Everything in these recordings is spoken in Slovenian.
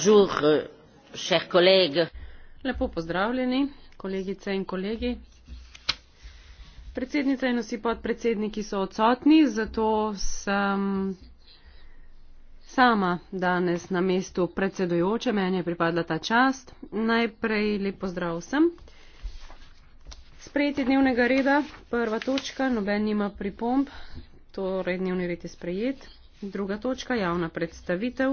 Euh, lepo pozdravljeni kolegice in kolegi predsednica in vsi podpredsedniki so odsotni zato sem sama danes na mestu predsedujoče meni je pripadla ta čast najprej lep pozdrav vsem sprejetje dnevnega reda prva točka noben nima pripomb torej dnevni red je sprejet druga točka javna predstavitev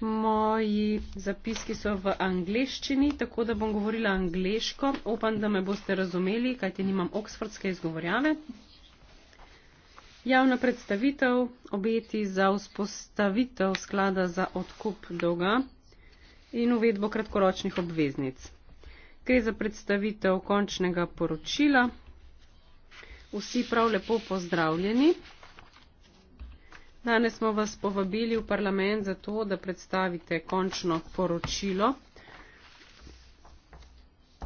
Moji zapiski so v angleščini, tako da bom govorila angliško. Upam, da me boste razumeli, kajti nimam oksfordske izgovorjave. Javna predstavitev, obeti za vzpostavitev sklada za odkup dolga in uvedbo kratkoročnih obveznic. Gre za predstavitev končnega poročila. Vsi prav lepo pozdravljeni. Danes smo vas povabili v parlament za to, da predstavite končno poročilo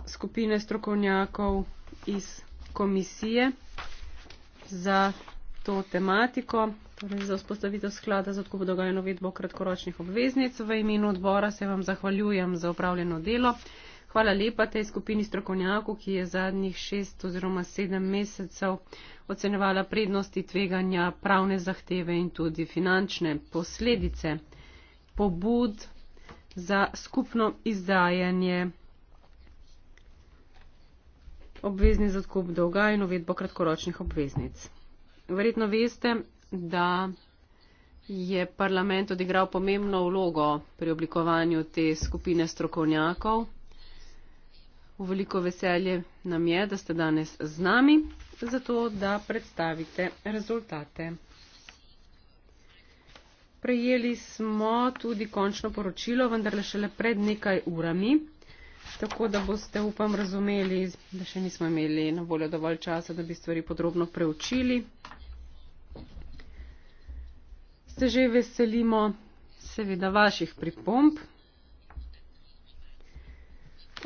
skupine strokovnjakov iz komisije za to tematiko, torej za vzpostavitev sklada za tako dogajanje novedbo kratkoročnih obveznic. V imenu odbora se vam zahvaljujem za upravljeno delo. Hvala lepa tej skupini strokovnjakov, ki je zadnjih šest oziroma sedem mesecev ocenevala prednosti tveganja, pravne zahteve in tudi finančne posledice pobud za skupno izdajanje obveznic za odkup dolga in uvedbo kratkoročnih obveznic. Verjetno veste, da je parlament odigral pomembno vlogo pri oblikovanju te skupine strokovnjakov veliko veselje nam je, da ste danes z nami, zato da predstavite rezultate. Prejeli smo tudi končno poročilo, vendar le šele pred nekaj urami, tako da boste, upam, razumeli, da še nismo imeli na voljo dovolj časa, da bi stvari podrobno preučili. Se že veselimo seveda vaših pripomb.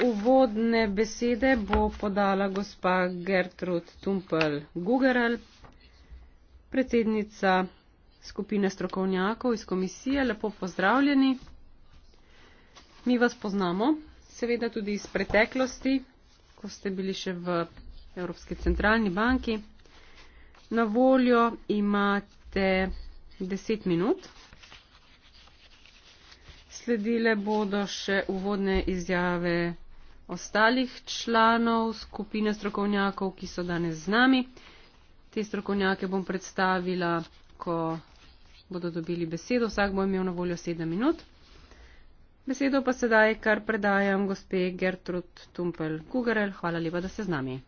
Uvodne besede bo podala gospa Gertrud Tumpel-Gugeral, predsednica skupine strokovnjakov iz komisije. Lepo pozdravljeni. Mi vas poznamo, seveda tudi iz preteklosti, ko ste bili še v Evropski centralni banki. Na voljo imate 10 minut. Sledile bodo še uvodne izjave ostalih članov skupine strokovnjakov, ki so danes z nami. Te strokovnjake bom predstavila, ko bodo dobili besedo. Vsak bo imel na voljo sedem minut. Besedo pa sedaj kar predajam gospe Gertrud Tumpel-Kugarel. Hvala lepa, da ste z nami.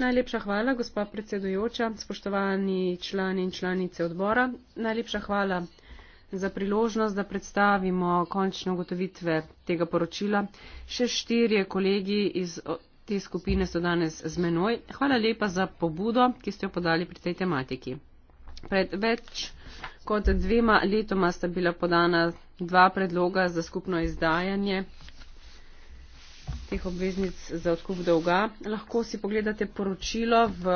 Najlepša hvala, gospa predsedujoča, spoštovani člani in članice odbora. Najlepša hvala za priložnost, da predstavimo končne ugotovitve tega poročila. Še štirje kolegi iz te skupine so danes z menoj. Hvala lepa za pobudo, ki ste jo podali pri tej tematiki. Pred več kot dvema letoma sta bila podana dva predloga za skupno izdajanje teh obveznic za odkup dolga. Lahko si pogledate poročilo v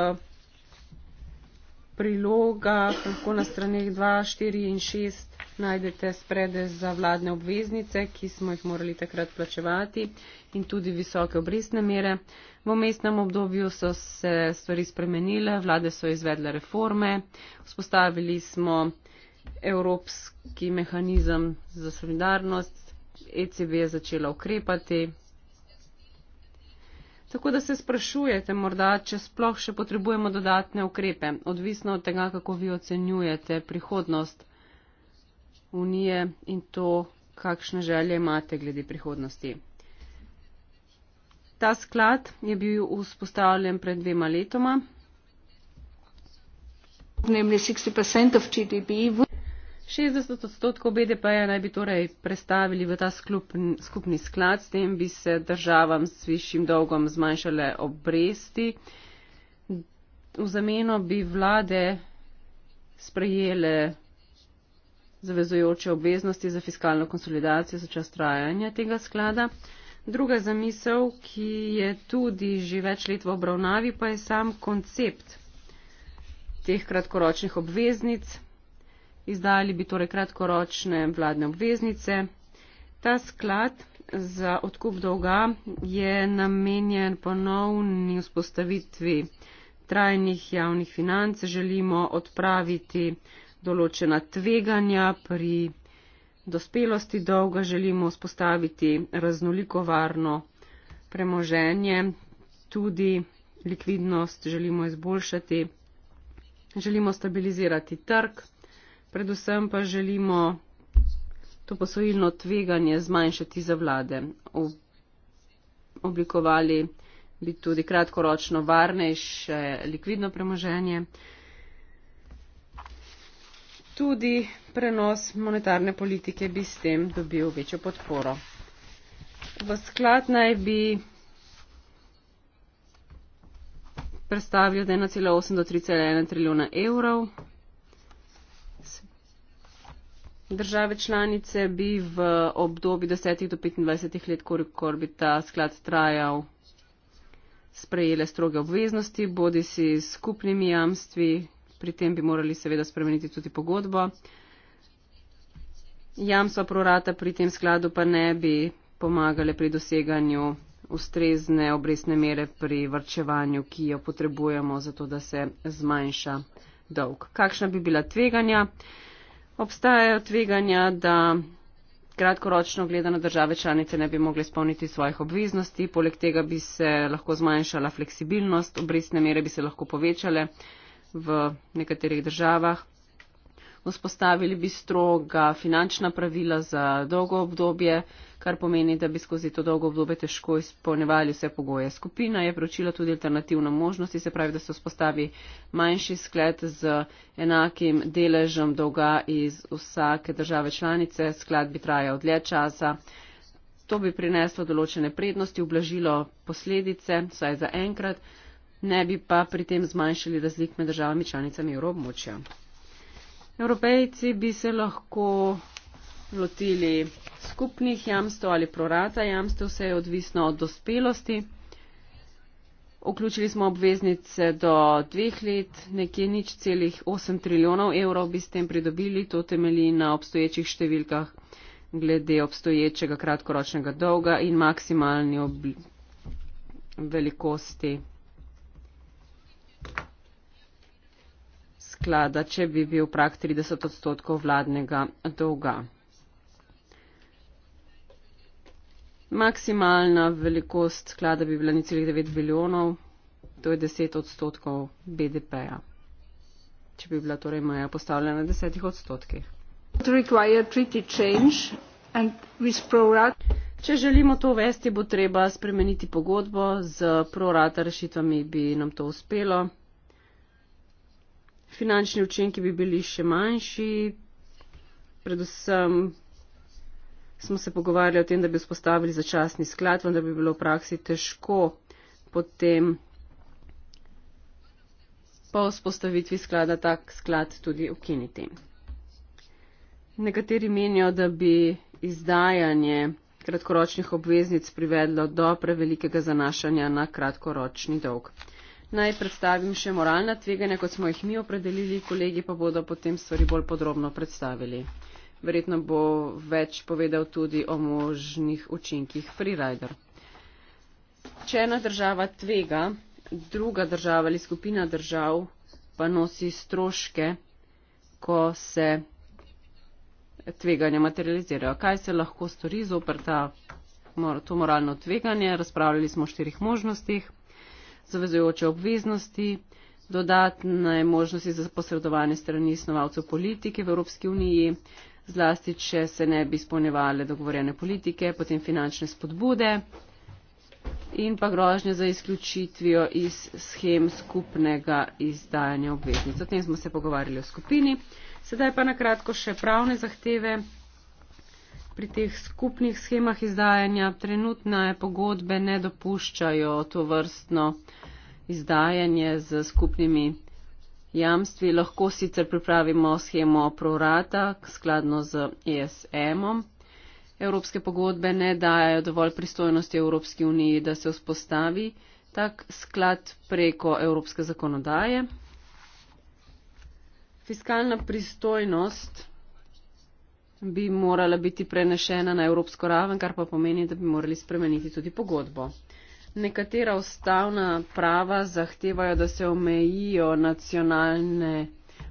priloga, lahko na straneh 2, 4 in 6 najdete sprede za vladne obveznice, ki smo jih morali takrat plačevati in tudi visoke obrestne mere. V mestnem obdobju so se stvari spremenile, vlade so izvedle reforme, vzpostavili smo evropski mehanizem za solidarnost, ECB je začela ukrepati. Tako da se sprašujete morda, če sploh še potrebujemo dodatne ukrepe, odvisno od tega, kako vi ocenjujete prihodnost unije in to, kakšne želje imate glede prihodnosti. Ta sklad je bil vzpostavljen pred dvema letoma. Namely 60% of GDP. 60 odstotkov BDP-ja naj bi torej prestavili v ta skupni sklad, s tem bi se državam s višjim dolgom zmanjšale obresti. V zameno bi vlade sprejele zavezujoče obveznosti za fiskalno konsolidacijo za čas trajanja tega sklada. Druga zamisel, ki je tudi že več let v obravnavi, pa je sam koncept teh kratkoročnih obveznic. Izdali bi torej kratkoročne vladne obveznice. Ta sklad za odkup dolga je namenjen ponovni vzpostavitvi trajnih javnih financ. Želimo odpraviti določena tveganja, pri dospelosti dolga želimo spostaviti raznoliko varno premoženje, tudi likvidnost želimo izboljšati, želimo stabilizirati trg, predvsem pa želimo to posojilno tveganje zmanjšati za vlade. Oblikovali bi tudi kratkoročno varnejše likvidno premoženje tudi prenos monetarne politike bi s tem dobil večjo podporo. V sklad naj bi predstavljal 1,8 do 3,1 trilijona evrov. Države članice bi v obdobju 10 do 25 let, kolikor bi ta sklad trajal, sprejele stroge obveznosti, bodi si skupnimi jamstvi, pri tem bi morali seveda spremeniti tudi pogodbo. Jamstva prorata pri tem skladu pa ne bi pomagale pri doseganju ustrezne obresne mere pri vrčevanju, ki jo potrebujemo za to, da se zmanjša dolg. Kakšna bi bila tveganja? Obstajajo tveganja, da kratkoročno gledano države članice ne bi mogli spolniti svojih obveznosti, poleg tega bi se lahko zmanjšala fleksibilnost, obresne mere bi se lahko povečale v nekaterih državah. Vzpostavili bi stroga finančna pravila za dolgo obdobje, kar pomeni, da bi skozi to dolgo obdobje težko izpolnevali vse pogoje. Skupina je pročila tudi alternativno možnosti, se pravi, da se vzpostavi manjši sklad z enakim deležem dolga iz vsake države članice. Sklad bi trajal dlje časa. To bi prineslo določene prednosti, ublažilo posledice, saj za enkrat ne bi pa pri tem zmanjšali razlik med državami članicami evroobmočja. Evropejci bi se lahko lotili skupnih jamstv ali prorata jamstv, vse je odvisno od dospelosti. Vključili smo obveznice do dveh let, nekje nič celih 8 trilijonov evrov bi s tem pridobili, to temelji na obstoječih številkah glede obstoječega kratkoročnega dolga in maksimalni velikosti sklada, če bi bil prak 30 odstotkov vladnega dolga. Maksimalna velikost sklada bi bila necelih 9 biljonov, to je 10 odstotkov BDP-ja, če bi bila torej maja postavljena na 10 odstotkih. Če želimo to uvesti, bo treba spremeniti pogodbo, z prorata rešitvami bi nam to uspelo. Finančni učinki bi bili še manjši, predvsem smo se pogovarjali o tem, da bi vzpostavili začasni sklad, vendar bi bilo v praksi težko potem po vzpostavitvi sklada tak sklad tudi ukiniti. Nekateri menijo, da bi izdajanje kratkoročnih obveznic privedlo do prevelikega zanašanja na kratkoročni dolg. Naj predstavim še moralna tveganja, kot smo jih mi opredelili, kolegi pa bodo potem stvari bolj podrobno predstavili. Verjetno bo več povedal tudi o možnih učinkih pri rajder. Če ena država tvega, druga država ali skupina držav pa nosi stroške, ko se tveganja materializirajo. Kaj se lahko stori zoper ta, to moralno tveganje? Razpravljali smo o štirih možnostih. Zavezujoče obveznosti, dodatne možnosti za posredovanje strani snovalcev politike v Evropski uniji, zlasti, če se ne bi izpolnjevale dogovorjene politike, potem finančne spodbude in pa grožnje za izključitvijo iz schem skupnega izdajanja obveznic. O tem smo se pogovarjali v skupini. Sedaj pa nakratko še pravne zahteve pri teh skupnih schemah izdajanja. Trenutne pogodbe ne dopuščajo to vrstno izdajanje z skupnimi jamstvi. Lahko sicer pripravimo schemo prorata skladno z ESM-om. Evropske pogodbe ne dajo dovolj pristojnosti Evropski uniji, da se vzpostavi tak sklad preko Evropske zakonodaje. Fiskalna pristojnost bi morala biti prenešena na evropsko raven, kar pa pomeni, da bi morali spremeniti tudi pogodbo. Nekatera ustavna prava zahtevajo, da se omejijo nacionalne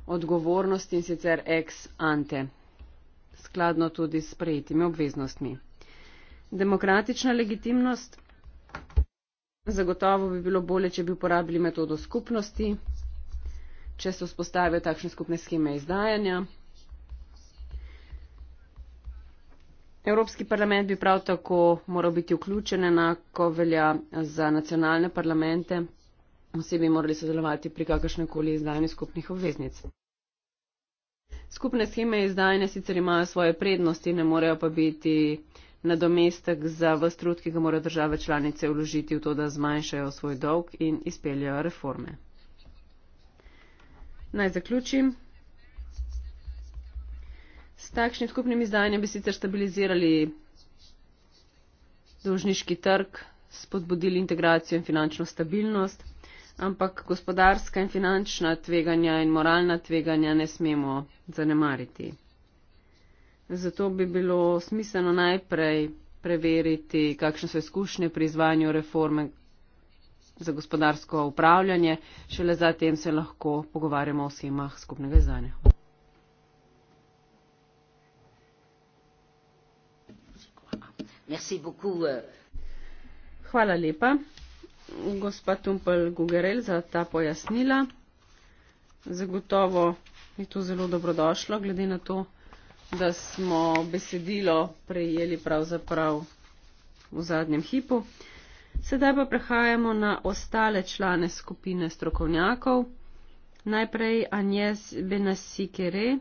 odgovornosti in sicer ex ante, skladno tudi s prejetimi obveznostmi. Demokratična legitimnost. Zagotovo bi bilo bolje, če bi uporabili metodo skupnosti, če se vzpostavijo takšne skupne scheme izdajanja. Evropski parlament bi prav tako moral biti vključen enako velja za nacionalne parlamente. Vsi bi morali sodelovati pri kakršnekoli izdajanju skupnih obveznic. Skupne scheme izdajanja sicer imajo svoje prednosti, ne morejo pa biti nadomestek za vstrud, ki ga morajo države članice vložiti v to, da zmanjšajo svoj dolg in izpeljajo reforme. Naj zaključim. S takšnim skupnim izdajanjem bi sicer stabilizirali dolžniški trg, spodbudili integracijo in finančno stabilnost, ampak gospodarska in finančna tveganja in moralna tveganja ne smemo zanemariti. Zato bi bilo smiselno najprej preveriti, kakšne so izkušnje pri izvajanju reforme za gospodarsko upravljanje. Šele zatem se lahko pogovarjamo o vsemah skupnega izdanja. Euh. Hvala lepa, gospa Tumpel Gugerel, za ta pojasnila. Zagotovo je to zelo dobrodošlo, glede na to, da smo besedilo prejeli pravzaprav v zadnjem hipu. Sedaj pa prehajamo na ostale člane skupine strokovnjakov. Najprej Agnes Benasikere,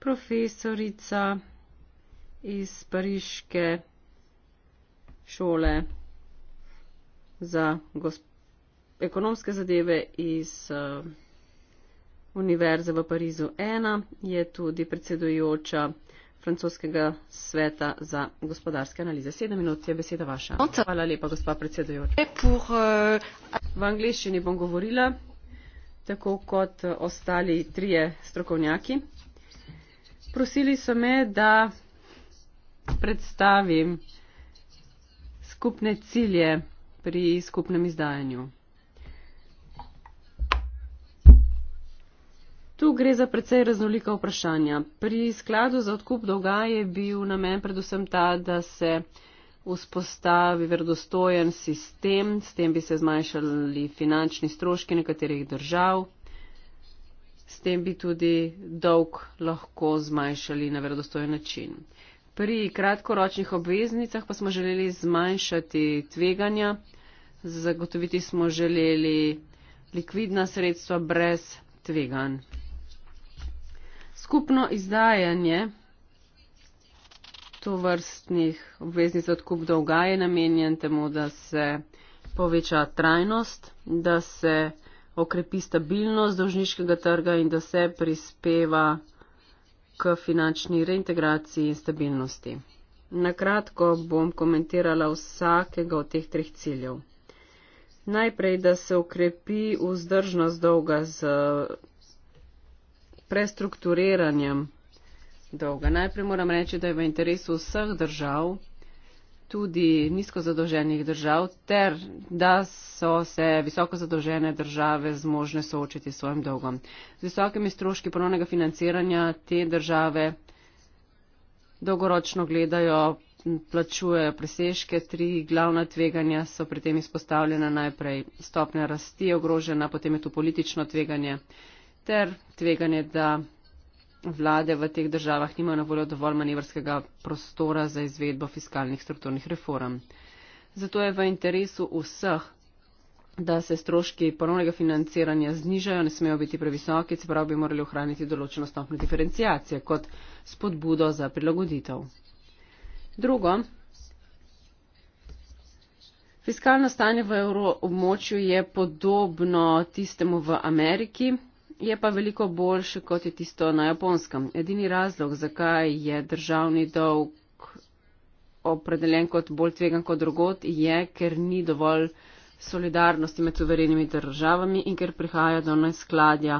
profesorica iz Pariške šole za ekonomske zadeve iz uh, Univerze v Parizu 1, je tudi predsedujoča francoskega sveta za gospodarske analize. Sedem minut je beseda vaša. Hvala lepa, gospod predsedujoč. E, eh, v angliščini bom govorila, tako kot ostali trije strokovnjaki. Prosili so me, da predstavim skupne cilje pri skupnem izdajanju. Tu gre za precej raznolika vprašanja. Pri skladu za odkup dolga je bil namen predvsem ta, da se vzpostavi verodostojen sistem, s tem bi se zmanjšali finančni stroški nekaterih držav, s tem bi tudi dolg lahko zmanjšali na verodostojen način. Pri kratkoročnih obveznicah pa smo želeli zmanjšati tveganja, zagotoviti smo želeli likvidna sredstva brez tveganj skupno izdajanje to vrstnih obveznic odkup dolga je namenjen temu, da se poveča trajnost, da se okrepi stabilnost dolžniškega trga in da se prispeva k finančni reintegraciji in stabilnosti. Nakratko bom komentirala vsakega od teh treh ciljev. Najprej, da se okrepi vzdržnost dolga z prestrukturiranjem dolga. Najprej moram reči, da je v interesu vseh držav, tudi nizko zadolženih držav, ter da so se visoko zadolžene države zmožne soočiti s svojim dolgom. Z visokimi stroški ponovnega financiranja te države dolgoročno gledajo, plačujejo presežke, tri glavna tveganja so pri tem izpostavljena najprej. Stopnja rasti je ogrožena, potem je tu politično tveganje ter tveganje, da vlade v teh državah nimajo na voljo dovolj manevrskega prostora za izvedbo fiskalnih strukturnih reform. Zato je v interesu vseh, da se stroški ponovnega financiranja znižajo, ne smejo biti previsoki, čeprav bi morali ohraniti določeno stopno diferencijacije kot spodbudo za prilagoditev. Drugo, fiskalno stanje v evroobmočju je podobno tistemu v Ameriki je pa veliko boljše, kot je tisto na japonskem. Edini razlog, zakaj je državni dolg opredeljen kot bolj tvegan kot drugot, je, ker ni dovolj solidarnosti med suverenimi državami in ker prihaja do neskladja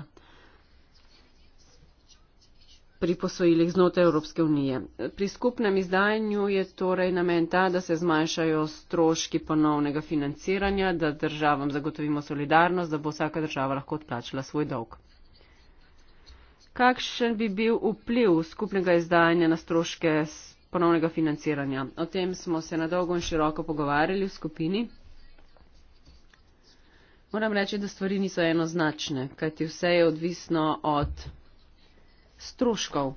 pri posojilih znotraj Evropske unije. Pri skupnem izdajanju je torej namen ta, da se zmanjšajo stroški ponovnega financiranja, da državam zagotovimo solidarnost, da bo vsaka država lahko odplačala svoj dolg kakšen bi bil vpliv skupnega izdajanja na stroške ponovnega financiranja. O tem smo se na dolgo in široko pogovarjali v skupini. Moram reči, da stvari niso enoznačne, kajti vse je odvisno od stroškov.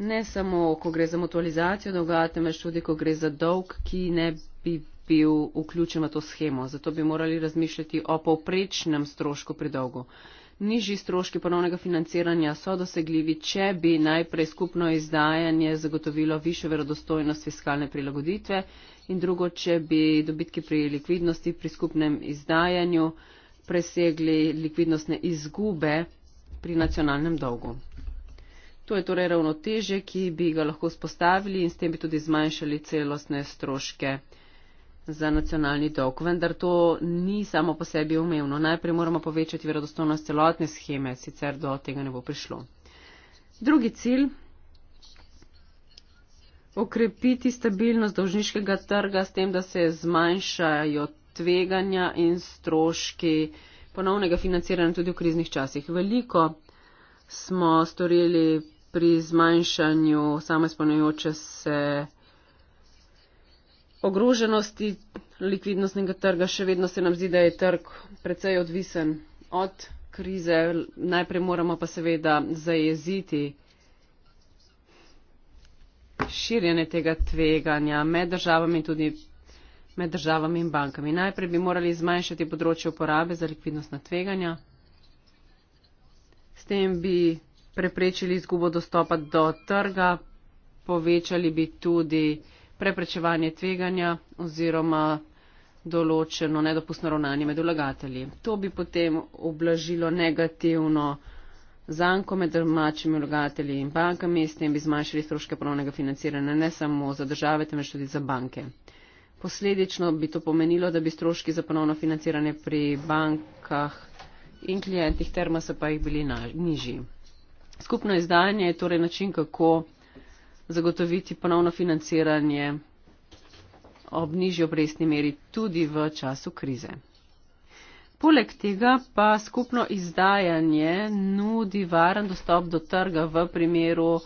Ne samo, ko gre za mutualizacijo dolga, temveč tudi, ko gre za dolg, ki ne bi bil vključen v to schemo. Zato bi morali razmišljati o povprečnem strošku pri dolgu. Nižji stroški ponovnega financiranja so dosegljivi, če bi najprej skupno izdajanje zagotovilo više verodostojnost fiskalne prilagoditve in drugo, če bi dobitki pri likvidnosti pri skupnem izdajanju presegli likvidnostne izgube pri nacionalnem dolgu. To je torej ravnoteže, ki bi ga lahko spostavili in s tem bi tudi zmanjšali celostne stroške za nacionalni dolg, vendar to ni samo po sebi umevno. Najprej moramo povečati verodostojnost celotne scheme, sicer do tega ne bo prišlo. Drugi cilj. Okrepiti stabilnost dolžniškega trga s tem, da se zmanjšajo tveganja in stroški ponovnega financiranja tudi v kriznih časih. Veliko smo storili pri zmanjšanju samo izpolnjujoče se ogroženosti likvidnostnega trga, še vedno se nam zdi, da je trg precej odvisen od krize. Najprej moramo pa seveda zajeziti širjenje tega tveganja med državami in tudi med državami in bankami. Najprej bi morali zmanjšati področje uporabe za likvidnostna tveganja. S tem bi preprečili izgubo dostopa do trga, povečali bi tudi preprečevanje tveganja oziroma določeno nedopustno ravnanje med vlagatelji. To bi potem oblažilo negativno zanko med domačimi vlagatelji in bankami, s tem bi zmanjšali stroške ponovnega financiranja ne samo za države, temveč tudi za banke. Posledično bi to pomenilo, da bi stroški za ponovno financiranje pri bankah in klientih termasa pa jih bili nižji. Skupno izdanje je torej način, kako zagotoviti ponovno financiranje ob nižji obrestni meri tudi v času krize. Poleg tega pa skupno izdajanje nudi varen dostop do trga v primeru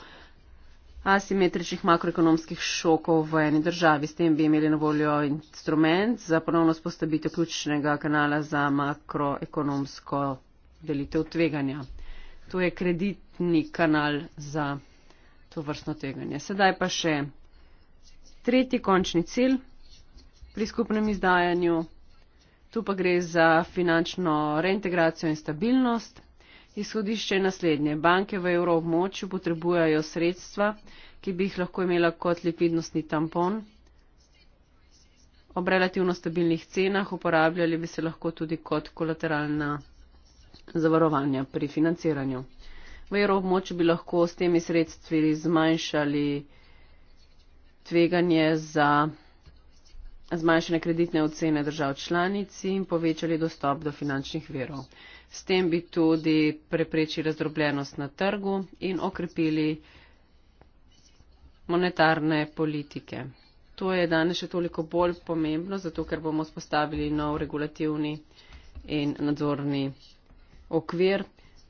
asimetričnih makroekonomskih šokov v eni državi. S tem bi imeli na voljo instrument za ponovno spostavitev ključnega kanala za makroekonomsko delitev tveganja. To je kreditni kanal za to vrstno tveganje. Sedaj pa še tretji končni cilj pri skupnem izdajanju. Tu pa gre za finančno reintegracijo in stabilnost. Izhodišče je naslednje. Banke v evroobmočju potrebujajo sredstva, ki bi jih lahko imela kot likvidnostni tampon. Ob relativno stabilnih cenah uporabljali bi se lahko tudi kot kolateralna zavarovanja pri financiranju v evroobmočju bi lahko s temi sredstvi zmanjšali tveganje za zmanjšanje kreditne ocene držav članici in povečali dostop do finančnih verov. S tem bi tudi preprečili razdrobljenost na trgu in okrepili monetarne politike. To je danes še toliko bolj pomembno, zato ker bomo spostavili nov regulativni in nadzorni okvir,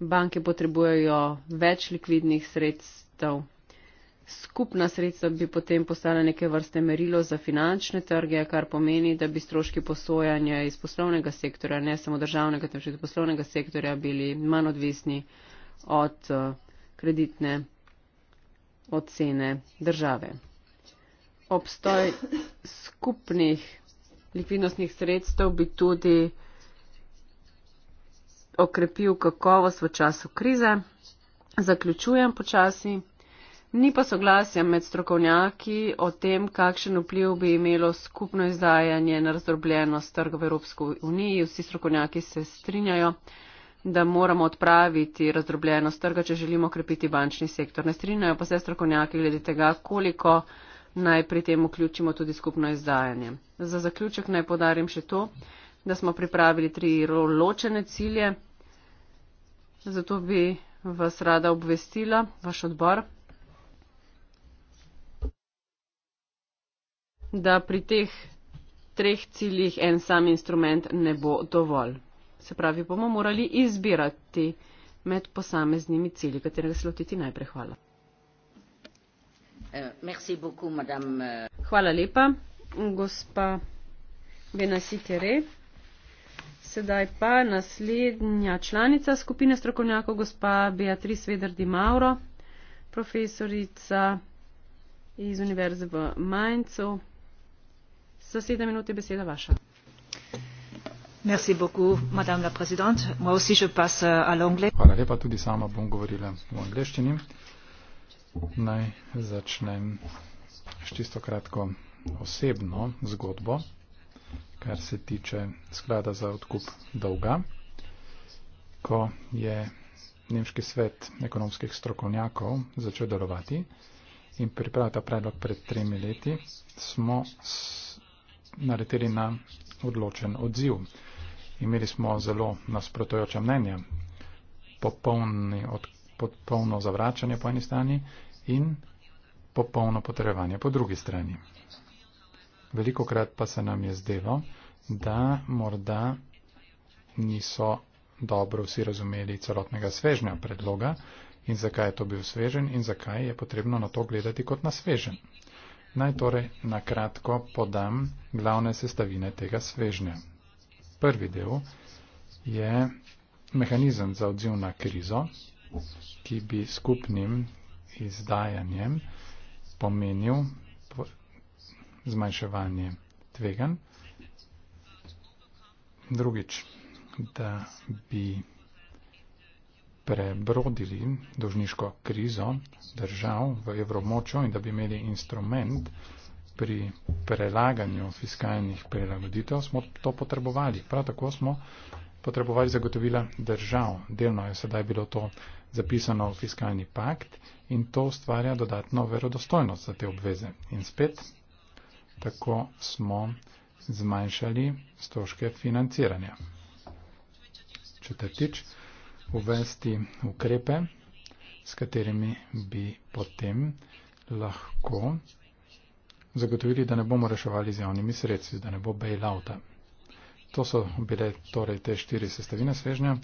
banke potrebujejo več likvidnih sredstev. Skupna sredstva bi potem postala neke vrste merilo za finančne trge, kar pomeni, da bi stroški posojanja iz poslovnega sektorja, ne samo državnega, temveč tudi poslovnega sektorja, bili manj odvisni od eh, kreditne ocene države. Obstoj skupnih likvidnostnih sredstev bi tudi okrepil kakovost v času krize. Zaključujem počasi. Ni pa soglasja med strokovnjaki o tem, kakšen vpliv bi imelo skupno izdajanje na razdrobljenost trga v Evropsko uniji. Vsi strokovnjaki se strinjajo, da moramo odpraviti razdrobljenost trga, če želimo okrepiti bančni sektor. Ne strinjajo pa se strokovnjaki glede tega, koliko naj pri tem vključimo tudi skupno izdajanje. Za zaključek naj podarim še to, da smo pripravili tri ločene cilje. Zato bi vas rada obvestila, vaš odbor, da pri teh treh ciljih en sam instrument ne bo dovolj. Se pravi, bomo morali izbirati med posameznimi cilji, katerega se lotiti najprej. Hvala. Eh, eh. Hvala lepa, gospa Benasitere. Sedaj pa naslednja članica skupine strokovnjakov, gospa Beatrice Svederdi Mauro, profesorica iz Univerze v Mainzu. Za sedem minut je beseda vaša. Merci beaucoup, madame la présidente. Moi aussi je passe euh, à l'anglais. Hvala lepa, tudi sama bom govorila v angleščini. Naj začnem s čisto kratko osebno zgodbo kar se tiče sklada za odkup dolga, ko je Nemški svet ekonomskih strokovnjakov začel delovati in pripravljati ta predlog pred tremi leti, smo naleteli na odločen odziv. Imeli smo zelo nasprotojoča mnenja, popolno zavračanje po eni strani in popolno potrebovanje po drugi strani. Veliko krat pa se nam je zdelo, da morda niso dobro vsi razumeli celotnega svežnja predloga in zakaj je to bil svežen in zakaj je potrebno na to gledati kot na svežen. Naj torej na kratko podam glavne sestavine tega svežnja. Prvi del je mehanizem za odziv na krizo, ki bi skupnim izdajanjem pomenil zmanjševanje tvegan. Drugič, da bi prebrodili dožniško krizo držav v evromočo in da bi imeli instrument pri prelaganju fiskalnih prilagoditev, smo to potrebovali. Prav tako smo potrebovali zagotovila držav. Delno je sedaj bilo to zapisano v fiskalni pakt in to ustvarja dodatno verodostojnost za te obveze. In spet tako smo zmanjšali stroške financiranja. Četrtič, uvesti ukrepe, s katerimi bi potem lahko zagotovili, da ne bomo reševali z javnimi sredstvi, da ne bo bailouta. To so bile torej te štiri sestavine svežnja,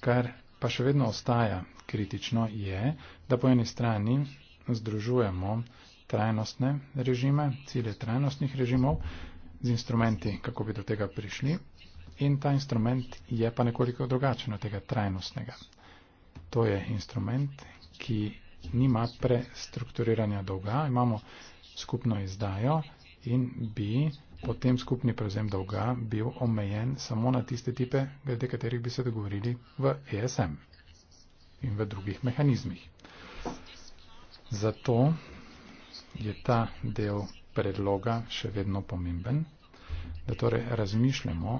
kar pa še vedno ostaja kritično je, da po eni strani združujemo trajnostne režime, cilje trajnostnih režimov z instrumenti, kako bi do tega prišli. In ta instrument je pa nekoliko drugačen od tega trajnostnega. To je instrument, ki nima prestrukturiranja dolga, imamo skupno izdajo in bi potem skupni prevzem dolga bil omejen samo na tiste tipe, glede katerih bi se dogovorili v ESM in v drugih mehanizmih. Zato je ta del predloga še vedno pomemben, da torej razmišljamo,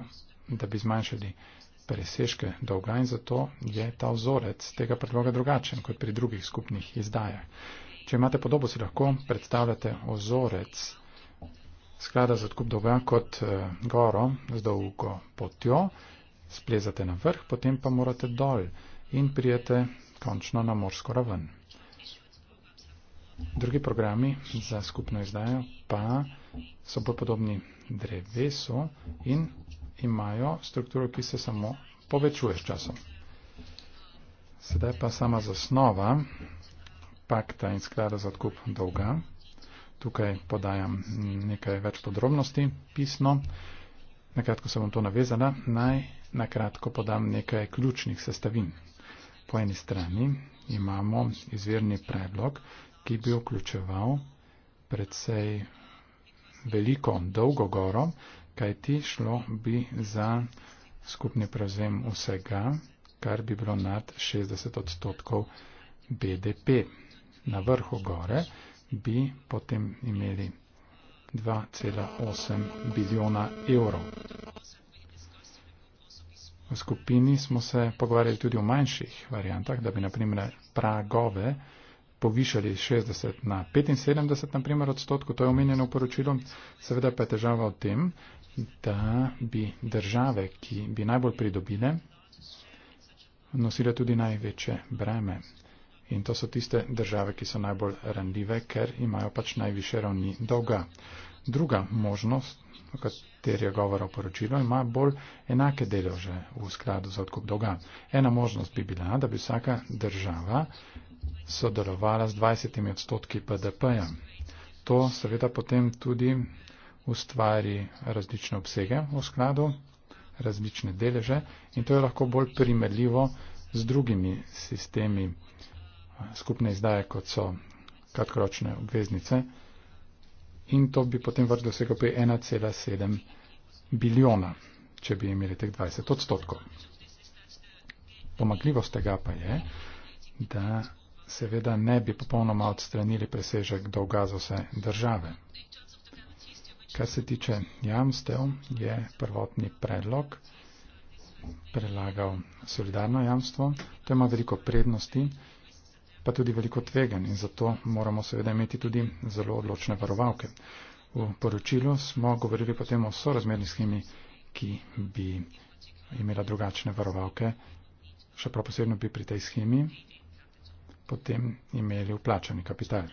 da bi zmanjšali presežke dolga in zato je ta vzorec tega predloga drugačen kot pri drugih skupnih izdajah. Če imate podobo, si lahko predstavljate ozorec sklada za odkup dolga kot eh, goro z dolgo potjo, splezate na vrh, potem pa morate dol in prijete končno na morsko raven. Drugi programi za skupno izdajo pa so bolj podobni drevesu in imajo strukturo, ki se samo povečuje s časom. Sedaj pa sama zasnova pakta in sklada za odkup dolga. Tukaj podajam nekaj več podrobnosti pisno. Nakratko se bom to navezala. Naj nakratko podam nekaj ključnih sestavin. Po eni strani imamo izvirni predlog, ki bi vključeval predvsej veliko dolgo goro, kaj ti šlo bi za skupni prevzem vsega, kar bi bilo nad 60 odstotkov BDP. Na vrhu gore bi potem imeli 2,8 bilijona evrov. V skupini smo se pogovarjali tudi o manjših variantah, da bi naprimer pragove povišali iz 60 na 75 naprimer, odstotkov, to je omenjeno v poročilu, seveda pa je težava v tem, da bi države, ki bi najbolj pridobile, nosile tudi največje breme. In to so tiste države, ki so najbolj randive, ker imajo pač najviše ravni dolga. Druga možnost, o kateri je govora o poročilu, ima bolj enake deleže v skladu za odkup dolga. Ena možnost bi bila, da bi vsaka država sodelovala z 20 odstotki BDP-ja. To seveda potem tudi ustvari različne obsege v skladu, različne deleže in to je lahko bolj primerljivo z drugimi sistemi eh, skupne izdaje, kot so kratkoročne obveznice in to bi potem vrh dosegel pri 1,7 bilijona, če bi imeli teh 20 odstotkov. Pomagljivost tega pa je, da seveda ne bi popolnoma odstranili presežek dolga za vse države. Kar se tiče jamstev, je prvotni predlog prelagal solidarno jamstvo. To ima veliko prednosti, pa tudi veliko tvegan in zato moramo seveda imeti tudi zelo odločne varovalke. V poročilu smo govorili potem o sorazmerni schemi, ki bi imela drugačne varovalke. Še prav posebno bi pri tej schemi potem imeli uplačani kapital.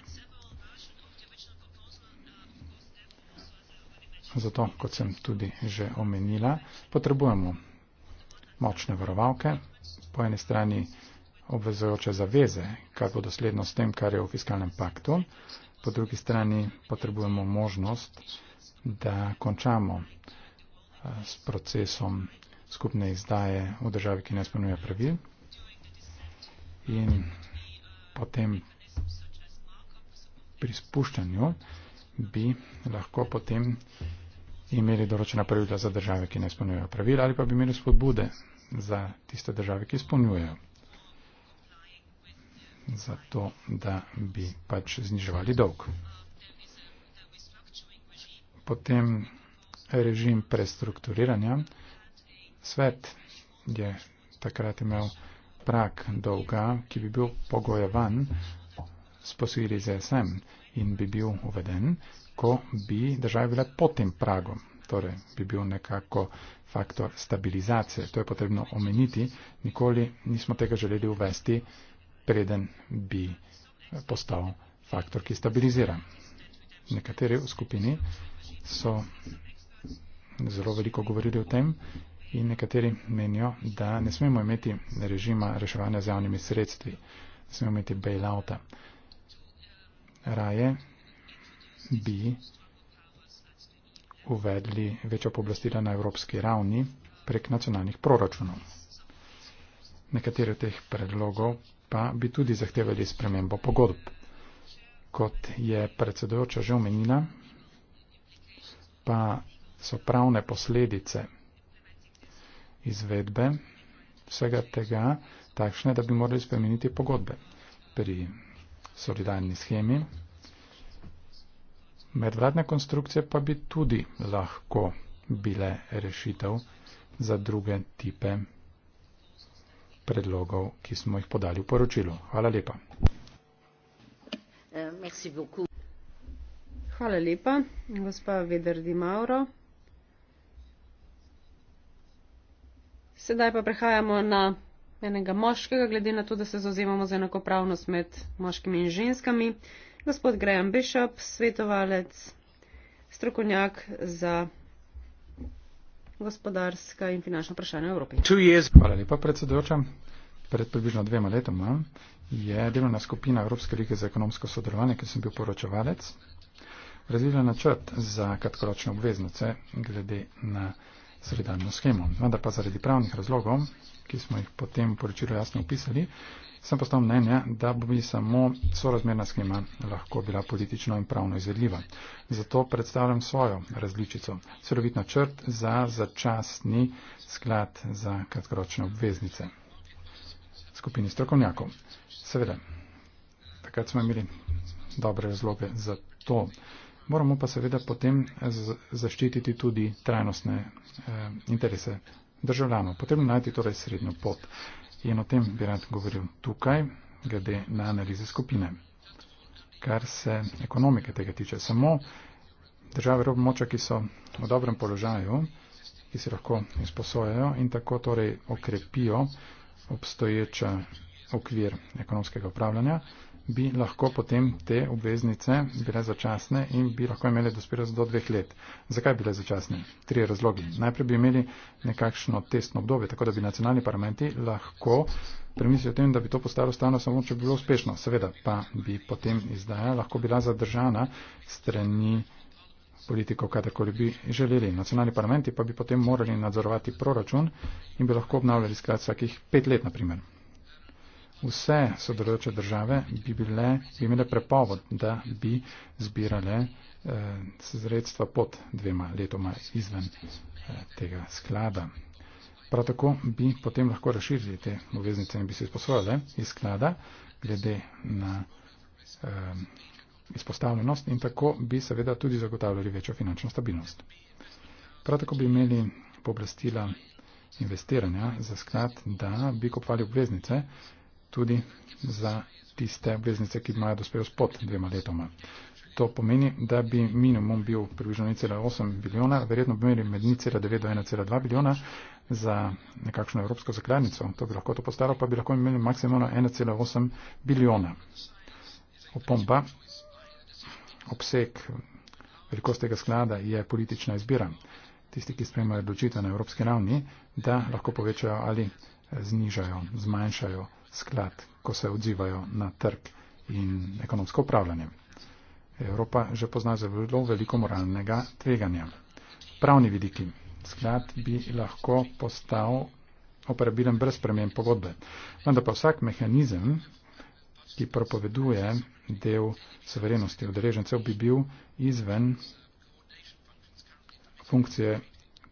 Zato, kot sem tudi že omenila, potrebujemo močne varovalke, po eni strani obvezojoče zaveze, kar bo dosledno s tem, kar je v fiskalnem paktu, po drugi strani potrebujemo možnost, da končamo eh, s procesom skupne izdaje v državi, ki ne spomnuje pravil. In potem pri spuščanju bi lahko potem imeli določena pravila za države, ki ne izpolnjujejo pravila ali pa bi imeli spodbude za tiste države, ki izpolnjujejo. Zato, da bi pač zniževali dolg. Potem režim prestrukturiranja. Svet je takrat imel prak dolga, ki bi bil pogojevan s posojili z SM in bi bil uveden, ko bi država bila pod tem pragom. Torej, bi bil nekako faktor stabilizacije. To je potrebno omeniti. Nikoli nismo tega želeli uvesti, preden bi postal faktor, ki stabilizira. Nekateri v skupini so zelo veliko govorili o tem in nekateri menijo, da ne smemo imeti režima reševanja z javnimi sredstvi, ne smemo imeti bailouta. Raje bi uvedli večjo poblastila na evropski ravni prek nacionalnih proračunov. Nekatere teh predlogov pa bi tudi zahtevali spremembo pogodb. Kot je predsedujoča že omenila, pa so pravne posledice izvedbe vsega tega takšne, da bi morali spremeniti pogodbe pri solidarni schemi. Medvladne konstrukcije pa bi tudi lahko bile rešitev za druge tipe predlogov, ki smo jih podali v poročilu. Hvala lepa. Eh, Hvala lepa, gospa Vedrdi Mauro. Sedaj pa prehajamo na enega moškega, glede na to, da se zauzemamo za enakopravnost med moškimi in ženskami. Gospod Graham Bishop, svetovalec, strokovnjak za gospodarska in finančna vprašanja v Evropi. Hvala lepa, predsedujoča. Pred približno dvema letoma je delovna skupina Evropske lige za ekonomsko sodelovanje, ki sem bil poročevalec, razvila načrt za kratkoročne obveznice glede na solidarno schemo. Vendar pa zaradi pravnih razlogov, ki smo jih potem v poročilu jasno opisali, sem postal mnenja, da bi samo sorazmerna schema lahko bila politično in pravno izvedljiva. Zato predstavljam svojo različico, celovit načrt za začasni sklad za kratkoročne obveznice. Skupini strokovnjakov. Seveda, takrat smo imeli dobre razloge za to. Moramo pa seveda potem zaščititi tudi trajnostne eh, interese državljanov. Potrebno najti torej srednjo pot. In o tem bi rad govoril tukaj, glede na analize skupine. Kar se ekonomike tega tiče, samo države rob moča, ki so v dobrem položaju, ki si lahko izposojajo in tako torej okrepijo obstoječa okvir ekonomskega upravljanja, bi lahko potem te obveznice bile začasne in bi lahko imeli dospelost do dveh let. Zakaj bile začasne? Trije razlogi. Najprej bi imeli nekakšno testno obdobje, tako da bi nacionalni parlamenti lahko premislili o tem, da bi to postalo stano samo, če bi bilo uspešno. Seveda pa bi potem izdaja lahko bila zadržana strani politiko, kadarkoli bi želeli. Nacionalni parlamenti pa bi potem morali nadzorovati proračun in bi lahko obnavljali sklad vsakih pet let, naprimer vse sodelujoče države bi, bile, bi imele prepoved, da bi zbirale eh, sredstva pod dvema letoma izven eh, tega sklada. Prav tako bi potem lahko razširili te obveznice in bi se izposojale iz sklada glede na eh, izpostavljenost in tako bi seveda tudi zagotavljali večjo finančno stabilnost. Prav tako bi imeli pooblastila investiranja za sklad, da bi kopali obveznice, tudi za tiste obveznice, ki imajo dospelo spod dvema letoma. To pomeni, da bi minimum bil približno 1,8 biliona, verjetno bi imeli med 0,9 do 1,2 biliona za nekakšno evropsko zakladnico. To bi lahko to postalo, pa bi lahko imeli maksimalno 1,8 biliona. Opomba, obseg velikosti tega sklada je politična izbira. Tisti, ki spremljajo odločitev na evropski ravni, da lahko povečajo ali znižajo, zmanjšajo sklad, ko se odzivajo na trg in ekonomsko upravljanje. Evropa že pozna zelo veliko moralnega tveganja. Pravni vidiki. Sklad bi lahko postal operabilen brez premem pogodbe. Vendar pa vsak mehanizem, ki propoveduje del soverenosti odrežencev, bi bil izven funkcije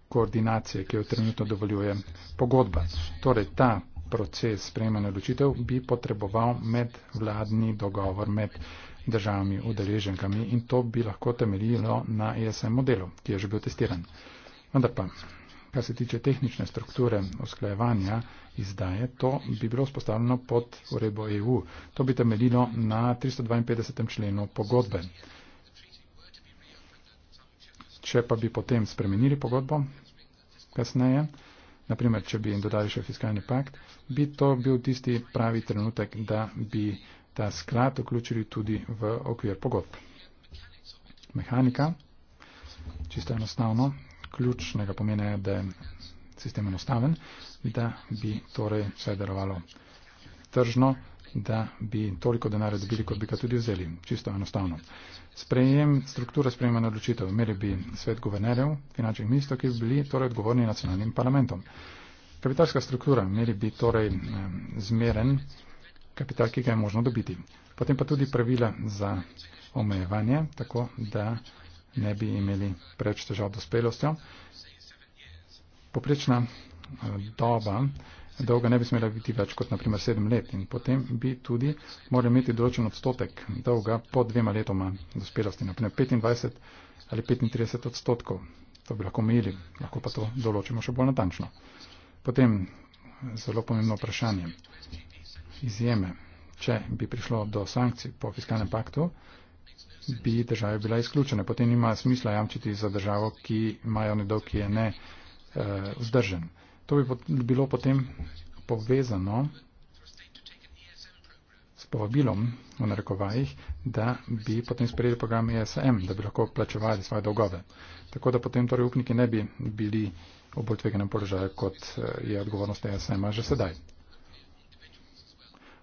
koordinacije, ki jo trenutno dovoljuje pogodba. Torej ta proces sprejemanja odločitev bi potreboval medvladni dogovor med državami udeleženkami in to bi lahko temeljilo na ESM modelu, ki je že bil testiran. Vendar pa, kar se tiče tehnične strukture usklajevanja izdaje, to bi bilo spostavljeno pod uredbo EU. To bi temeljilo na 352. členu pogodbe. Če pa bi potem spremenili pogodbo, kasneje, naprimer, če bi jim dodali še fiskalni pakt, bi to bil tisti pravi trenutek, da bi ta sklad vključili tudi v okvir pogodb. Mehanika, čisto enostavno, ključnega pomena je, da je sistem enostaven, da bi torej vse darovalo tržno, da bi toliko denarja dobili, kot bi ga tudi vzeli. Čisto enostavno sprejem, struktura sprejema na odločitev. Imeli bi svet guvernerjev, finančnih ministrov, ki bi bili torej odgovorni nacionalnim parlamentom. Kapitalska struktura, imeli bi torej eh, zmeren kapital, ki ga je možno dobiti. Potem pa tudi pravila za omejevanje, tako da ne bi imeli preveč težav do spelostjo. Poprečna eh, doba dolga ne bi smela biti več kot naprimer sedem let in potem bi tudi morali imeti določen odstotek dolga po dvema letoma dospelosti, naprimer 25 ali 35 odstotkov. To bi lahko omejili, lahko pa to določimo še bolj natančno. Potem zelo pomembno vprašanje. Izjeme. Če bi prišlo do sankcij po fiskalnem paktu, bi države bila izključene. Potem nima smisla jamčiti za državo, ki ima javni dolg, ki je ne eh, vzdržen. Uh, To bi bilo potem povezano s povabilom v narekovajih, da bi potem sprejeli program ESM, da bi lahko plačevali svoje dolgove. Tako da potem torej upniki ne bi bili v bolj tveganem položaju, kot eh, je odgovornost ESM-a že sedaj.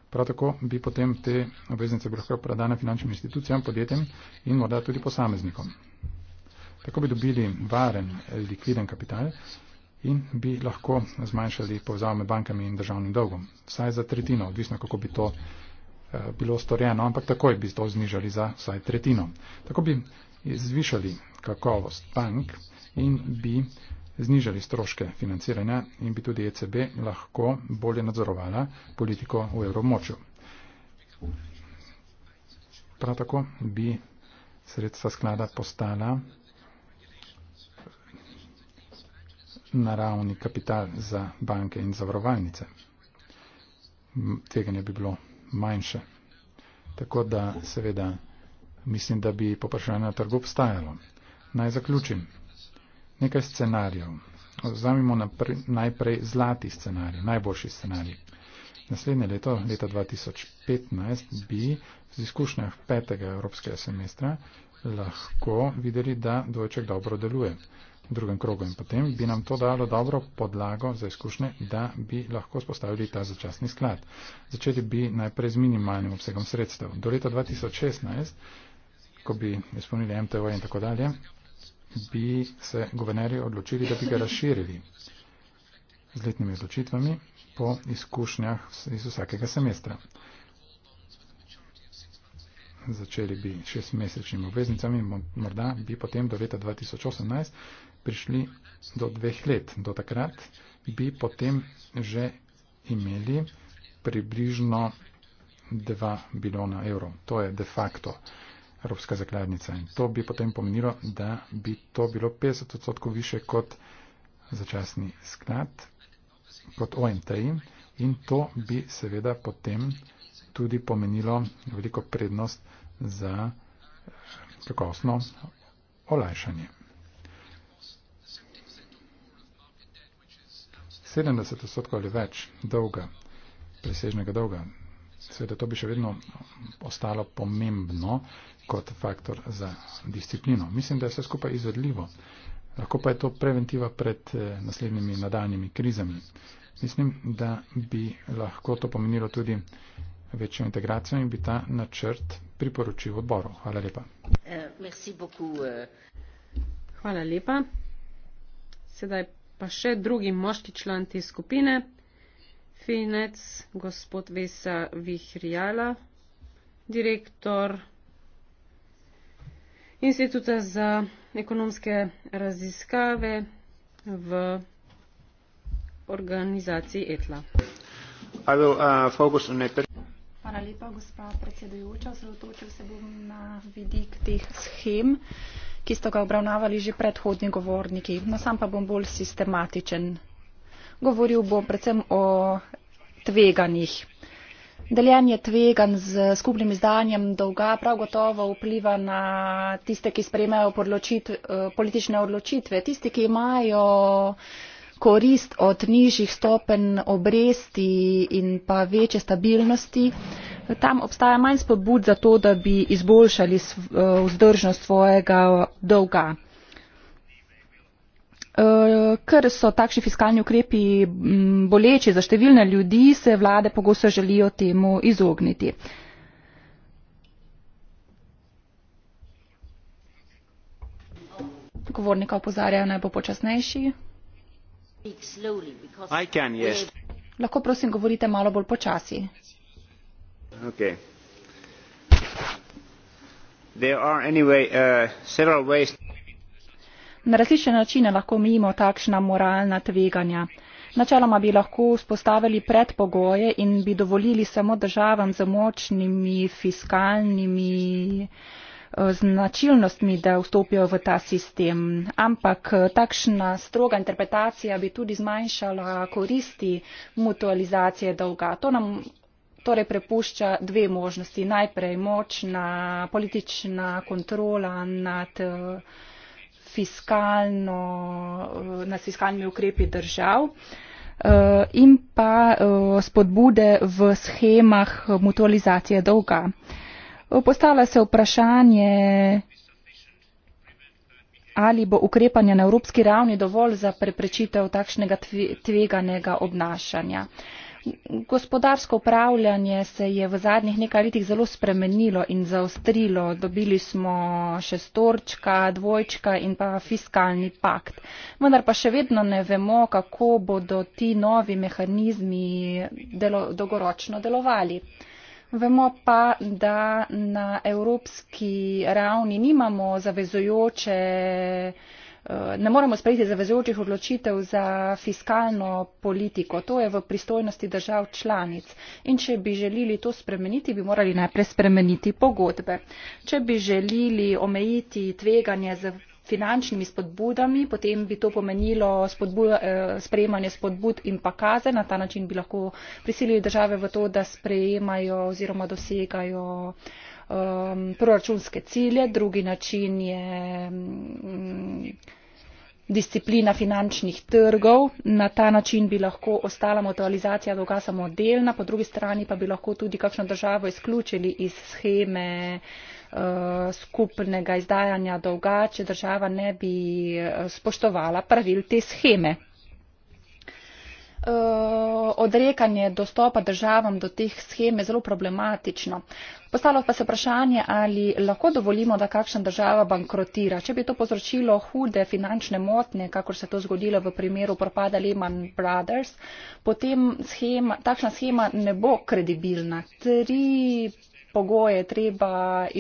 Prav tako bi potem te obveznice bilo lahko predane finančnim institucijam, podjetjem in morda tudi posameznikom. Tako bi dobili varen likviden kapital in bi lahko zmanjšali povezave med bankami in državnim dolgom. Vsaj za tretjino, odvisno kako bi to eh, bilo storjeno, ampak takoj bi to znižali za vsaj tretjino. Tako bi zvišali kakovost bank in bi znižali stroške financiranja in bi tudi ECB lahko bolje nadzorovala politiko v evromočju. Prav tako bi sredstva sklada postala naravni kapital za banke in zavarovalnice. Tveganje bi bilo manjše. Tako da seveda mislim, da bi popraševanje na trgu obstajalo. Naj zaključim. Nekaj scenarijev. Vzamimo najprej zlati scenarij, najboljši scenarij. Naslednje leto, leta 2015, bi v izkušnjah petega evropskega semestra lahko videli, da dojček dobro deluje drugem krogu in potem bi nam to dalo dobro podlago za izkušnje, da bi lahko spostavili ta začasni sklad. Začeti bi najprej z minimalnim obsegom sredstev. Do leta 2016, ko bi izpolnili MTO in tako dalje, bi se guvernerji odločili, da bi ga razširili z letnimi odločitvami po izkušnjah iz vsakega semestra. Začeli bi šestmesečnimi obveznicami, morda bi potem do leta 2018 prišli do dveh let. Do takrat bi potem že imeli približno 2 bilijona evrov. To je de facto Evropska zakladnica. In to bi potem pomenilo, da bi to bilo 50 odstotkov više kot začasni sklad, kot OMT. In to bi seveda potem tudi pomenilo veliko prednost za kakovostno olajšanje. 70 odstotkov ali več dolga, presežnega dolga, seveda to bi še vedno ostalo pomembno kot faktor za disciplino. Mislim, da je vse skupaj izvedljivo. Lahko pa je to preventiva pred eh, naslednjimi nadaljnimi krizami. Mislim, da bi lahko to pomenilo tudi večjo integracijo in bi ta načrt priporočil odboru. Hvala lepa. Eh, eh. Hvala lepa. Sedaj pa še drugi moški član te skupine, finec gospod Vesa Vihrijala, direktor Instituta za ekonomske raziskave v organizaciji ETLA. Uh, Hvala lepa, gospa predsedujoča. Osredotočil se bom na vidik teh schem. Uh, ki so ga obravnavali že predhodni govorniki. No, sam pa bom bolj sistematičen. Govoril bom predvsem o tveganjih. Deljenje tvegan z skupnim izdanjem dolga prav gotovo vpliva na tiste, ki sprejmejo politične odločitve. Tisti, ki imajo korist od nižjih stopen obresti in pa večje stabilnosti, tam obstaja manj spodbud za to, da bi izboljšali eh, vzdržnost svojega dolga. Eh, ker so takšni fiskalni ukrepi mm, boleči za številne ljudi, se vlade pogosto želijo temu izogniti. Govornika opozarjajo naj bo počasnejši. Slowly, yes. Lahko prosim govorite malo bolj počasi. Okay. There are anyway uh, several ways. Na različne načine lahko mimo takšna moralna tveganja. Načeloma bi lahko vzpostavili predpogoje in bi dovolili samo državam z močnimi fiskalnimi eh, značilnostmi, da vstopijo v ta sistem. Ampak eh, takšna stroga interpretacija bi tudi zmanjšala koristi mutualizacije dolga. To nam torej prepušča dve možnosti. Najprej močna politična kontrola nad eh, fiskalno, eh, nad fiskalnimi ukrepi držav eh, in pa spodbude v schemah mutualizacije dolga. Postavlja se vprašanje, ali bo ukrepanje na evropski ravni dovolj za preprečitev takšnega tveganega obnašanja. Gospodarsko upravljanje se je v zadnjih nekaj letih zelo spremenilo in zaostrilo. Dobili smo šestorčka, dvojčka in pa fiskalni pakt. Vendar pa še vedno ne vemo, kako bodo ti novi mehanizmi delo, dolgoročno delovali. Vemo pa, da na evropski ravni nimamo zavezujoče. Eh, ne moremo sprejeti zavezujočih odločitev za fiskalno politiko. To je v pristojnosti držav članic. In če bi želeli to spremeniti, bi morali najprej spremeniti pogodbe. Če bi želeli omejiti tveganje z finančnimi spodbudami, potem bi to pomenilo spodbuda, eh, sprejemanje spodbud in pa kaze. Na ta način bi lahko prisilili države v to, da sprejemajo oziroma dosegajo um, proračunske cilje, drugi način je um, disciplina finančnih trgov. Na ta način bi lahko ostala mutualizacija dolga samo delna, po drugi strani pa bi lahko tudi kakšno državo izključili iz scheme uh, skupnega izdajanja dolga, če država ne bi uh, spoštovala pravil te scheme. Eh, odrekanje dostopa državam do teh scheme zelo problematično. Postalo pa se vprašanje, ali lahko dovolimo, da kakšna država bankrotira. Če bi to povzročilo hude finančne motne, kakor se to zgodilo v primeru propada Lehman Brothers, potem schema, takšna schema ne bo kredibilna. Tri pogoje treba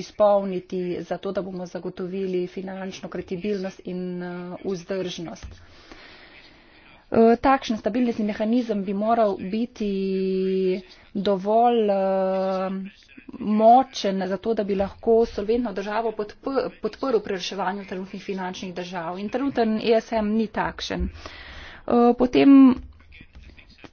izpolniti, zato da bomo zagotovili finančno kredibilnost in eh, vzdržnost. Uh, Eh, takšen stabilnostni mehanizem bi moral biti dovolj eh, močen za to, da bi lahko solventno državo podprl pri reševanju trenutnih finančnih držav. In trenuten ESM ni takšen. Eh, potem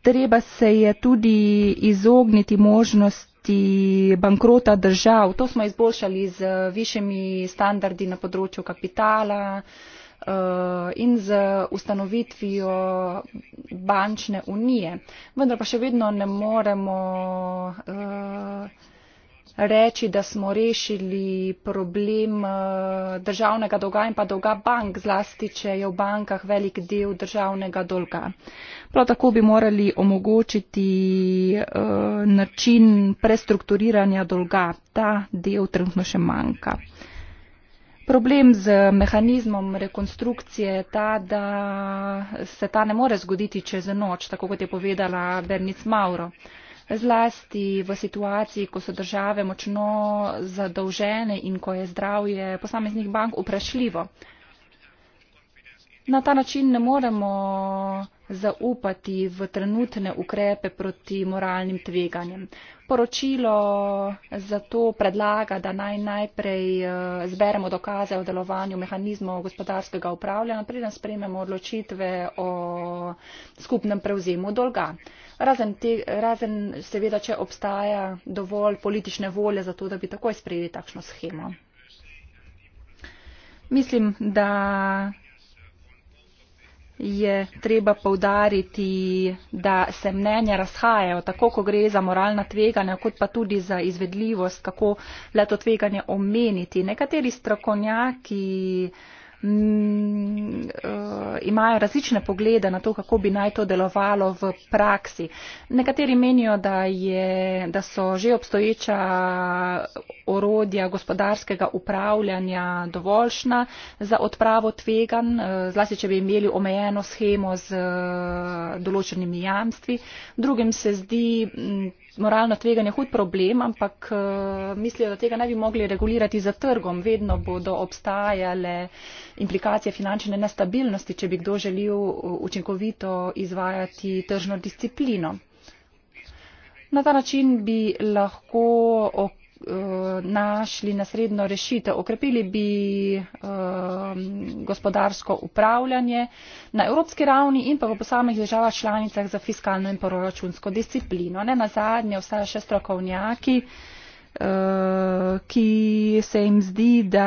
treba se je tudi izogniti možnosti bankrota držav. To smo izboljšali z višjimi standardi na področju kapitala, Eh, in z ustanovitvijo bančne unije. Vendar pa še vedno ne moremo eh, reči, da smo rešili problem eh, državnega dolga in pa dolga bank, zlasti, če je v bankah velik del državnega dolga. Prav tako bi morali omogočiti način prestrukturiranja dolga. Ta del trenutno še manjka. Problem z mehanizmom rekonstrukcije je ta, da se ta ne more zgoditi čez noč, tako kot je povedala Bernic Mauro. Zlasti v situaciji, ko so države močno zadolžene in ko je zdravje posameznih bank uprašljivo. Na ta način ne moremo zaupati v trenutne ukrepe proti moralnim tveganjem poročilo zato predlaga, da naj najprej eh, zberemo dokaze o delovanju mehanizmov gospodarskega upravljanja, preden sprememo odločitve o skupnem prevzemu dolga. Razen, te, razen seveda, če obstaja dovolj politične volje za to, da bi takoj sprejeli takšno schemo. Mislim, da je treba povdariti, da se mnenja razhajajo, tako ko gre za moralna tveganja, kot pa tudi za izvedljivost, kako leto tveganje omeniti. Nekateri strokovnjaki. Mm, eh, imajo različne poglede na to, kako bi naj to delovalo v praksi. Nekateri menijo, da, je, da so že obstoječa orodja gospodarskega upravljanja dovoljšna za odpravo tvegan, eh, zlasti, če bi imeli omejeno schemo z eh, določenimi jamstvi. Drugim se zdi mm, moralna tveganja hud problem, ampak eh, mislijo, da tega ne bi mogli regulirati za trgom. Vedno bodo obstajale implikacije finančne nestabilnosti, če bi kdo želel eh, učinkovito izvajati tržno disciplino. Na ta način bi lahko okrepili Eh, našli nasredno rešitev. Okrepili bi eh, gospodarsko upravljanje na evropski ravni in pa v posameznih državah članicah za fiskalno in proračunsko disciplino. Ne na zadnje ostaja še strokovnjaki, eh, ki se jim zdi, da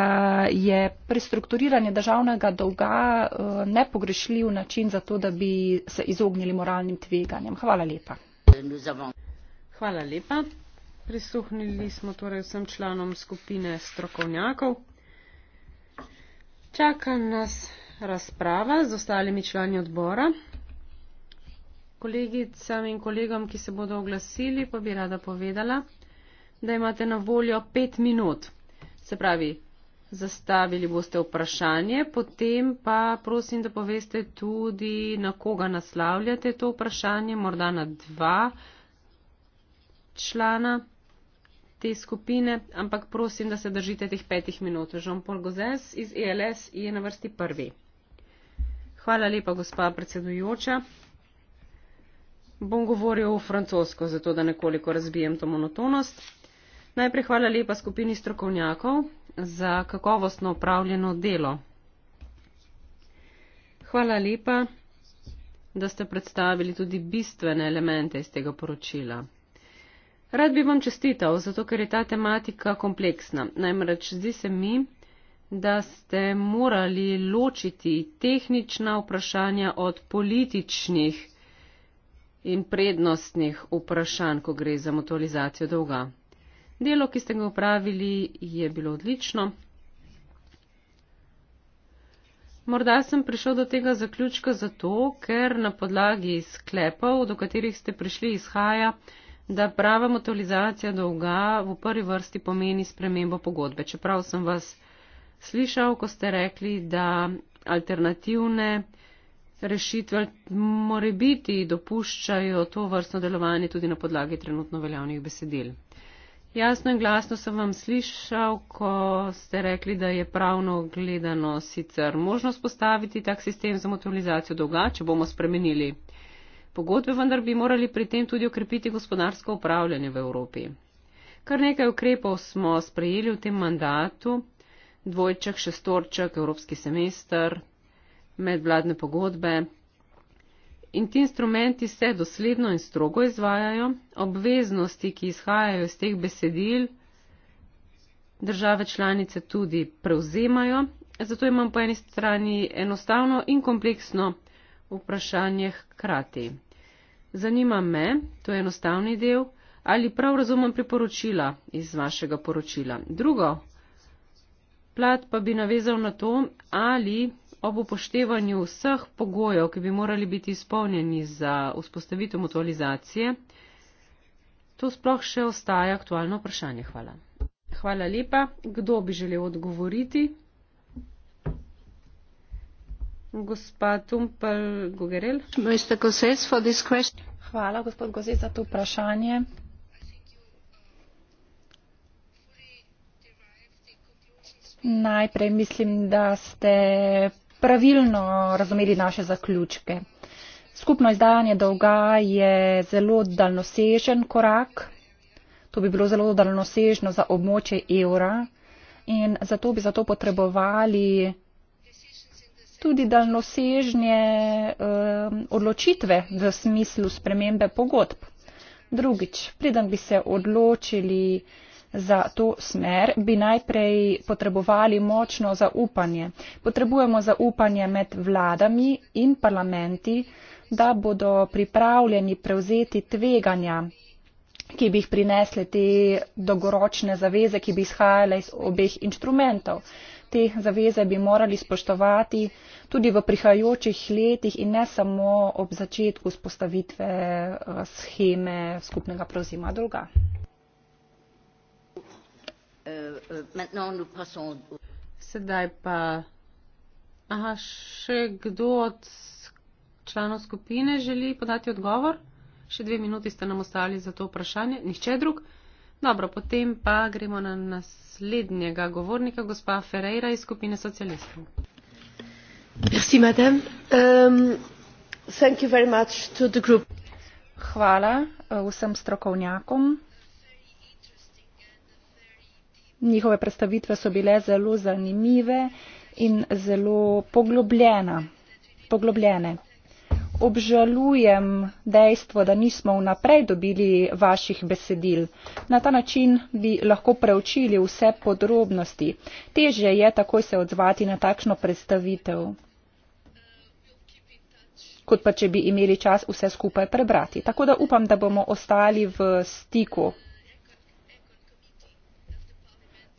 je prestrukturiranje državnega dolga nepogrešljiv način za to, da bi se izognili moralnim tveganjem. Hvala lepa. Hvala lepa. Prisluhnili smo torej vsem članom skupine strokovnjakov. Čaka nas razprava z ostalimi člani odbora. Kolegicam in kolegom, ki se bodo oglasili, pa bi rada povedala, da imate na voljo pet minut. Se pravi, zastavili boste vprašanje, potem pa prosim, da poveste tudi, na koga naslavljate to vprašanje, morda na dva člana te skupine, ampak prosim, da se držite teh petih minut. Jean-Paul Gozes iz ELS je na vrsti prvi. Hvala lepa, gospa predsedujoča. Bom govoril v francosko, zato da nekoliko razbijem to monotonost. Najprej hvala lepa skupini strokovnjakov za kakovostno upravljeno delo. Hvala lepa, da ste predstavili tudi bistvene elemente iz tega poročila. Rad bi vam čestital, zato ker je ta tematika kompleksna. Namreč zdi se mi, da ste morali ločiti tehnična vprašanja od političnih in prednostnih vprašanj, ko gre za motorizacijo dolga. Delo, ki ste ga upravili, je bilo odlično. Morda sem prišel do tega zaključka zato, ker na podlagi sklepov, do katerih ste prišli, izhaja, da prava mutualizacija dolga v prvi vrsti pomeni spremembo pogodbe. Čeprav sem vas slišal, ko ste rekli, da alternativne rešitve more biti dopuščajo to vrstno delovanje tudi na podlagi trenutno veljavnih besedil. Jasno in glasno sem vam slišal, ko ste rekli, da je pravno gledano sicer možno spostaviti tak sistem za mutualizacijo dolga, če bomo spremenili pogodbe, vendar bi morali pri tem tudi okrepiti gospodarsko upravljanje v Evropi. Kar nekaj ukrepov smo sprejeli v tem mandatu, dvojček, šestorček, evropski semester, medvladne pogodbe. In ti instrumenti se dosledno in strogo izvajajo, obveznosti, ki izhajajo iz teh besedil, države članice tudi prevzemajo. Zato imam po eni strani enostavno in kompleksno vprašanje hkrati. Zanima me, to je enostavni del, ali prav razumem priporočila iz vašega poročila. Drugo, plat pa bi navezal na to, ali ob upoštevanju vseh pogojev, ki bi morali biti izpolnjeni za vzpostavitev mutualizacije, to sploh še ostaja aktualno vprašanje. Hvala. Hvala lepa. Kdo bi želel odgovoriti? Hvala, gospod Gozet, za to vprašanje. Najprej mislim, da ste pravilno razumeli naše zaključke. Skupno izdajanje dolga je zelo daljnosežen korak. To bi bilo zelo daljnosežno za območje evra in zato bi zato potrebovali tudi daljnosežnje odločitve v smislu spremembe pogodb. Drugič, preden bi se odločili za to smer, bi najprej potrebovali močno zaupanje. Potrebujemo zaupanje med vladami in parlamenti, da bodo pripravljeni prevzeti tveganja, ki bi jih prinesle te dogoročne zaveze, ki bi izhajale iz obeh inštrumentov te zaveze bi morali spoštovati tudi v prihajajočih letih in ne samo ob začetku spostavitve eh, scheme skupnega prozima dolga. Sedaj pa. Aha, še kdo od članov skupine želi podati odgovor? Še dve minuti ste nam ostali za to vprašanje. Nihče drug? Dobro, potem pa gremo na naslednjega govornika, gospa Ferreira iz skupine socialistov. Merci, madame. Um, thank you very much to the group. Hvala uh, vsem strokovnjakom. Njihove predstavitve so bile zelo zanimive in zelo poglobljene obžalujem dejstvo, da nismo vnaprej dobili vaših besedil. Na ta način bi lahko preučili vse podrobnosti. Teže je takoj se odzvati na takšno predstavitev, kot pa če bi imeli čas vse skupaj prebrati. Tako da upam, da bomo ostali v stiku.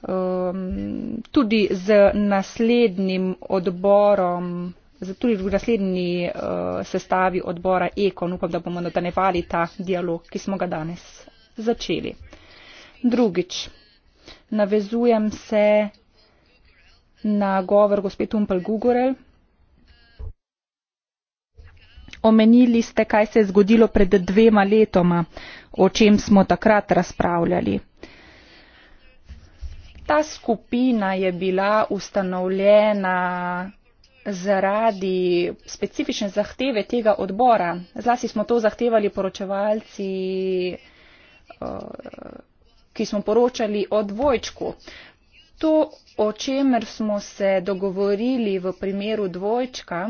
Um, tudi z naslednjim odborom tudi v naslednji uh, sestavi odbora EKON upam, da bomo nadaljevali ta dialog, ki smo ga danes začeli. Drugič, navezujem se na govor gospe Tumpel Gugorel. Omenili ste, kaj se je zgodilo pred dvema letoma, o čem smo takrat razpravljali. Ta skupina je bila ustanovljena zaradi specifične zahteve tega odbora. Zlasti smo to zahtevali poročevalci, eh, ki smo poročali o dvojčku. To, o čemer smo se dogovorili v primeru dvojčka,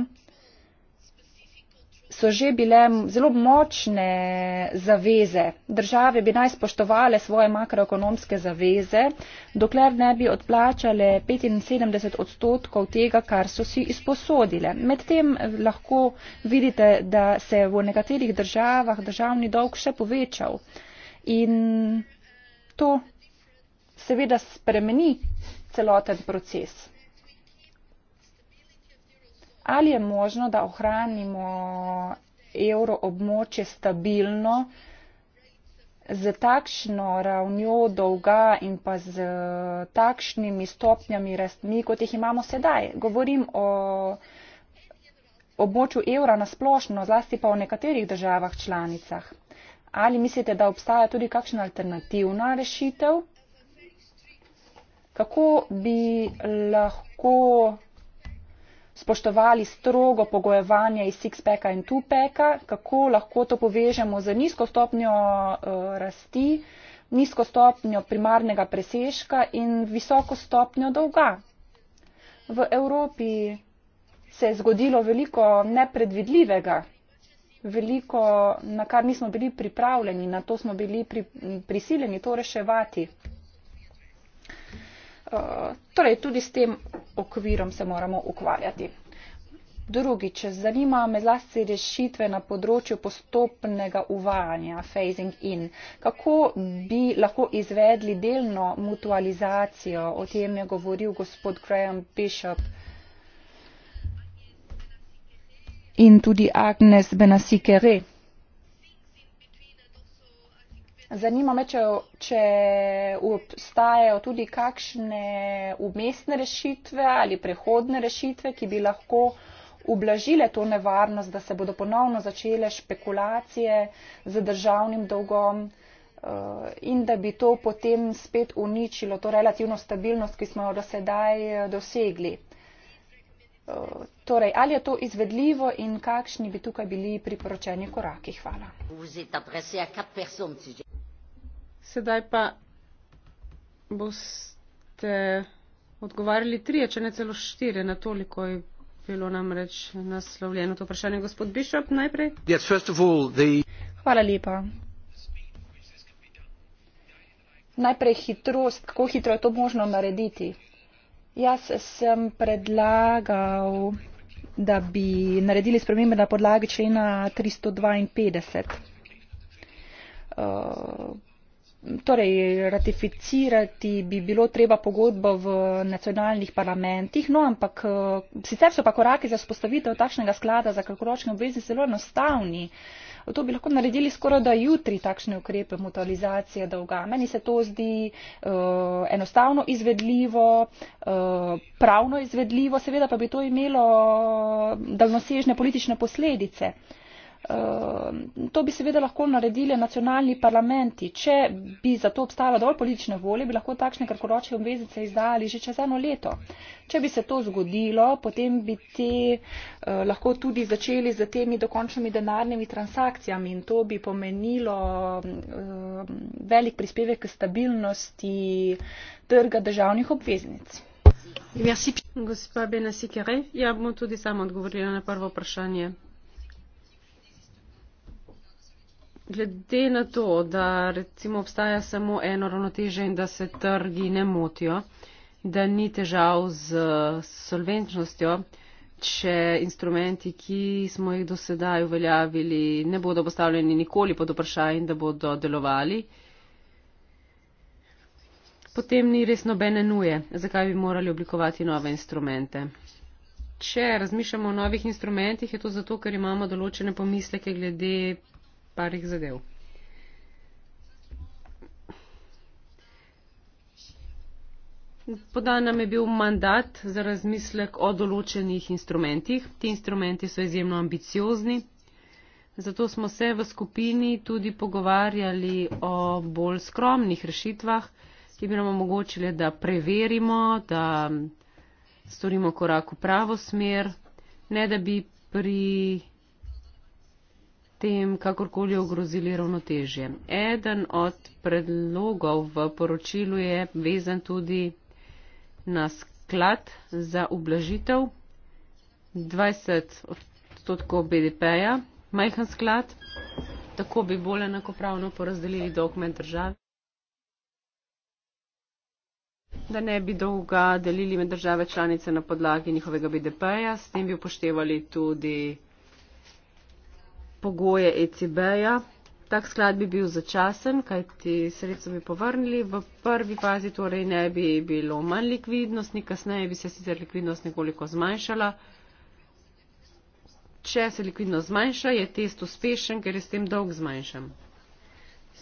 so že bile zelo močne zaveze. Države bi naj spoštovale svoje makroekonomske zaveze, dokler ne bi odplačale 75 odstotkov tega, kar so si izposodile. Medtem eh, lahko vidite, da se je v nekaterih državah državni dolg še povečal. In to seveda spremeni celoten proces ali je možno, da ohranimo evro območje stabilno z takšno ravnjo dolga in pa z takšnimi stopnjami rastmi, kot jih imamo sedaj. Govorim o območju evra na splošno, zlasti pa o nekaterih državah članicah. Ali mislite, da obstaja tudi kakšna alternativna rešitev? Kako bi lahko spoštovali strogo pogojevanje iz six-packa in two-packa, kako lahko to povežemo z nizko stopnjo uh, rasti, nizko stopnjo primarnega presežka in visoko stopnjo dolga. V Evropi se je zgodilo veliko nepredvidljivega, veliko, na kar nismo bili pripravljeni, na to smo bili pri, prisiljeni to reševati. Eh, torej tudi s tem okvirom se moramo ukvarjati. Drugič, zanima me zlasti rešitve na področju postopnega uvajanja, phasing in. Kako bi lahko izvedli delno mutualizacijo, o tem je govoril gospod Graham Bishop in tudi Agnes Benasikere. Zanima me, če, če obstajajo tudi kakšne umestne rešitve ali prehodne rešitve, ki bi lahko ublažile to nevarnost, da se bodo ponovno začele špekulacije z državnim dolgom eh, in da bi to potem spet uničilo to relativno stabilnost, ki smo jo do sedaj eh, dosegli. Eh, torej, ali je to izvedljivo in kakšni bi tukaj bili priporočeni koraki? Hvala. Sedaj pa boste odgovarjali trije, če ne celo štiri, na toliko je bilo namreč naslovljeno to vprašanje. Gospod Bishop, najprej. Yes, all, the... Hvala lepa. Najprej hitrost, kako hitro je to možno narediti. Jaz sem predlagal, da bi naredili spremembe na podlagi člena 352. Uh, torej ratificirati bi bilo treba pogodbo v nacionalnih parlamentih, no ampak eh, sicer so pa koraki za spostavitev takšnega sklada za kakoročne obvezi zelo enostavni. To bi lahko naredili skoraj da jutri takšne ukrepe mutualizacije dolga. Meni se to zdi uh, enostavno izvedljivo, uh, pravno izvedljivo, seveda pa bi to imelo daljnosežne politične posledice. Uh, Eh, to bi seveda lahko naredili nacionalni parlamenti. Če bi za to obstajala dovolj politične volje, bi lahko takšne kratkoročne obveznice izdajali že čez eno leto. Če bi se to zgodilo, potem bi te eh, lahko tudi začeli z temi dokončnimi denarnimi transakcijami in to bi pomenilo eh, velik prispevek k stabilnosti trga državnih obveznic. Merci. Gospa Benasikere, ja bom tudi sama odgovorila na prvo vprašanje. glede na to, da recimo obstaja samo eno ravnoteže in da se trgi ne motijo, da ni težav z solventnostjo, če instrumenti, ki smo jih do sedaj uveljavili, ne bodo postavljeni nikoli pod vprašaj in da bodo delovali, potem ni res nobene nuje, zakaj bi morali oblikovati nove instrumente. Če razmišljamo o novih instrumentih, je to zato, ker imamo določene pomisleke glede parih zadev. Podan nam je bil mandat za razmislek o določenih instrumentih. Ti instrumenti so izjemno ambiciozni, zato smo se v skupini tudi pogovarjali o bolj skromnih rešitvah, ki bi nam omogočile, da preverimo, da storimo korak v pravo smer, ne da bi pri tem kakorkoli ogrozili ravnotežje. Eden od predlogov v poročilu je vezan tudi na sklad za ublažitev 20 odstotkov BDP-ja, majhen sklad, tako bi bolj enakopravno porazdelili dolg med državami. Da ne bi dolga delili med države članice na podlagi njihovega BDP-ja, s tem bi upoštevali tudi pogoje ECB-ja. Tak sklad bi bil začasen, kajti sredstvo bi povrnili. V prvi fazi torej ne bi bilo manj likvidnosti, kasneje bi se sicer likvidnost nekoliko zmanjšala. Če se likvidnost zmanjša, je test uspešen, ker je s tem dolg zmanjšan.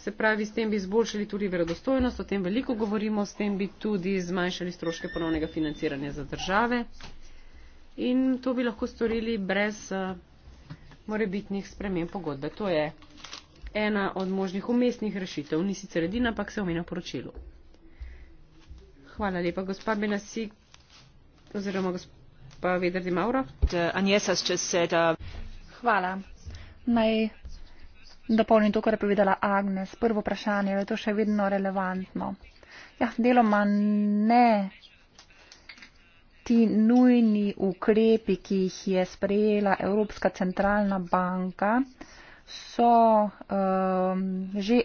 Se pravi, s tem bi izboljšali tudi verodostojnost, o tem veliko govorimo, s tem bi tudi zmanjšali stroške ponovnega financiranja za države. In to bi lahko storili brez. Uh, morebitnih sprememb pogodbe. To je ena od možnih umestnih rešitev, ni sicer edina, ampak se omenja v poročilu. Hvala lepa, gospa Benasi, oziroma gospa Vedrdi Mauro. Uh, Hvala. Naj dopolnim to, kar je povedala Agnes. Prvo vprašanje, je to še vedno relevantno? Ja, deloma ne ti nujni ukrepi, ki jih je sprejela Evropska centralna banka, so um, že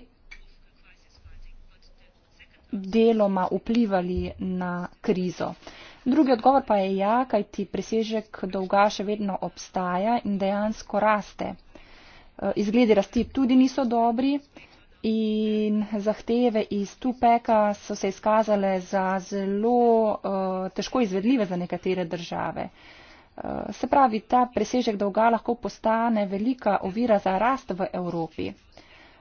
deloma vplivali na krizo. Drugi odgovor pa je ja, kaj ti presežek dolga še vedno obstaja in dejansko raste. Uh, izgledi rasti tudi niso dobri, In zahteve iz Tupeka so se izkazale za zelo uh, težko izvedljive za nekatere države. Uh, se pravi, ta presežek dolga lahko postane velika ovira za rast v Evropi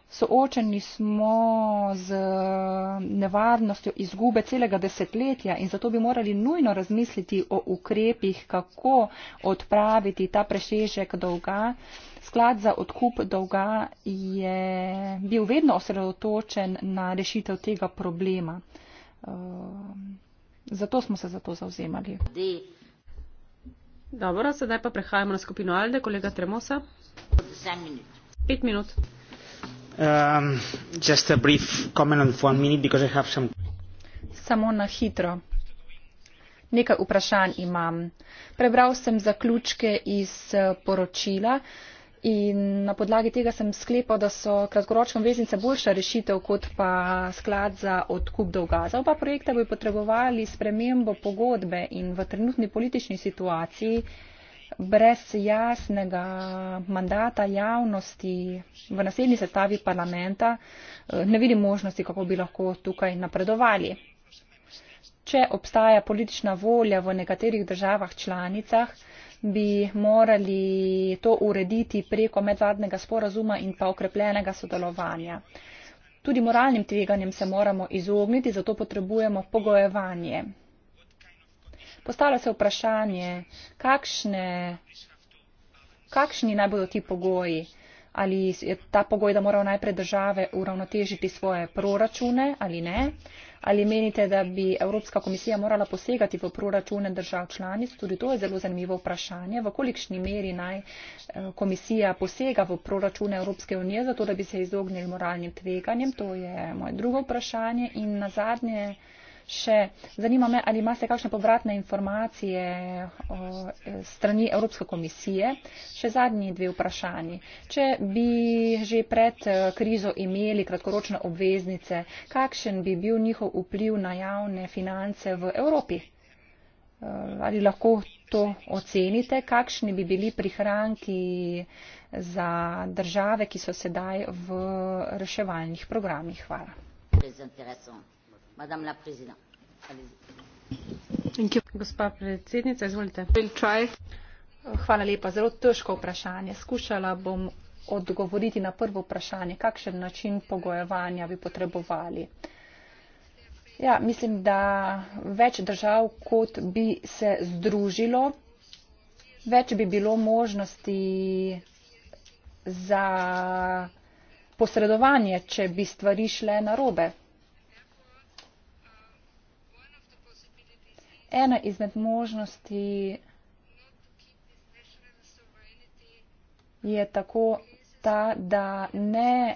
soočeni smo z eh, nevarnostjo izgube celega desetletja in zato bi morali nujno razmisliti o ukrepih, kako odpraviti ta prešežek dolga. Sklad za odkup dolga je bil vedno osredotočen na rešitev tega problema. Eh, zato smo se za to zauzemali. Dobro, sedaj pa prehajamo na skupino Alde, kolega Tremosa. Pet minut. Um, just a brief comment on one minute because I have some. Samo na hitro. Nekaj vprašanj imam. Prebral sem zaključke iz uh, poročila in na podlagi tega sem sklepal, da so kratkoročno veznice boljša rešitev kot pa sklad za odkup dolga. Za oba projekta bi potrebovali spremembo pogodbe in v trenutni politični situaciji brez jasnega mandata javnosti v naslednji sestavi parlamenta eh, ne vidim možnosti, kako bi lahko tukaj napredovali. Če obstaja politična volja v nekaterih državah članicah, bi morali to urediti preko medvladnega sporazuma in pa okrepljenega sodelovanja. Tudi moralnim tveganjem se moramo izogniti, zato potrebujemo pogojevanje. Postavlja se vprašanje, kakšne, kakšni naj bodo ti pogoji. Ali je ta pogoj, da morajo najprej države uravnotežiti svoje proračune ali ne? Ali menite, da bi Evropska komisija morala posegati v proračune držav članic? Tudi to je zelo zanimivo vprašanje. V kolikšni meri naj eh, komisija posega v proračune Evropske unije, zato da bi se izognili moralnim tveganjem? To je moje drugo vprašanje. In na zadnje še. Zanima me, ali imate kakšne povratne informacije o, e, strani Evropske komisije. Še zadnji dve vprašanji. Če bi že pred e, krizo imeli kratkoročne obveznice, kakšen bi bil njihov vpliv na javne finance v Evropi? E, ali lahko to ocenite? Kakšni bi bili prihranki za države, ki so sedaj v reševalnih programih? Hvala. Gracias madame la présidente. Hvala lepa. Zelo težko vprašanje. Skušala bom odgovoriti na prvo vprašanje, kakšen način pogojevanja bi potrebovali. Ja, mislim, da več držav, kot bi se združilo, več bi bilo možnosti za posredovanje, če bi stvari šle narobe. ena izmed možnosti je tako ta, da, ne,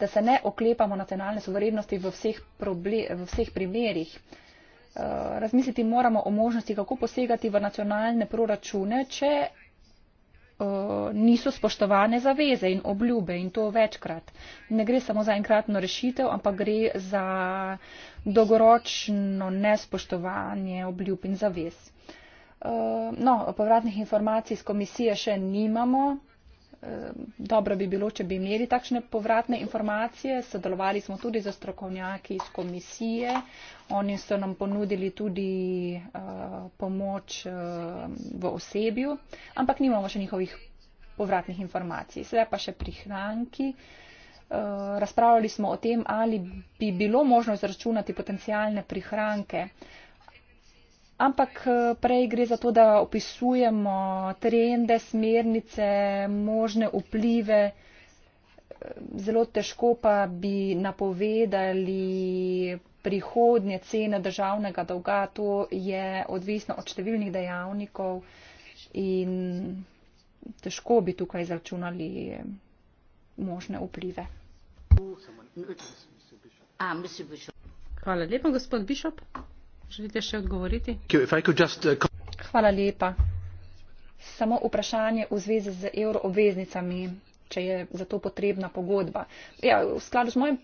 da se ne oklepamo nacionalne suverenosti v vseh, v vseh primerih. Eh, razmisliti moramo o možnosti, kako posegati v nacionalne proračune, če niso spoštovane zaveze in obljube in to večkrat. Ne gre samo za enkratno rešitev, ampak gre za dolgoročno nespoštovanje obljub in zavez. No, povratnih informacij iz komisije še nimamo, dobro bi bilo, če bi imeli takšne povratne informacije. Sodelovali smo tudi za strokovnjaki iz komisije. Oni so nam ponudili tudi uh, pomoč uh, v osebju, ampak nimamo še njihovih povratnih informacij. Sedaj pa še prihranki. Eh, razpravljali smo o tem, ali bi bilo možno izračunati potencijalne prihranke. Uh, ampak eh, prej gre za to, da opisujemo trende, smernice, možne vplive. Eh, zelo težko pa bi napovedali prihodnje cene državnega dolga. To je odvisno od številnih dejavnikov in težko bi tukaj izračunali možne vplive. Ah, Hvala lepa, gospod Bishop. Želite še odgovoriti? Uh, Hvala lepa. Samo vprašanje v zvezi z euroobveznicami, če je za to potrebna pogodba. Ja, v skladu z mojim,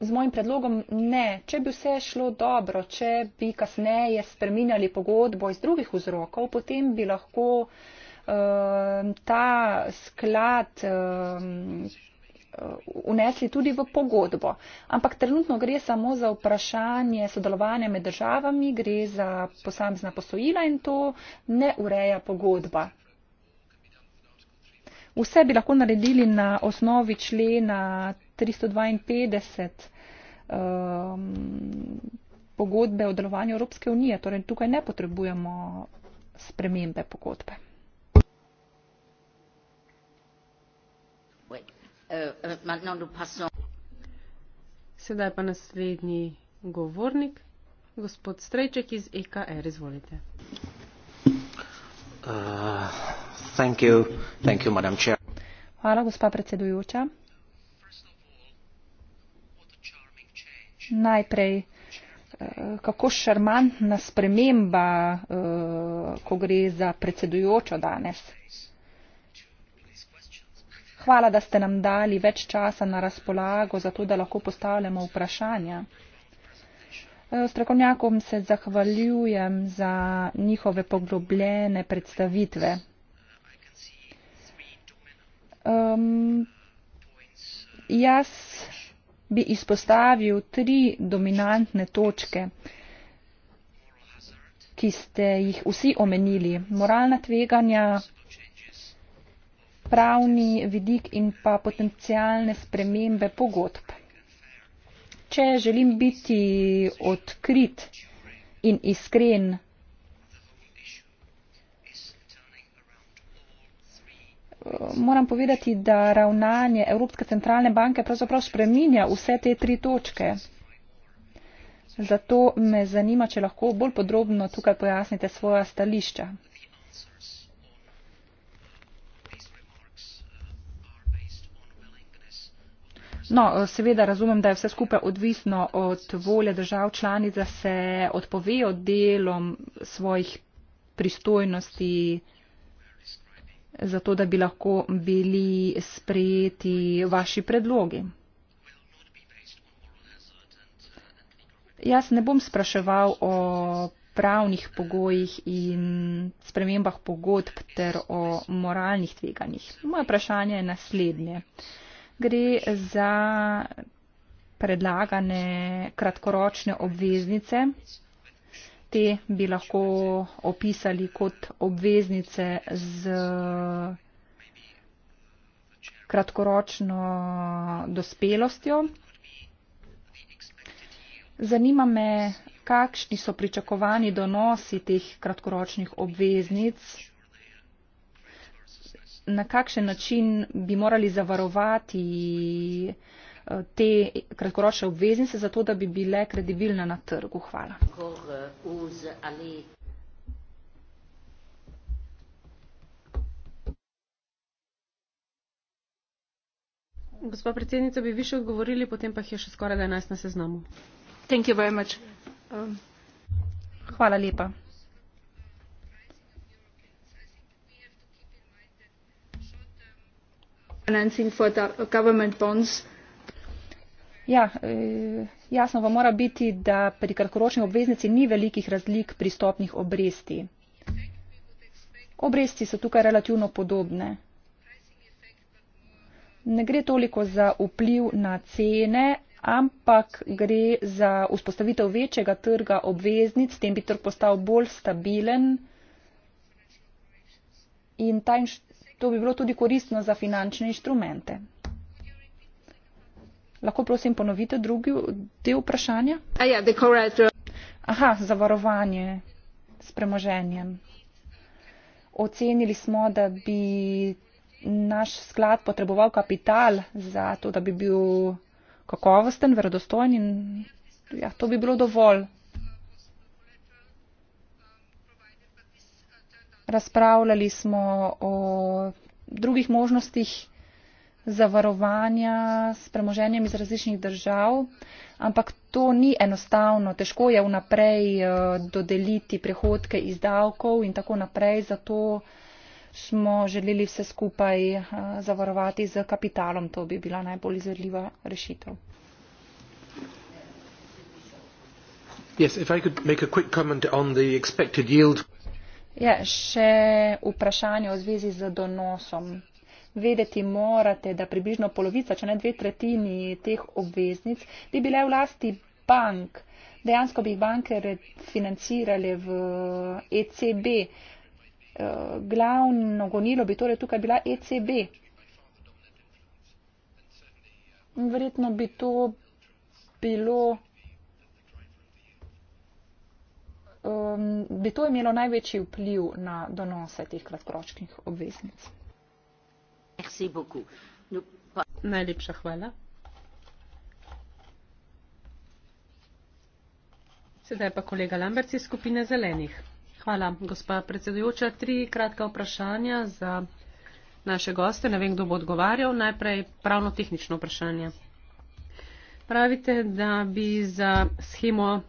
z mojim predlogom ne. Če bi vse šlo dobro, če bi kasneje spreminjali pogodbo iz drugih vzrokov, potem bi lahko uh, ta sklad. Uh, unesli eh, tudi v pogodbo. Ampak trenutno gre samo za vprašanje sodelovanja med državami, gre za posamezna posojila in to ne ureja pogodba. Vse bi lahko naredili na osnovi člena 352. Um, ehm, pogodbe o delovanju Evropske unije, torej tukaj ne potrebujemo spremembe pogodbe. maintenant nous passons. Sedaj pa naslednji govornik, gospod Strejček iz EKR, izvolite. Uh, thank you, thank you, madam chair. Hvala, gospa predsedujoča. Najprej, uh, kako šarmantna sprememba, uh, ko gre za predsedujočo danes. Hvala, da ste nam dali več časa na razpolago, zato da lahko postavljamo vprašanja. E, Strakovnjakom se zahvaljujem za njihove poglobljene predstavitve. Um, jaz bi izpostavil tri dominantne točke, ki ste jih vsi omenili. Moralna tveganja, pravni vidik in pa potencijalne spremembe pogodb. Če želim biti odkrit in iskren, moram povedati, da ravnanje Evropske centralne banke pravzaprav spreminja vse te tri točke. Zato me zanima, če lahko bolj podrobno tukaj pojasnite svoja stališča. No, seveda razumem, da je vse skupaj odvisno od volje držav članic, da se odpovejo delom svojih pristojnosti, zato da bi lahko bili sprejeti vaši predlogi. Jaz ne bom spraševal o pravnih pogojih in spremembah pogodb ter o moralnih tveganjih. Moje vprašanje je naslednje gre za predlagane kratkoročne obveznice. Te bi lahko opisali kot obveznice z kratkoročno dospelostjo. Zanima me, kakšni so pričakovani donosi teh kratkoročnih obveznic na kakšen način bi morali zavarovati eh, te kratkoročne obveznice, zato da bi bile kredibilne na trgu. Hvala. Gospa predsednica, bi vi še odgovorili, potem pa jih je še skoraj 11 na seznamu. Thank you very much. Ja. Um. Hvala lepa. financing for the government bonds. Ja, eh, jasno vam mora biti, da pri kratkoročni obveznici ni velikih razlik pri stopnih obresti. Obresti so tukaj relativno podobne. Ne gre toliko za vpliv na cene, ampak gre za vzpostavitev večjega trga obveznic, s tem bi trg postal bolj stabilen in ta inštitut to bi bilo tudi koristno za finančne inštrumente. Lahko prosim ponovite drugi del vprašanja? Ah, ja, Aha, zavarovanje s premoženjem. Ocenili smo, da bi naš sklad potreboval kapital za to, da bi bil kakovosten, verodostojen in ja, to bi bilo dovolj razpravljali smo o drugih možnostih zavarovanja s premoženjem iz različnih držav, ampak to ni enostavno. Težko je vnaprej eh, dodeliti prihodke iz davkov in tako naprej, zato smo želeli vse skupaj eh, zavarovati z kapitalom. To bi bila najbolj izvedljiva rešitev. Yes, if I could make a quick comment on the expected yield. Ja, še vprašanje v zvezi z donosom. Vedeti morate, da približno polovica, če ne dve tretjini teh obveznic, bi bile v lasti bank. Dejansko bi banke financirale v ECB. Eh, glavno gonilo bi torej tukaj bila ECB. Verjetno bi to bilo um, bi to imelo največji vpliv na donose teh kratkoročnih obveznic. Najlepša hvala. Sedaj pa kolega Lamberci iz skupine zelenih. Hvala, gospa predsedujoča. Tri kratka vprašanja za naše goste. Ne vem, kdo bo odgovarjal. Najprej pravno-tehnično vprašanje. Pravite, da bi za schemo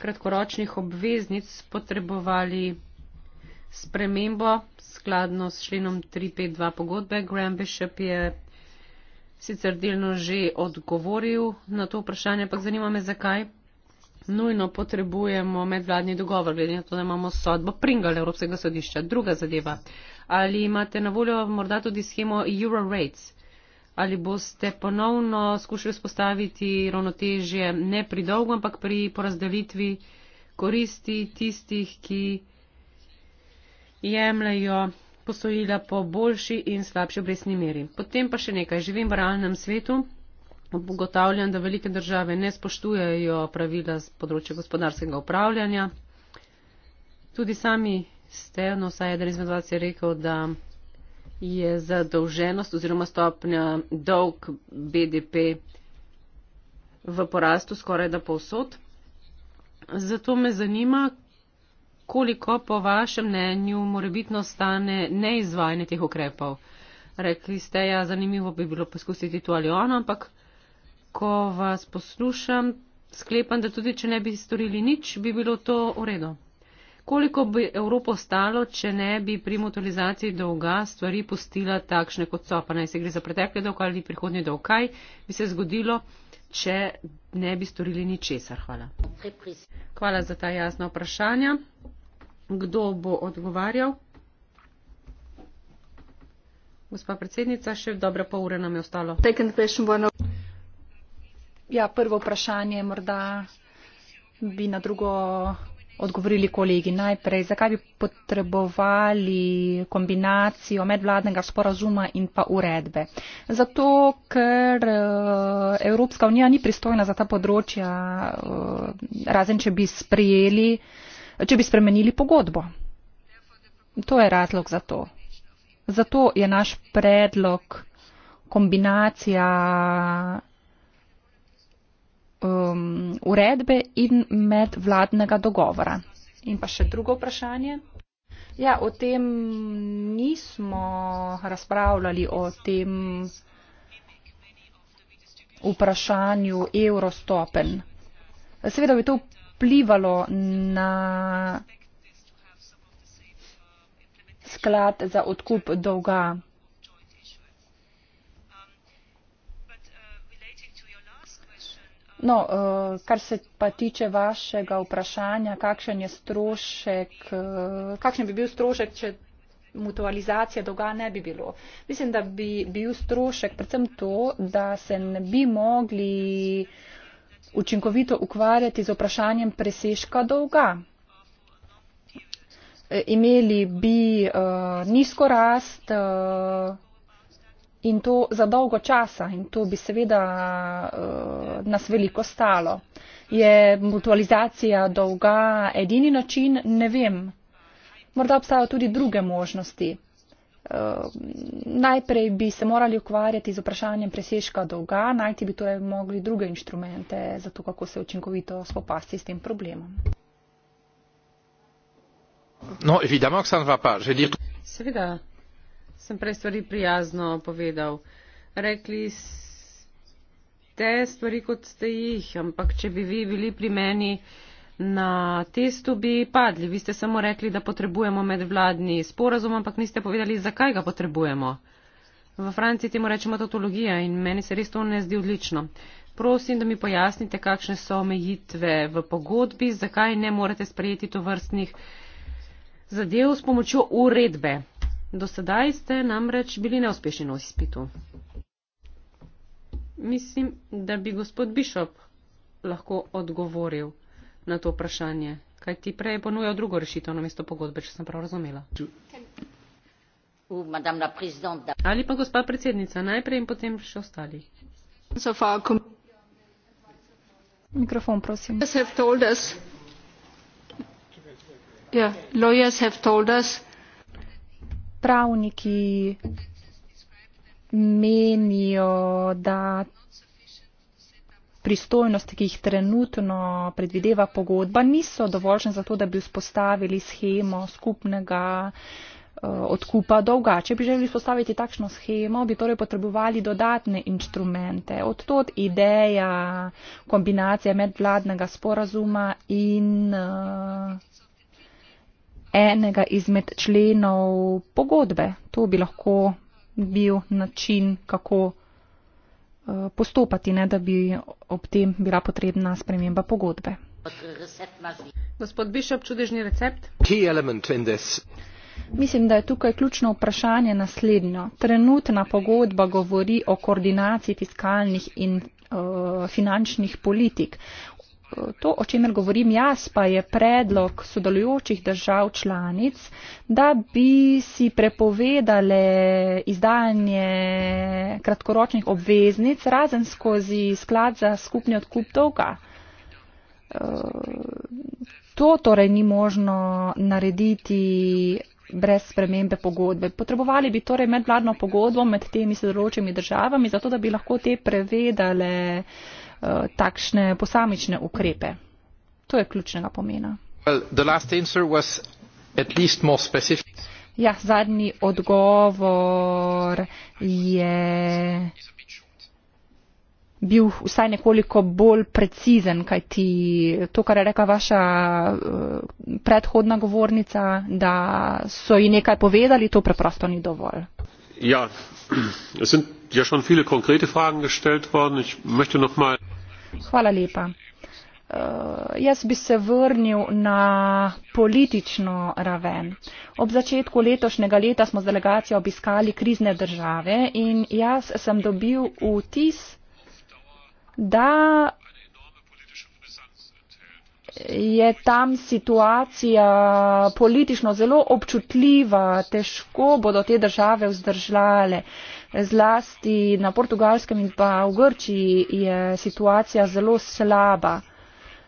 kratkoročnih obveznic potrebovali spremembo skladno s členom 352 pogodbe. Graham Bishop je sicer delno že odgovoril na to vprašanje, ampak zanima me, zakaj nujno potrebujemo medvladni dogovor, glede na to, da imamo sodbo Pringal Evropskega sodišča. Druga zadeva. Ali imate na voljo morda tudi schemo Eurorates? ali boste ponovno skušali spostaviti ravnotežje ne pri dolgu, ampak pri porazdelitvi koristi tistih, ki jemljajo posojila po boljši in slabši obresni meri. Potem pa še nekaj. Živim v realnem svetu. Ugotavljam, da velike države ne spoštujejo pravila z področja gospodarskega upravljanja. Tudi sami ste, no vsaj eden izmed vas je rekel, da je zadolženost oziroma stopnja dolg BDP v porastu skoraj da povsod. Zato me zanima, koliko po vašem mnenju morebitno stane neizvajanje teh ukrepov. Rekli ste, ja, zanimivo bi bilo poskusiti to ali ono, ampak ko vas poslušam, sklepam, da tudi če ne bi storili nič, bi bilo to v redu. Koliko bi Evropo stalo, če ne bi pri motorizaciji dolga stvari postila takšne, kot so, pa naj se gre za pretekle dolg ali prihodnje dolg, kaj bi se zgodilo, če ne bi storili ničesar? Hvala. Hvala za ta jasna vprašanja. Kdo bo odgovarjal? Gospa predsednica, še dobra pol ure nam je ostalo. Ja, prvo vprašanje morda bi na drugo odgovorili kolegi najprej, zakaj bi potrebovali kombinacijo medvladnega sporazuma in pa uredbe. Zato, ker eh, Evropska unija ni pristojna za ta področja, eh, razen če bi, sprejeli, če bi spremenili pogodbo. To je razlog za to. Zato je naš predlog kombinacija um, uredbe in medvladnega dogovora. In pa še drugo vprašanje. Ja, o tem nismo razpravljali, o tem vprašanju evrostopen. Seveda bi to vplivalo na sklad za odkup dolga. No, eh, kar se pa tiče vašega vprašanja, kakšen je strošek, eh, kakšen bi bil strošek, če mutualizacija dolga ne bi bilo. Mislim, da bi bil strošek predvsem to, da se ne bi mogli učinkovito ukvarjati z vprašanjem preseška dolga. Eh, imeli bi uh, nizko rast. Uh, in to za dolgo časa in to bi seveda uh, nas veliko stalo. Je mutualizacija dolga edini način? Ne vem. Morda obstajajo tudi druge možnosti. Uh, najprej bi se morali ukvarjati z vprašanjem preseška dolga, najti bi torej mogli druge inštrumente za to, kako se učinkovito spopasti s tem problemom. No, evidemo, Ksandra, pa želim. Seveda, sem prej stvari prijazno povedal. Rekli ste stvari, kot ste jih, ampak če bi vi bili pri meni na testu, bi padli. Vi ste samo rekli, da potrebujemo medvladni sporazum, ampak niste povedali, zakaj ga potrebujemo. V Franciji temu rečemo tautologija in meni se res to ne zdi odlično. Prosim, da mi pojasnite, kakšne so omejitve v pogodbi, zakaj ne morete sprejeti to vrstnih zadev s pomočjo uredbe. Do sedaj ste namreč bili neuspešni na izpitu. Mislim, da bi gospod Bišop lahko odgovoril na to vprašanje, kaj ti prej ponujajo drugo rešitev na mesto pogodbe, če sem prav razumela. Ali pa gospa predsednica, najprej in potem še ostali. Mikrofon, prosim. Lawyers have told us. Yeah, lawyers have told us pravniki menijo, da pristojnosti, ki jih trenutno predvideva pogodba, niso dovoljšne za to, da bi vzpostavili schemo skupnega eh, odkupa dolga. Če bi želeli vzpostaviti takšno schemo, bi torej potrebovali dodatne inštrumente. Odtud ideja kombinacije medvladnega sporazuma in uh, enega izmed členov pogodbe. To bi lahko bil način, kako eh, postopati, ne da bi ob tem bila potrebna sprememba pogodbe. Gospod Bišop, čudežni recept? Mislim, da je tukaj ključno vprašanje naslednjo. Trenutna pogodba govori o koordinaciji fiskalnih in eh, finančnih politik to, o čemer govorim jaz, pa je predlog sodelujočih držav članic, da bi si prepovedale izdajanje kratkoročnih obveznic razen skozi sklad za skupni odkup dolga. Eh, to torej ni možno narediti brez spremembe pogodbe. Potrebovali bi torej medvladno pogodbo med temi sodelujočimi državami, zato da bi lahko te prevedale uh, Eh, takšne posamične ukrepe. To je ključnega pomena. Well, ja, zadnji odgovor je bil vsaj nekoliko bolj precizen, kajti to, kar je rekla vaša eh, predhodna govornica, da so ji nekaj povedali, to preprosto ni dovolj. Ja, jaz sem je ja schon viele konkrete fragen gestellt worden ich möchte noch mal hvala lepa eh, Jaz bi se vrnil na politično raven. Ob začetku letošnjega leta smo z delegacijo obiskali krizne države in jaz sem dobil vtis, da je tam situacija politično zelo občutljiva, težko bodo te države vzdržale. Uh, zlasti na portugalskem in pa v Grčiji je situacija zelo slaba.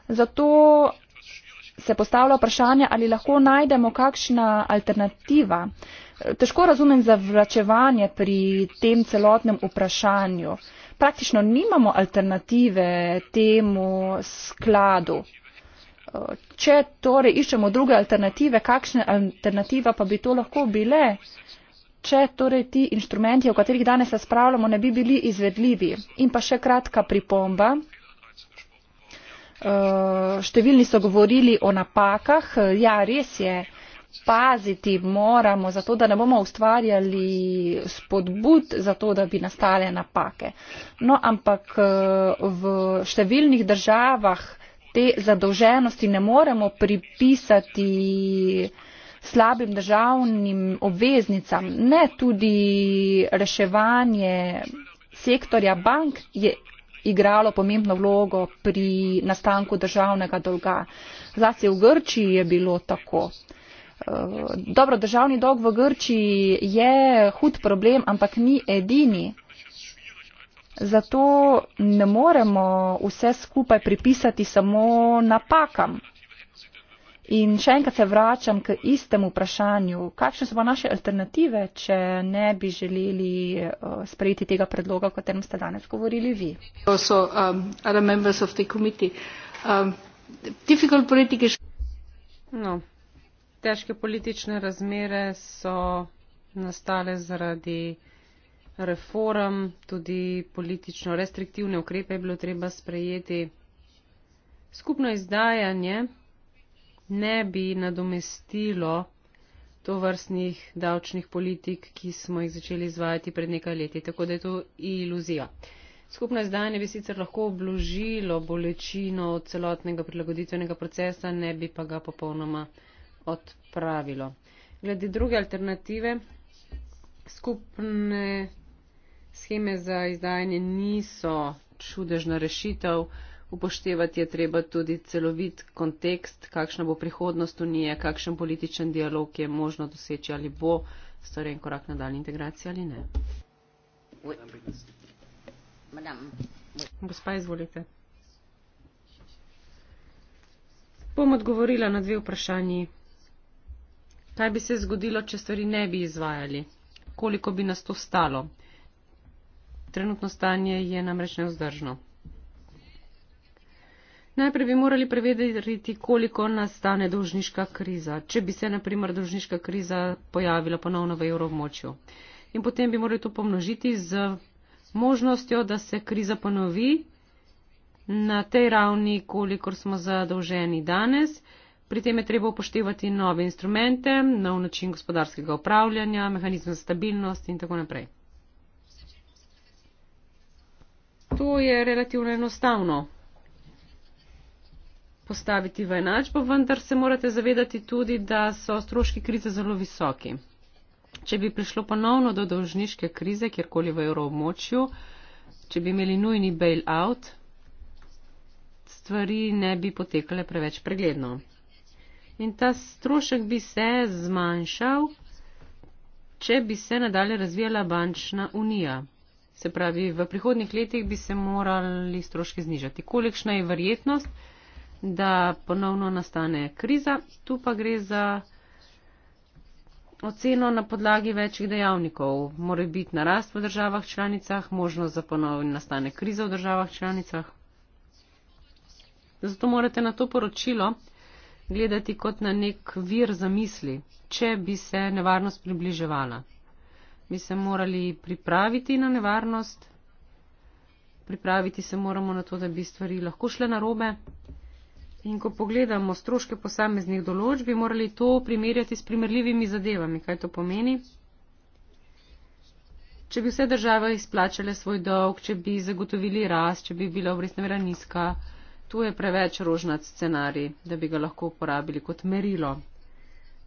Zato se postavlja vprašanje, ali lahko najdemo kakšna alternativa. Težko razumem zavračevanje pri tem celotnem vprašanju. Praktično nimamo alternative temu skladu. Če torej iščemo druge alternative, kakšne alternative pa bi to lahko bile? če torej ti inštrumenti, o katerih danes razpravljamo, ne bi bili izvedljivi. In pa še kratka pripomba. Eh, številni so govorili o napakah. Ja, res je, paziti moramo, zato da ne bomo ustvarjali spodbud, zato da bi nastale napake. No, ampak eh, v številnih državah te zadolženosti ne moremo pripisati slabim državnim obveznicam, ne tudi reševanje sektorja bank je igralo pomembno vlogo pri nastanku državnega dolga. Zase v Grčiji je bilo tako. Eh, dobro, državni dolg v Grčiji je hud problem, ampak ni edini. Zato ne moremo vse skupaj pripisati samo napakam. In še enkrat se vračam k istemu vprašanju. Kakšne so pa naše alternative, če ne bi želeli eh, sprejeti tega predloga, o katerem ste danes govorili vi? Um, um, no, težke politične razmere so nastale zaradi reform, tudi politično restriktivne ukrepe je bilo treba sprejeti. Skupno izdajanje ne bi nadomestilo to vrstnih davčnih politik, ki smo jih začeli izvajati pred nekaj leti. Tako da je to iluzija. Skupno izdajanje bi sicer lahko obložilo bolečino od celotnega prilagoditvenega procesa, ne bi pa ga popolnoma odpravilo. Glede druge alternative, skupne scheme za izdajanje niso čudežna rešitev upoštevati je treba tudi celovit kontekst, kakšna bo prihodnost unije, kakšen političen dialog je možno doseči ali bo storjen korak na daljni integraciji ali ne. Gospa, izvolite. Bom odgovorila na dve vprašanji. Kaj bi se zgodilo, če stvari ne bi izvajali? Koliko bi nas to stalo? Trenutno stanje je namreč neozdržno. Najprej bi morali prevedeti, koliko nastane dolžniška kriza, če bi se, na primer, dolžniška kriza pojavila ponovno v evromočju. In potem bi morali to pomnožiti z možnostjo, da se kriza ponovi na tej ravni, kolikor smo zadolženi danes. Pri tem je treba upoštevati nove instrumente, nov način gospodarskega upravljanja, mehanizme za stabilnost in tako naprej. To je relativno enostavno postaviti v enačbo, vendar se morate zavedati tudi, da so stroški krize zelo visoki. Če bi prišlo ponovno do dolžniške krize kjerkoli v evroobmočju, če bi imeli nujni bail-out, stvari ne bi potekale preveč pregledno. In ta strošek bi se zmanjšal, če bi se nadalje razvijala bančna unija. Se pravi, v prihodnih letih bi se morali stroški znižati. Kolikšna je verjetnost? da ponovno nastane kriza. Tu pa gre za oceno na podlagi večjih dejavnikov. Mora biti narast v državah članicah, možnost za ponovno nastane kriza v državah članicah. Zato morate na to poročilo gledati kot na nek vir za misli, če bi se nevarnost približevala. Mi se morali pripraviti na nevarnost, pripraviti se moramo na to, da bi stvari lahko šle narobe. In ko pogledamo stroške posameznih določb, bi morali to primerjati s primerljivimi zadevami. Kaj to pomeni? Če bi vse države izplačale svoj dolg, če bi zagotovili rast, če bi bila obrestna mera nizka, tu je preveč rožnat scenarij, da bi ga lahko uporabili kot merilo.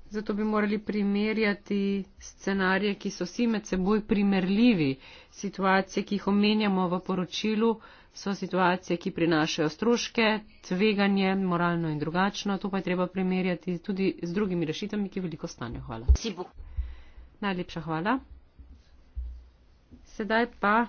Zato bi morali primerjati scenarije, ki so vsi med seboj primerljivi. Situacije, ki jih omenjamo v poročilu, so situacije, ki prinašajo stroške, tveganje, moralno in drugačno. To pa je treba primerjati tudi z drugimi rešitami, ki veliko stanejo. Hvala. Sibu. Najlepša hvala. Sedaj pa.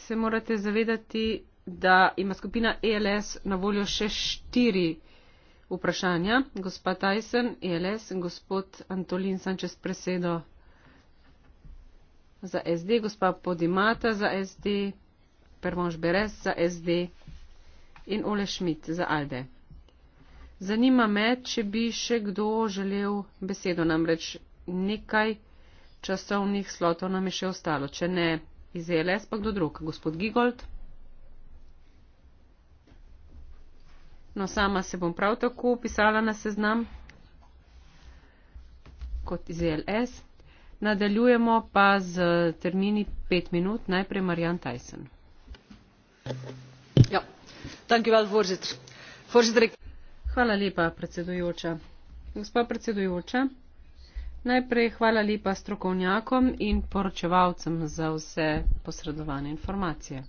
Se morate zavedati, da ima skupina ELS na voljo še štiri vprašanja. Gospa Tyson, ELS in gospod Antolin Sančes presedo za SD, gospa Podimata za SD, Pervonš Beres za SD in Ole Schmidt za ALDE. Zanima me, če bi še kdo želel besedo, namreč nekaj časovnih slotov nam je še ostalo. Če ne, iz ELS pa kdo drug, gospod Gigold. No, sama se bom prav tako upisala na seznam kot iz LS. Nadaljujemo pa z termini 5 minut. Najprej Marjan Tyson. Ja, well, voorzitter. Voorzitter, ik... Hvala lepa, predsedujoča. Gospa predsedujoča. Najprej hvala lepa strokovnjakom in poročevalcem za vse posredovane informacije.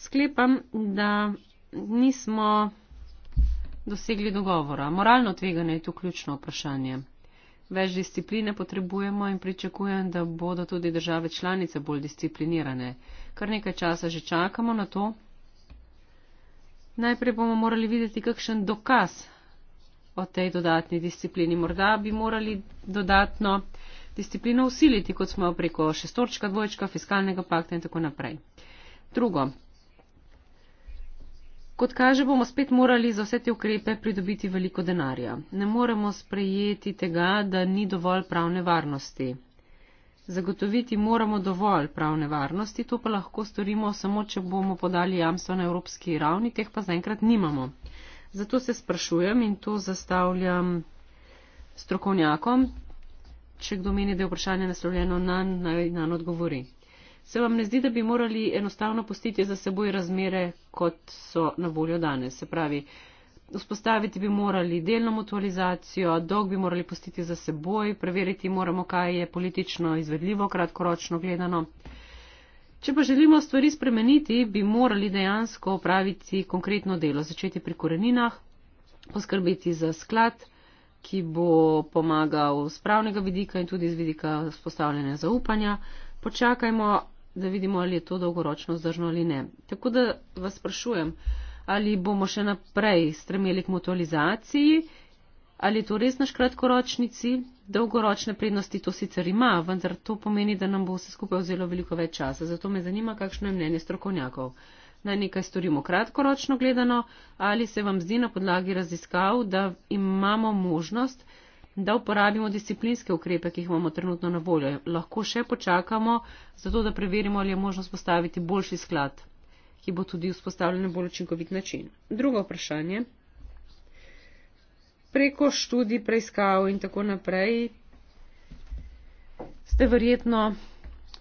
sklepam, da nismo dosegli dogovora. Moralno tveganje je tu ključno vprašanje. Več discipline potrebujemo in pričakujem, da bodo tudi države članice bolj disciplinirane. Kar nekaj časa že čakamo na to. Najprej bomo morali videti, kakšen dokaz o tej dodatni disciplini. Morda bi morali dodatno disciplino usiliti, kot smo jo preko šestorčka, dvojčka, fiskalnega pakta in tako naprej. Drugo, Kot kaže, bomo spet morali za vse te ukrepe pridobiti veliko denarja. Ne moremo sprejeti tega, da ni dovolj pravne varnosti. Zagotoviti moramo dovolj pravne varnosti, to pa lahko storimo samo, če bomo podali jamstva na evropski ravni, teh pa zaenkrat nimamo. Zato se sprašujem in to zastavljam strokovnjakom, če kdo meni, da je vprašanje naslovljeno na, naj nam odgovori se vam ne zdi, da bi morali enostavno pustiti za seboj razmere, kot so na voljo danes. Se pravi, vzpostaviti bi morali delno mutualizacijo, dolg bi morali pustiti za seboj, preveriti moramo, kaj je politično izvedljivo, kratkoročno gledano. Če pa želimo stvari spremeniti, bi morali dejansko opraviti konkretno delo, začeti pri koreninah, poskrbeti za sklad, ki bo pomagal z pravnega vidika in tudi z vidika spostavljanja zaupanja. Počakajmo, da vidimo, ali je to dolgoročno vzdržno ali ne. Tako da vas sprašujem, ali bomo še naprej stremeli k motorizaciji, ali je to res naš kratkoročni cilj, dolgoročne prednosti to sicer ima, vendar to pomeni, da nam bo vse skupaj vzelo veliko več časa. Zato me zanima, kakšno je mnenje strokovnjakov. Naj nekaj storimo kratkoročno gledano, ali se vam zdi na podlagi raziskav, da imamo možnost, da uporabimo disciplinske ukrepe, ki jih imamo trenutno na voljo. Lahko še počakamo, zato da preverimo, ali je možno spostaviti boljši sklad, ki bo tudi vzpostavljen na bolj učinkovit način. Drugo vprašanje. Preko študij, preiskav in tako naprej ste verjetno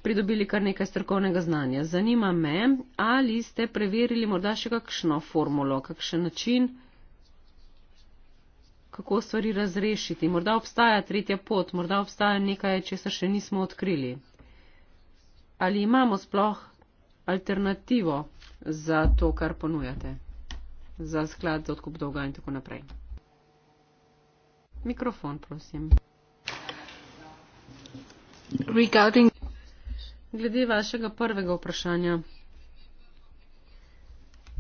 pridobili kar nekaj strokovnega znanja. Zanima me, ali ste preverili morda še kakšno formulo, kakšen način, kako stvari razrešiti. Morda obstaja tretja pot, morda obstaja nekaj, česar še nismo odkrili. Ali imamo sploh alternativo za to, kar ponujate, za sklad za odkup dolga in tako naprej? Mikrofon, prosim. Regarding... Glede vašega prvega vprašanja.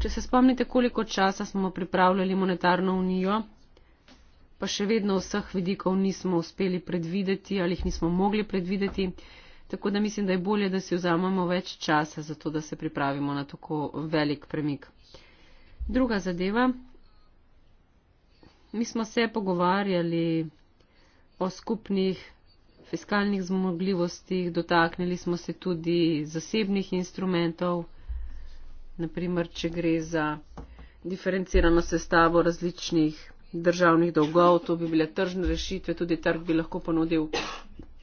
Če se spomnite, koliko časa smo pripravljali monetarno unijo, pa še vedno vseh vidikov nismo uspeli predvideti ali jih nismo mogli predvideti. Tako da mislim, da je bolje, da si vzamemo več časa za to, da se pripravimo na tako velik premik. Druga zadeva. Mi smo se pogovarjali o skupnih fiskalnih zmogljivostih, dotaknili smo se tudi zasebnih instrumentov, naprimer, če gre za diferencirano sestavo različnih državnih dolgov, to bi bile tržne rešitve, tudi trg bi lahko ponudil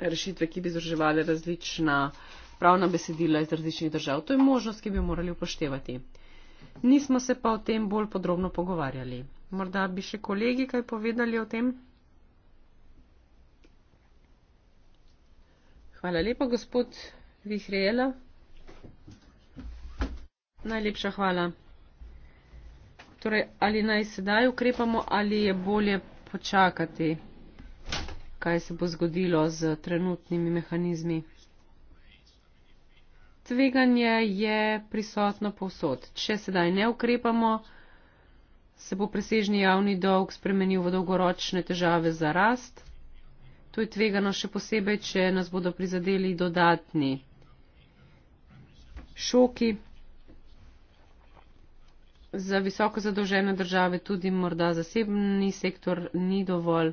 rešitve, ki bi združevali različna pravna besedila iz različnih držav. To je možnost, ki bi morali upoštevati. Nismo se pa o tem bolj podrobno pogovarjali. Morda bi še kolegi kaj povedali o tem? Hvala lepa, gospod Vihrejela. Najlepša hvala. Torej, ali naj sedaj ukrepamo ali je bolje počakati, kaj se bo zgodilo z trenutnimi mehanizmi. Tveganje je prisotno povsod. Če sedaj ne ukrepamo, se bo presežni javni dolg spremenil v dolgoročne težave za rast. To je tvegano še posebej, če nas bodo prizadeli dodatni šoki, za visoko zadolžene države, tudi morda zasebni sektor ni dovolj.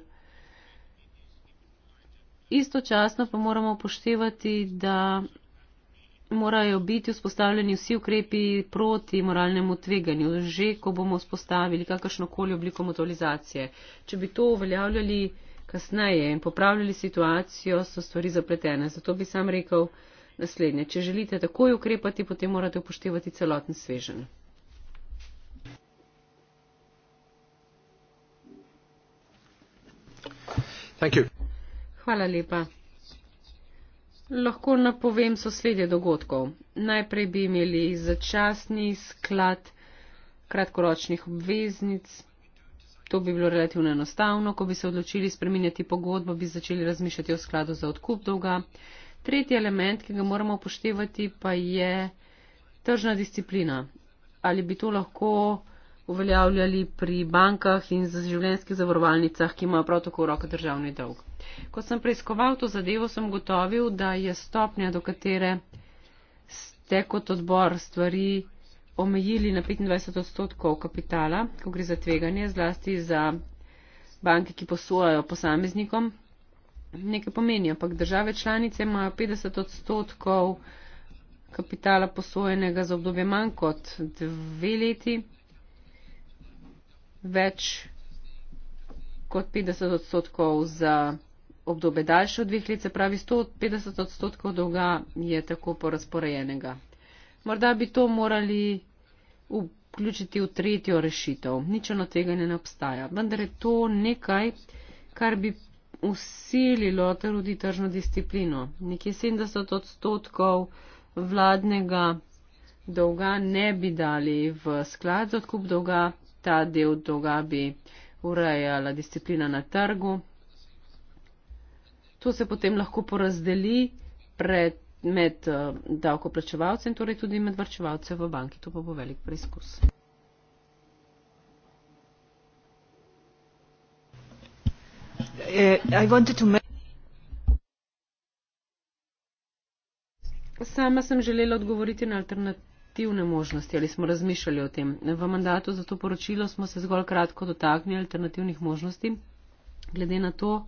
Istočasno pa moramo upoštevati, da morajo biti vzpostavljeni vsi ukrepi proti moralnemu tveganju, že ko bomo vzpostavili kakršnokoli obliko motorizacije. Če bi to uveljavljali kasneje in popravljali situacijo, so stvari zapletene. Zato bi sam rekel naslednje. Če želite takoj ukrepati, potem morate upoštevati celoten sveženj. Hvala lepa. Lahko napovem sosledje dogodkov. Najprej bi imeli začasni sklad kratkoročnih obveznic. To bi bilo relativno enostavno. Ko bi se odločili spreminjati pogodbo, bi začeli razmišljati o skladu za odkup dolga. Tretji element, ki ga moramo upoštevati, pa je tržna disciplina. Ali bi to lahko uveljavljali pri bankah in zaživljenjskih zavarovalnicah, ki imajo prav tako v roko državni dolg. Ko sem preiskoval to zadevo, sem gotovil, da je stopnja, do katere ste kot odbor stvari omejili na 25 odstotkov kapitala, ko gre za tveganje, zlasti za banke, ki posojajo posameznikom, nekaj pomeni, ampak države članice imajo 50 odstotkov kapitala posojenega za obdobje manj kot dve leti več kot 50 odstotkov za obdobje daljše od dveh let, se pravi 150 odstotkov dolga je tako porazporejenega. Morda bi to morali vključiti v tretjo rešitev. Ničeno tega ne obstaja. Vendar je to nekaj, kar bi usililo tudi tržno disciplino. Nekje 70 odstotkov vladnega dolga ne bi dali v sklad za odkup dolga, ta del dolga bi urejala disciplina na trgu. To se potem lahko porazdeli pred, med uh, eh, davkoplačevalcem in torej tudi med vrčevalcem v banki. To pa bo velik preizkus. Eh, Sama sem želela odgovoriti na alternativ alternativne možnosti ali smo razmišljali o tem. V mandatu za to poročilo smo se zgolj kratko dotaknili alternativnih možnosti. Glede na to,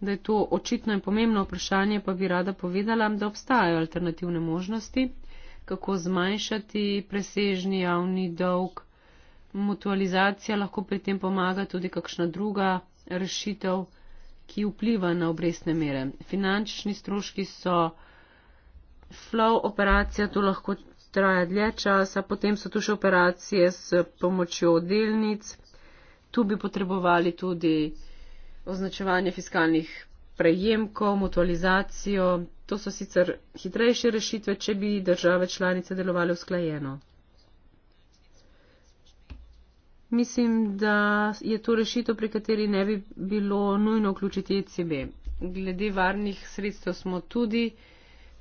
da je to očitno in pomembno vprašanje, pa bi rada povedala, da obstajajo alternativne možnosti, kako zmanjšati presežni javni dolg. Mutualizacija lahko pri tem pomaga tudi kakšna druga rešitev, ki vpliva na obrestne mere. Finančni stroški so flow operacija, to lahko traja dlje časa, potem so tu še operacije s pomočjo delnic, tu bi potrebovali tudi označevanje fiskalnih prejemkov, mutualizacijo. To so sicer hitrejše rešitve, če bi države članice delovali usklajeno. Mislim, da je to rešitev, pri kateri ne bi bilo nujno vključiti ECB. Glede varnih sredstev smo tudi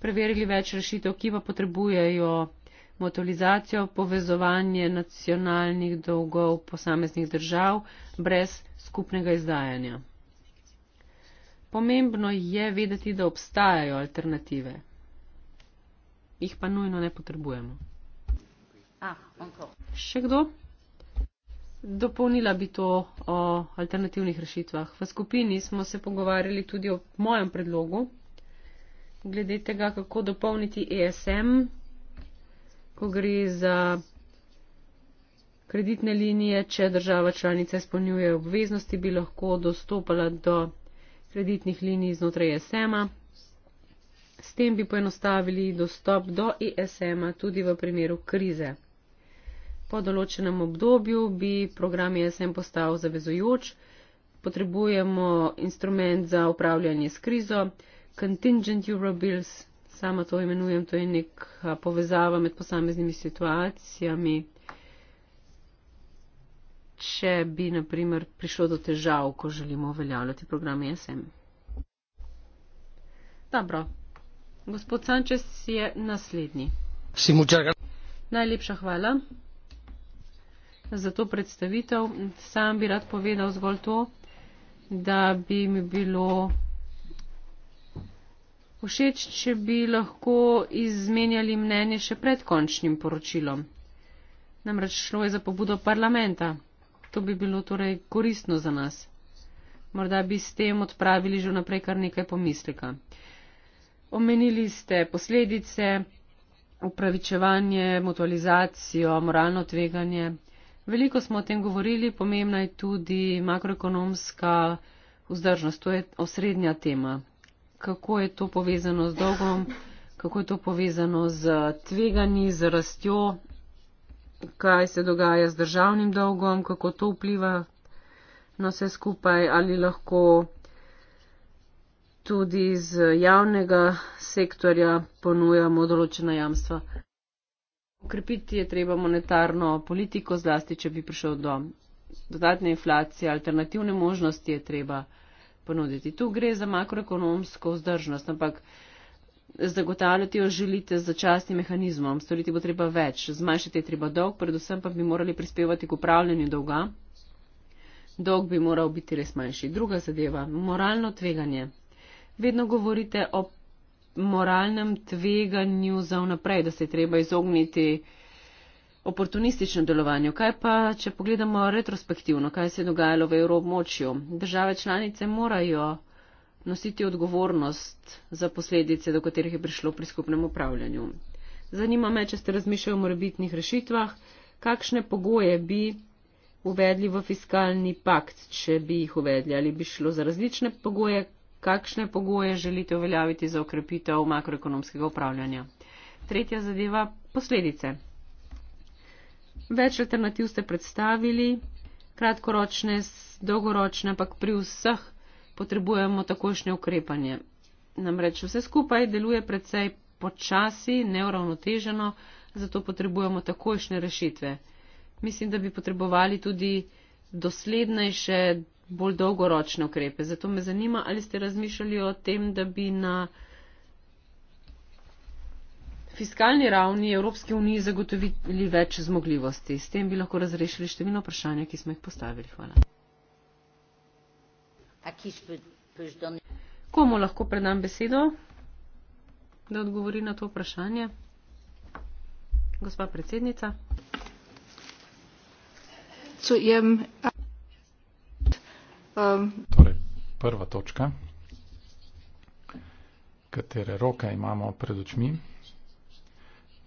preverili več rešitev, ki pa potrebujejo motorizacijo, povezovanje nacionalnih dolgov posameznih držav brez skupnega izdajanja. Pomembno je vedeti, da obstajajo alternative. Ih pa nujno ne potrebujemo. Ah, Še kdo? Dopolnila bi to o alternativnih rešitvah. V skupini smo se pogovarjali tudi o mojem predlogu glede tega, kako dopolniti ESM, ko gre za kreditne linije, če država članica izpolnjuje obveznosti, bi lahko dostopala do kreditnih linij znotraj SM-a. S tem bi poenostavili dostop do ESM-a tudi v primeru krize. Po določenem obdobju bi program ESM postal zavezujoč, potrebujemo instrument za upravljanje s krizo, contingent eurobills, sama to imenujem, to je neka povezava med posameznimi situacijami. Če bi, na primer, prišlo do težav, ko želimo uveljavljati program ESM. Dobro. Gospod Sančes je naslednji. Najlepša hvala za to predstavitev. Sam bi rad povedal zgolj to, da bi mi bilo všeč, če bi lahko izmenjali mnenje še pred končnim poročilom. Namreč šlo je za pobudo parlamenta. To bi bilo torej koristno za nas. Morda bi s tem odpravili že naprej kar nekaj pomisleka. Omenili ste posledice, upravičevanje, mutualizacijo, moralno tveganje. Veliko smo o tem govorili, pomembna je tudi makroekonomska vzdržnost, to je osrednja tema kako je to povezano z dolgom, kako je to povezano z tveganji, z rastjo, kaj se dogaja z državnim dolgom, kako to vpliva na vse skupaj ali lahko tudi z javnega sektorja ponujamo določena jamstva. Okrepiti je treba monetarno politiko, zlasti, če bi prišel do dodatne inflacije, alternativne možnosti je treba ponuditi. Tu gre za makroekonomsko vzdržnost, ampak zagotavljati jo želite z začasnim mehanizmom. Storiti bo treba več, zmanjšati je treba dolg, predvsem pa bi morali prispevati k upravljanju dolga. Dolg bi moral biti res manjši. Druga zadeva, moralno tveganje. Vedno govorite o moralnem tveganju za vnaprej, da se je treba izogniti uh, oportunistično delovanju. Kaj pa, če pogledamo retrospektivno, kaj se je dogajalo v evroobmočju? Države članice morajo nositi odgovornost za posledice, do katerih je prišlo pri skupnem upravljanju. Zanima me, če ste razmišljali o morebitnih rešitvah, kakšne pogoje bi uvedli v fiskalni pakt, če bi jih uvedli, ali bi šlo za različne pogoje, kakšne pogoje želite uveljaviti za okrepitev makroekonomskega upravljanja. Tretja zadeva, posledice. Več alternativ ste predstavili, kratkoročne, dolgoročne, ampak pri vseh potrebujemo takošnje ukrepanje. Namreč vse skupaj deluje predvsej počasi, neuravnoteženo, zato potrebujemo takošne rešitve. Mislim, da bi potrebovali tudi doslednejše, bolj dolgoročne ukrepe. Zato me zanima, ali ste razmišljali o tem, da bi na fiskalni ravni Evropske unije zagotovili več zmogljivosti. S tem bi lahko razrešili številno vprašanje, ki smo jih postavili. Hvala. Komu lahko predam besedo, da odgovori na to vprašanje? Gospa predsednica. Um, torej, prva točka, katere roke imamo pred očmi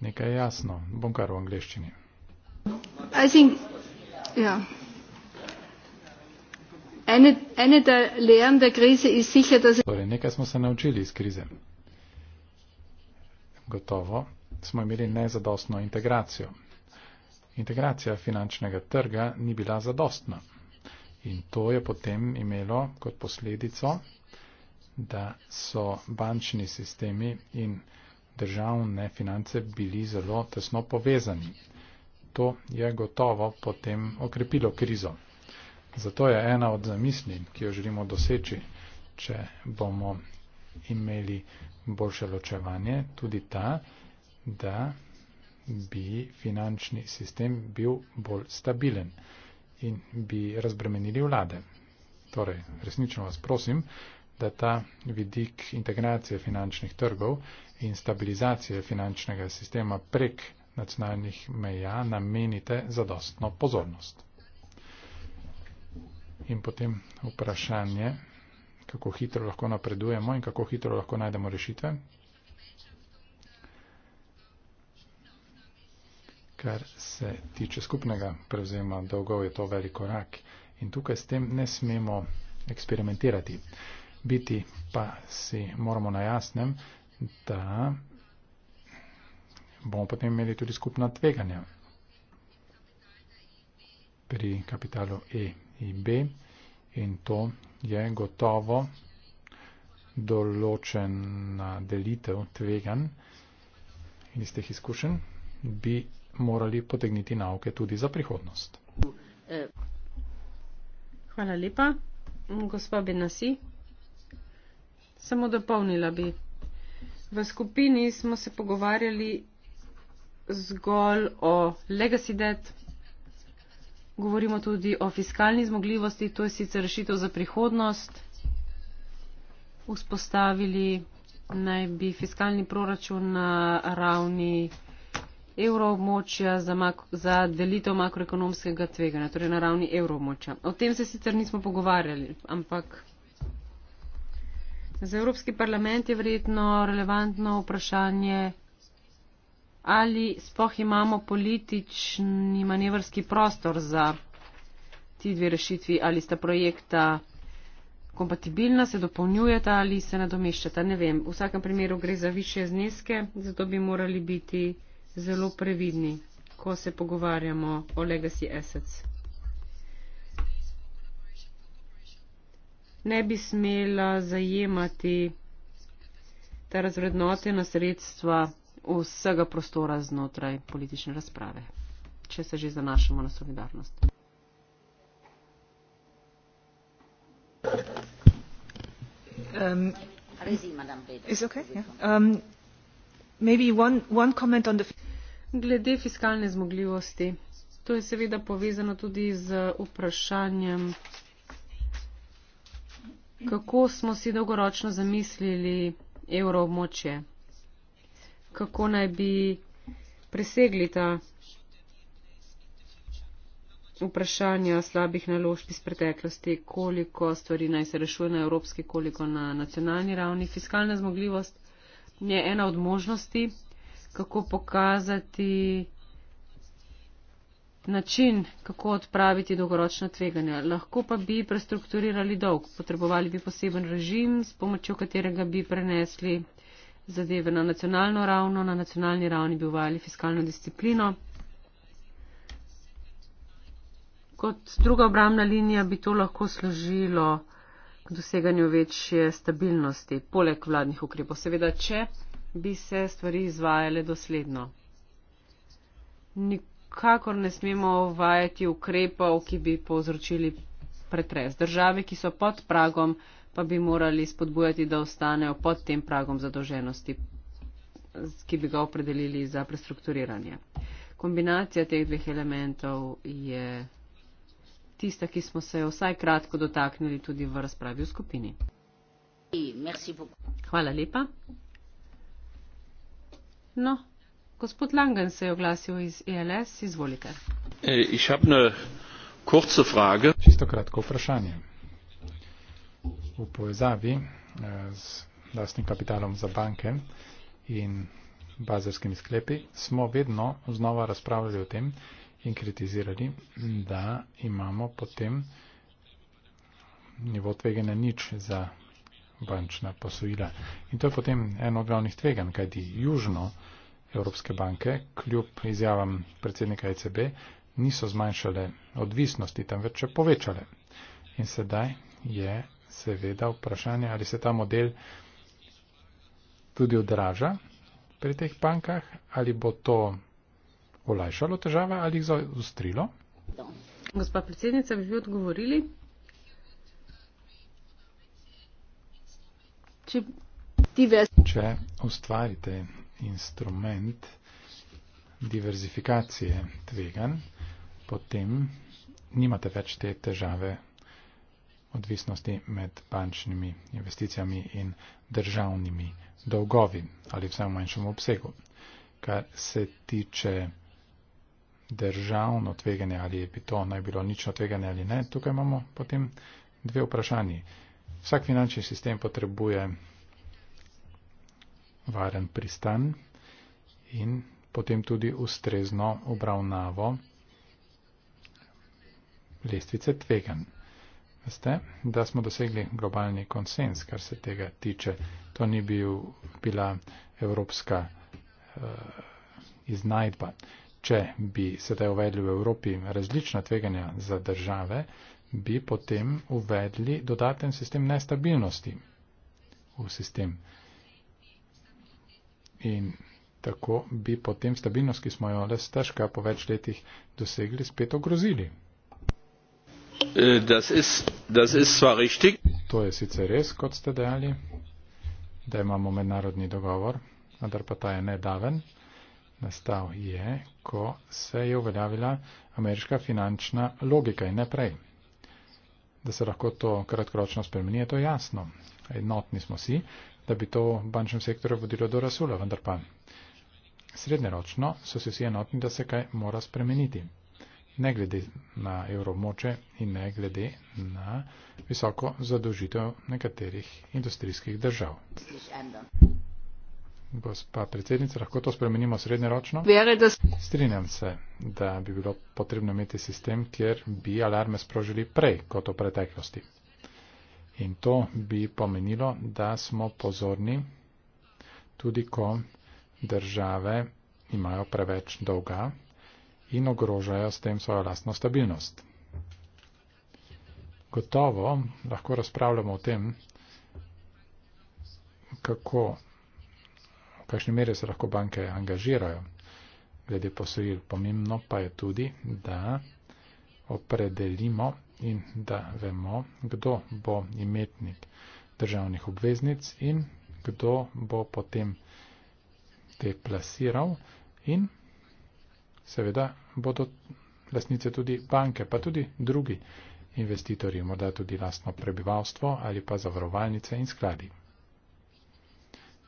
nekaj jasno, bom kar v angliščini. Think, ja. eine, eine sicher, torej, nekaj smo se naučili iz krize. Gotovo smo imeli nezadostno integracijo. Integracija finančnega trga ni bila zadostna. In to je potem imelo kot posledico, da so bančni sistemi in državne finance bili zelo tesno povezani. To je gotovo potem okrepilo krizo. Zato je ena od zamisli, ki jo želimo doseči, če bomo imeli boljše ločevanje, tudi ta, da bi finančni sistem bil bolj stabilen in bi razbremenili vlade. Torej, resnično vas prosim, da ta vidik integracije finančnih trgov in stabilizacije finančnega sistema prek nacionalnih meja namenite zadostno pozornost. In potem vprašanje, kako hitro lahko napredujemo in kako hitro lahko najdemo rešitve. Kar se tiče skupnega prevzema dolgov, je to velik korak in tukaj s tem ne smemo eksperimentirati biti pa si moramo na jasnem, da bomo potem imeli tudi skupna tveganja pri kapitalu E in B in to je gotovo določena delitev tvegan in iz teh izkušenj bi morali potegniti nauke tudi za prihodnost. Hvala lepa, gospod Benasi. Samo dopolnila bi. V skupini smo se pogovarjali zgolj o legacy debt, govorimo tudi o fiskalni zmogljivosti, to je sicer rešitev za prihodnost. Vzpostavili naj bi fiskalni proračun na ravni evroobmočja za, za delitev makroekonomskega tvega, torej na ravni evroobmočja. O tem se sicer nismo pogovarjali, ampak. Za Evropski parlament je verjetno relevantno vprašanje, ali spoh imamo politični manevrski prostor za ti dve rešitvi, ali sta projekta kompatibilna, se dopolnjujeta ali se nadomeščata. Ne vem, v vsakem primeru gre za više zneske, zato bi morali biti zelo previdni, ko se pogovarjamo o legacy assets. ne bi smela zajemati ta razrednotena sredstva vsega prostora znotraj politične razprave, če se že zanašamo na solidarnost. Um, um Glede fiskalne zmogljivosti. To je seveda povezano tudi z vprašanjem kako smo si dolgoročno zamislili evroobmočje, kako naj bi presegli ta vprašanja slabih naložb iz preteklosti, koliko stvari naj se rešuje na evropski, koliko na nacionalni ravni. Fiskalna zmogljivost je ena od možnosti, kako pokazati, način, kako odpraviti dolgoročna tveganja. Lahko pa bi prestrukturirali dolg, potrebovali bi poseben režim, s pomočjo katerega bi prenesli zadeve na nacionalno ravno, na nacionalni ravni bi uvajali fiskalno disciplino. Kot druga obramna linija bi to lahko služilo k doseganju večje stabilnosti, poleg vladnih ukrepov. Seveda, če bi se stvari izvajale dosledno. Nik nikakor ne smemo uvajati ukrepov, ki bi povzročili pretres. Države, ki so pod pragom, pa bi morali spodbujati, da ostanejo pod tem pragom zadolženosti, ki bi ga opredelili za prestrukturiranje. Kombinacija teh dveh elementov je tista, ki smo se jo vsaj kratko dotaknili tudi v razpravi v skupini. Hvala lepa. No, Gospod Langen se je oglasil iz ELS, izvolite. Eh, Čisto kratko vprašanje. V povezavi eh, z lastnim kapitalom za banke in bazerskimi sklepi smo vedno znova razpravljali o tem in kritizirali, da imamo potem nivo tvegene nič za bančna posojila. In to je potem eno glavnih tveganj, kajti južno Evropske banke, kljub izjavam predsednika ECB, niso zmanjšale odvisnosti, temveč povečale. In sedaj je seveda vprašanje, ali se ta model tudi odraža pri teh bankah, ali bo to olajšalo težave ali jih zaustrilo. Gospa predsednica, bi vi odgovorili? Če, ti ves... Če ustvarite instrument diverzifikacije tvegan, potem nimate več te težave odvisnosti med bančnimi investicijami in državnimi dolgovi ali vsaj v manjšem obsegu. Kar se tiče državno tveganje ali je bi to naj bilo nično tveganje ali ne, tukaj imamo potem dve vprašanje. Vsak finančni sistem potrebuje varen pristan in potem tudi ustrezno obravnavo lestvice tvegan. Veste, da smo dosegli globalni konsens, kar se tega tiče. To ni bil, bila evropska uh, iznajdba. Če bi sedaj uvedli v Evropi različna tveganja za države, bi potem uvedli dodaten sistem nestabilnosti v sistem uh, in tako bi potem stabilnost, ki smo jo le stežka po več letih dosegli, spet ogrozili. Äh, das ist, das ist to je sicer res, kot ste dejali, da imamo mednarodni dogovor, vendar pa ta je nedaven. Nastal je, ko se je uveljavila ameriška finančna logika in ne prej. Da se lahko to kratkoročno spremeni, je to jasno. Enotni smo si, da bi to v bančnem sektorju vodilo do rasula, vendar pa srednjeročno so se vsi enotni, da se kaj mora spremeniti. Ne glede na evromoče in ne glede na visoko zadožitev nekaterih industrijskih držav. Gospa predsednica, lahko to spremenimo srednjeročno? Strinjam se, da bi bilo potrebno imeti sistem, kjer bi alarme sprožili prej kot v preteklosti. In to bi pomenilo, da smo pozorni tudi, ko države imajo preveč dolga in ogrožajo s tem svojo lastno stabilnost. Gotovo lahko razpravljamo o tem, kako, v kakšni meri se lahko banke angažirajo. Glede posojil pomembno pa je tudi, da opredelimo in da vemo, kdo bo imetnik državnih obveznic in kdo bo potem te plasiral in seveda bodo lasnice tudi banke, pa tudi drugi investitorji, morda tudi lastno prebivalstvo ali pa zavarovalnice in skladi.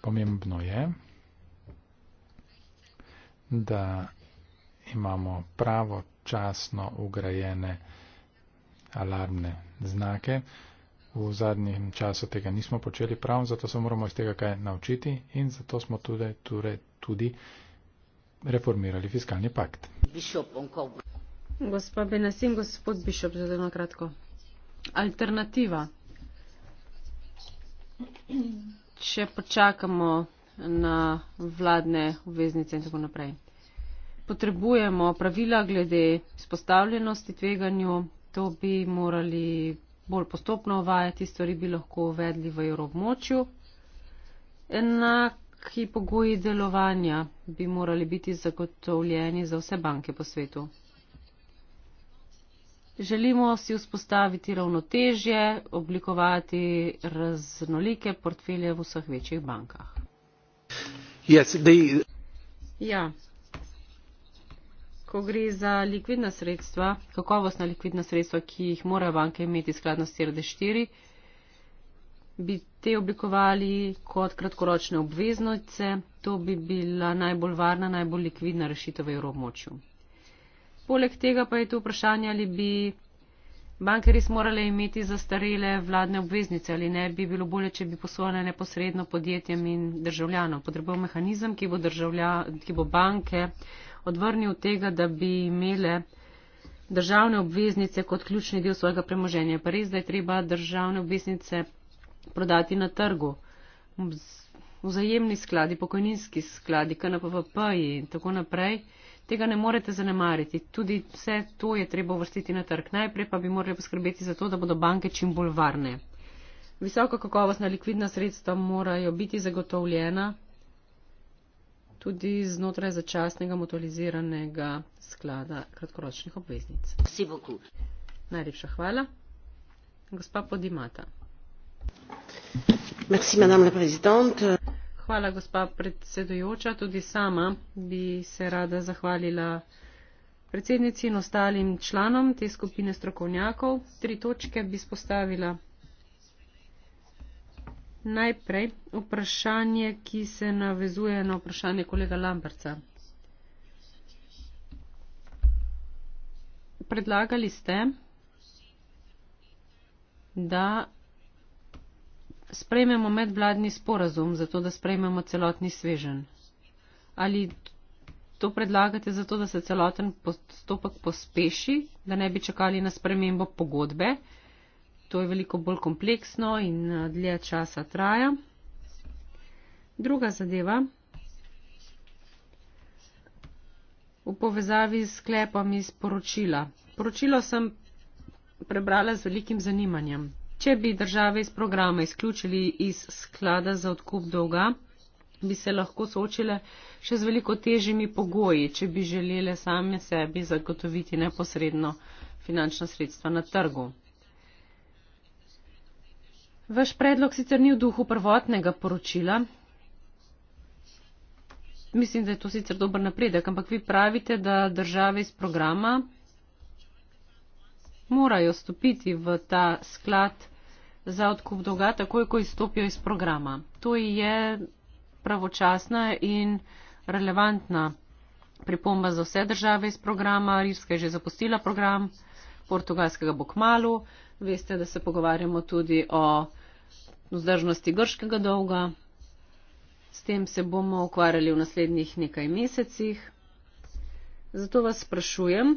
Pomembno je, da imamo pravo časno ugrajene alarmne znake. V zadnjem času tega nismo počeli prav, zato se moramo iz tega kaj naučiti in zato smo tudi, tudi, tudi reformirali fiskalni pakt. Gospa Benesin, gospod Bišop, zelo na kratko. Alternativa. Če počakamo na vladne obveznice in tako naprej. Potrebujemo pravila glede spostavljenosti tveganju, to bi morali bolj postopno uvajati, stvari bi lahko uvedli v evroobmočju. Enaki pogoji delovanja bi morali biti zagotovljeni za vse banke po svetu. Želimo si vzpostaviti ravnotežje, oblikovati raznolike portfelje v vseh večjih bankah. Yes, they... Ja ko gre za likvidna sredstva, kakovostna likvidna sredstva, ki jih mora banka imeti skladno s CRD4, bi te oblikovali kot kratkoročne obveznice. To bi bila najbolj varna, najbolj likvidna rešitev v evroobmočju. Poleg tega pa je tu vprašanje, ali bi banke res morale imeti zastarele vladne obveznice ali ne, bi bilo bolje, če bi poslovale neposredno podjetjem in državljanom. Potrebujemo mehanizem, ki bo, državlja, ki bo banke odvrnil tega, da bi imele državne obveznice kot ključni del svojega premoženja. Pa res, da je treba državne obveznice prodati na trgu. Vzajemni skladi, pokojninski skladi, KNPVP in tako naprej, tega ne morete zanemariti. Tudi vse to je treba vrstiti na trg. Najprej pa bi morali poskrbeti za to, da bodo banke čim bolj varne. Visoka kakovostna likvidna sredstva morajo biti zagotovljena tudi znotraj začasnega motoriziranega sklada kratkoročnih obveznic. Vsi boku. Najlepša hvala. Gospa Podimata. Merci, hvala, gospa predsedujoča. Tudi sama bi se rada zahvalila predsednici in ostalim članom te skupine strokovnjakov. Tri točke bi spostavila. Najprej vprašanje, ki se navezuje na vprašanje kolega Lamberca. Predlagali ste, da sprejmemo medvladni sporazum, zato da sprejmemo celotni svežen. Ali to predlagate zato, da se celoten postopek pospeši, da ne bi čakali na spremembo pogodbe? to je veliko bolj kompleksno in eh, dlje časa traja. Druga zadeva. V povezavi s sklepom iz poročila. Poročilo sem prebrala z velikim zanimanjem. Če bi države iz programa izključili iz sklada za odkup dolga, bi se lahko soočile še z veliko težjimi pogoji, če bi želele same sebi zagotoviti neposredno finančna sredstva na trgu. Vaš predlog sicer ni v duhu prvotnega poročila. Mislim, da je to sicer dober napredek, ampak vi pravite, da države iz programa morajo stopiti v ta sklad za odkup dolga, takoj ko izstopijo iz programa. To je pravočasna in relevantna pripomba za vse države iz programa. Irska je že zapustila program, portugalskega bo kmalu. Uh, Veste, da se pogovarjamo tudi o vzdržnosti grškega dolga. S tem se bomo ukvarjali v naslednjih nekaj mesecih. Zato vas sprašujem,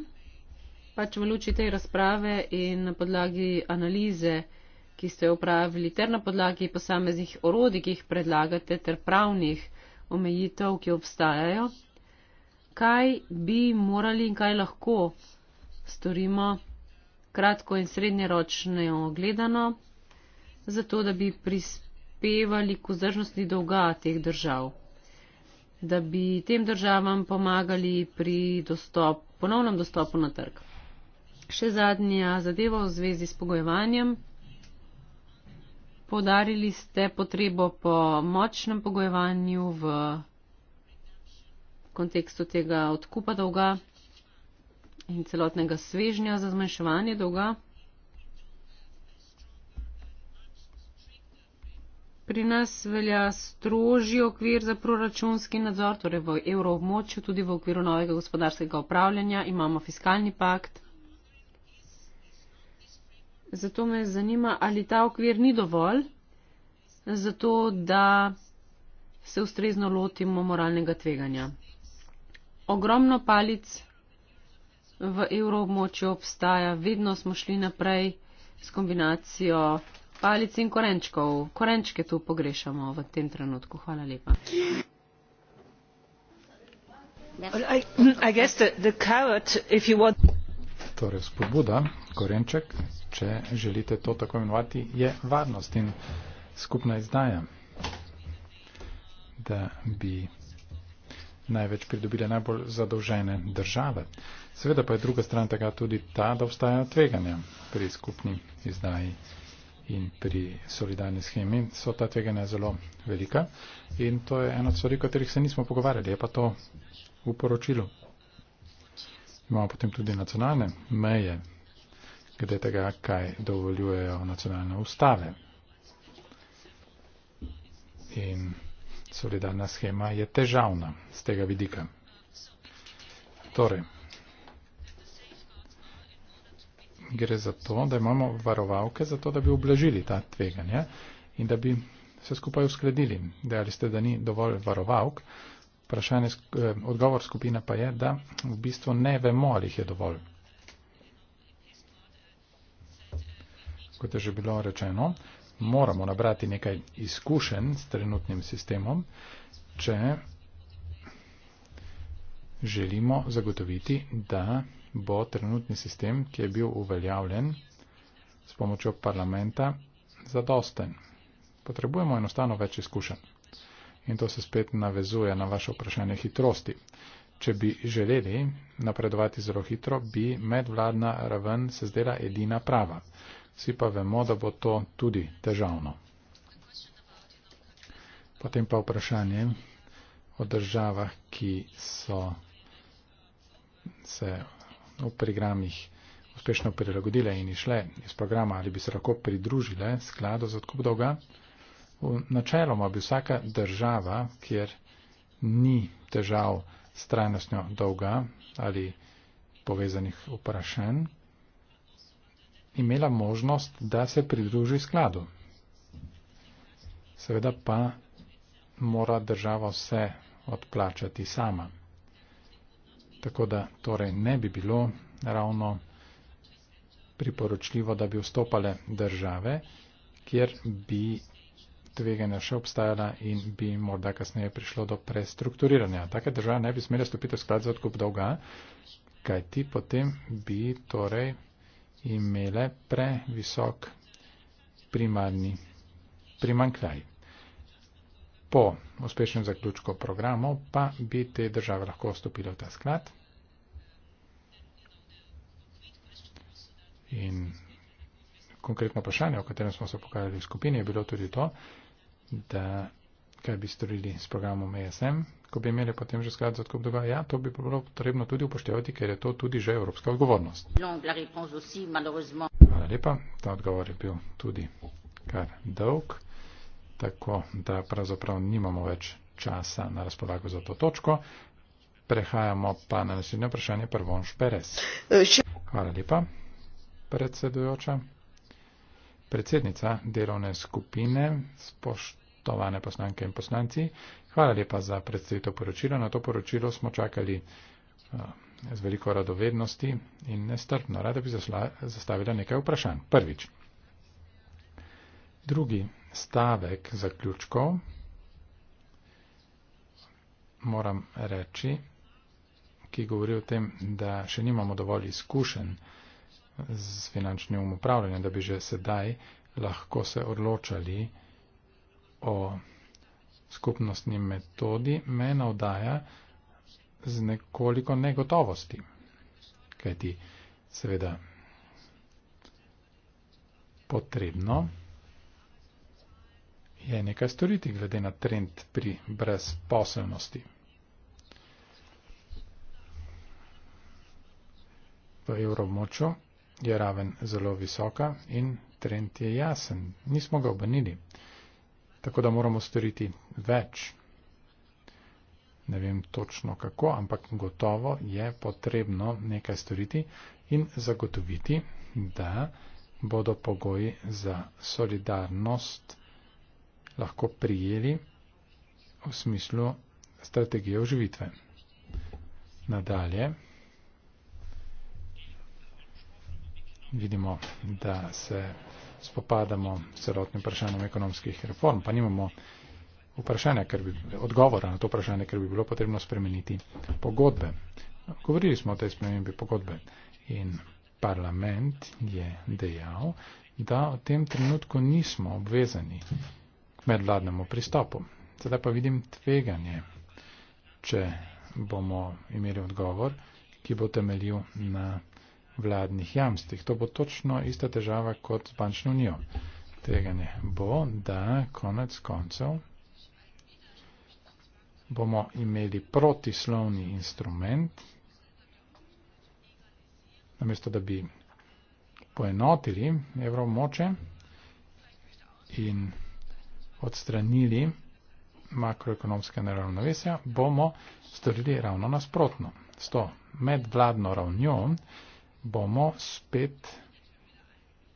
pač v luči tej razprave in na podlagi analize, ki ste jo upravili, ter na podlagi posameznih orodij, ki jih predlagate, ter pravnih omejitev, ki obstajajo, kaj bi morali in kaj lahko storimo kratko in srednjeročno gledano, zato da bi prispevali k vzdržnosti dolga teh držav, da bi tem državam pomagali pri dostop, ponovnem dostopu na trg. Še zadnja zadeva v zvezi s pogojevanjem. Podarili ste potrebo po močnem pogojevanju v kontekstu tega odkupa dolga in celotnega svežnja za zmanjševanje dolga. Pri nas velja strožji okvir za proračunski nadzor, torej v evroobmočju, tudi v okviru novega gospodarskega upravljanja imamo fiskalni pakt. Zato me zanima, ali ta okvir ni dovolj, zato da se ustrezno lotimo moralnega tveganja. Ogromno palic v evroobmočju obstaja, vedno smo šli naprej s kombinacijo palic in korenčkov. Korenčke tu pogrešamo v tem trenutku. Hvala lepa. Torej, spodbuda, korenček, če želite to tako imenovati, je varnost in skupna izdaja, da bi največ pridobile najbolj zadolžene države. Seveda pa je druga stran tega tudi ta, da obstajajo tveganja pri skupni izdaji in pri solidarni schemi. So ta tveganja zelo velika in to je ena od stvari, o katerih se nismo pogovarjali, je pa to v poročilu. Imamo potem tudi nacionalne meje, glede tega, kaj dovoljujejo nacionalne ustave. In solidarna schema je težavna z tega vidika. Torej, gre za to, da imamo varovalke za to, da bi oblažili ta tveganja in da bi se skupaj uskladili. Dejali ste, da ni dovolj varovalk. Vprašanje, eh, odgovor skupina pa je, da v bistvu ne vemo, ali jih je dovolj. Kot je že bilo rečeno, moramo nabrati nekaj izkušenj s trenutnim sistemom, če želimo zagotoviti, da bo trenutni sistem, ki je bil uveljavljen s pomočjo parlamenta, zadosten. Potrebujemo enostavno več izkušenj. In to se spet navezuje na vaše vprašanje hitrosti. Če bi želeli napredovati zelo hitro, bi medvladna raven se zdela edina prava. Vsi pa vemo, da bo to tudi težavno. Potem pa vprašanje o državah, ki so se v programih uspešno prilagodile in išle iz programa ali bi se lahko pridružile skladu za odkup dolga. Načeloma bi vsaka država, kjer ni težav s trajnostjo dolga ali povezanih vprašanj, imela možnost, da se pridruži skladu. Seveda pa mora država vse odplačati sama tako da torej ne bi bilo ravno priporočljivo, da bi vstopale države, kjer bi tveganja še obstajala in bi morda kasneje prišlo do prestrukturiranja. Take države ne bi smele stopiti v sklad za odkup dolga, kajti potem bi torej imele previsok primarni primankljaj. Po uspešnem zaključku programov pa bi te države lahko vstopile v ta sklad. In konkretno vprašanje, o katerem smo se pokazali v skupini, je bilo tudi to, da kaj bi storili s programom ESM, ko bi imeli potem že sklad za odkup dolga. Ja, to bi bilo potrebno tudi upoštevati, ker je to tudi že evropska odgovornost. Hvala lepa, ta odgovor je bil tudi kar dolg tako da pravzaprav nimamo več časa na razpolago za to točko. Prehajamo pa na naslednje vprašanje, prvom šperes. E, hvala lepa, predsedujoča. Predsednica delovne skupine, spoštovane poslanke in poslanci, hvala lepa za predstavitev poročila. Na to poročilo smo čakali e, z veliko radovednosti in nestrpno. Rada bi zastavila nekaj vprašanj. Prvič. Drugi stavek zaključkov moram reči, ki govori o tem, da še nimamo dovolj izkušen z finančnim upravljanjem, da bi že sedaj lahko se odločali o skupnostni metodi, me navdaja z nekoliko negotovosti. Kajti, seveda, potrebno. Mm je nekaj storiti glede na trend pri brezposelnosti. V evromočo je raven zelo visoka in trend je jasen. Nismo ga obrnili. Tako da moramo storiti več. Ne vem točno kako, ampak gotovo je potrebno nekaj storiti in zagotoviti, da bodo pogoji za solidarnost lahko prijeli v smislu strategije oživitve. Nadalje vidimo, da se spopadamo s celotnim vprašanjem ekonomskih reform, pa nimamo vprašanja, ker bi, odgovora na to vprašanje, ker bi bilo potrebno spremeniti pogodbe. Govorili smo o tej spremembi pogodbe in parlament je dejal, da v tem trenutku nismo obvezani k medvladnemu pristopu. Zdaj pa vidim tveganje, če bomo imeli odgovor, ki bo temeljil na vladnih jamstvih. To bo točno ista težava kot z bančno unijo. Tveganje bo, da konec koncev bomo imeli protislovni instrument, namesto da bi poenotili evromoče in odstranili makroekonomske neravnovesja, bomo storili ravno nasprotno. S to medvladno ravnjo bomo spet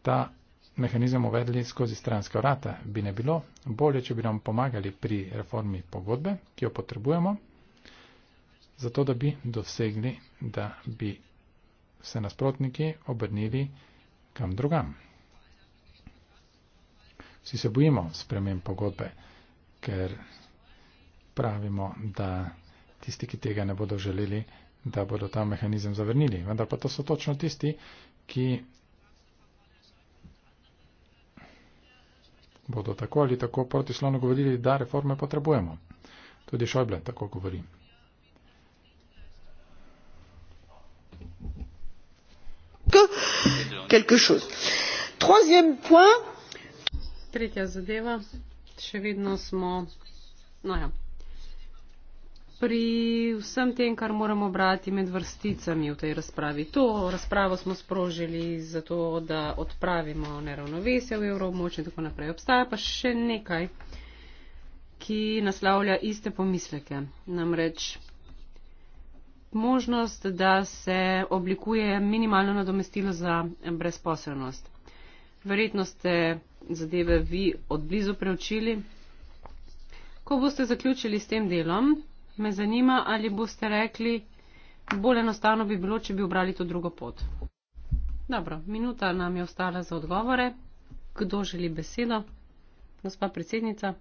ta mehanizem uvedli skozi stranske vrata. Bi ne bilo bolje, če bi nam pomagali pri reformi pogodbe, ki jo potrebujemo, zato da bi dosegli, da bi se nasprotniki obrnili kam drugam. Vsi se bojimo spremem pogodbe, ker pravimo, da tisti, ki tega ne bodo želeli, da bodo ta mehanizem zavrnili. Vendar pa to so točno tisti, ki bodo tako ali tako protislovno govorili, da reforme potrebujemo. Tudi Šojble tako govori. Quelque chose. Troisième point. Tretja zadeva, še vedno smo no ja, pri vsem tem, kar moramo brati med vrsticami v tej razpravi. To razpravo smo sprožili zato, da odpravimo neravnovesje v evroobmočju in tako naprej. Obstaja pa še nekaj, ki naslavlja iste pomisleke. Namreč možnost, da se oblikuje minimalno nadomestilo za brezposelnost. Verjetno ste zadeve vi odblizu preučili. Ko boste zaključili s tem delom, me zanima, ali boste rekli, bolj enostavno bi bilo, če bi obrali to drugo pot. Dobro, minuta nam je ostala za odgovore. Kdo želi besedo? Gospa predsednica.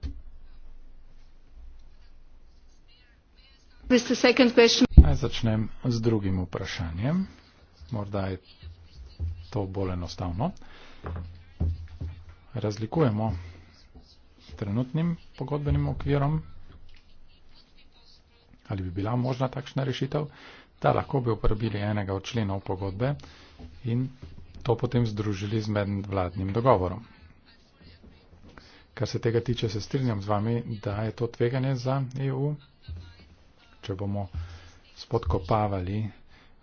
Naj začnem z drugim vprašanjem. Morda je to bolj enostavno razlikujemo trenutnim pogodbenim okvirom, ali bi bila možna takšna rešitev, da lahko bi uporabili enega od členov pogodbe in to potem združili z medvladnim dogovorom. Kar se tega tiče, se strinjam z vami, da je to tveganje za EU, če bomo spodkopavali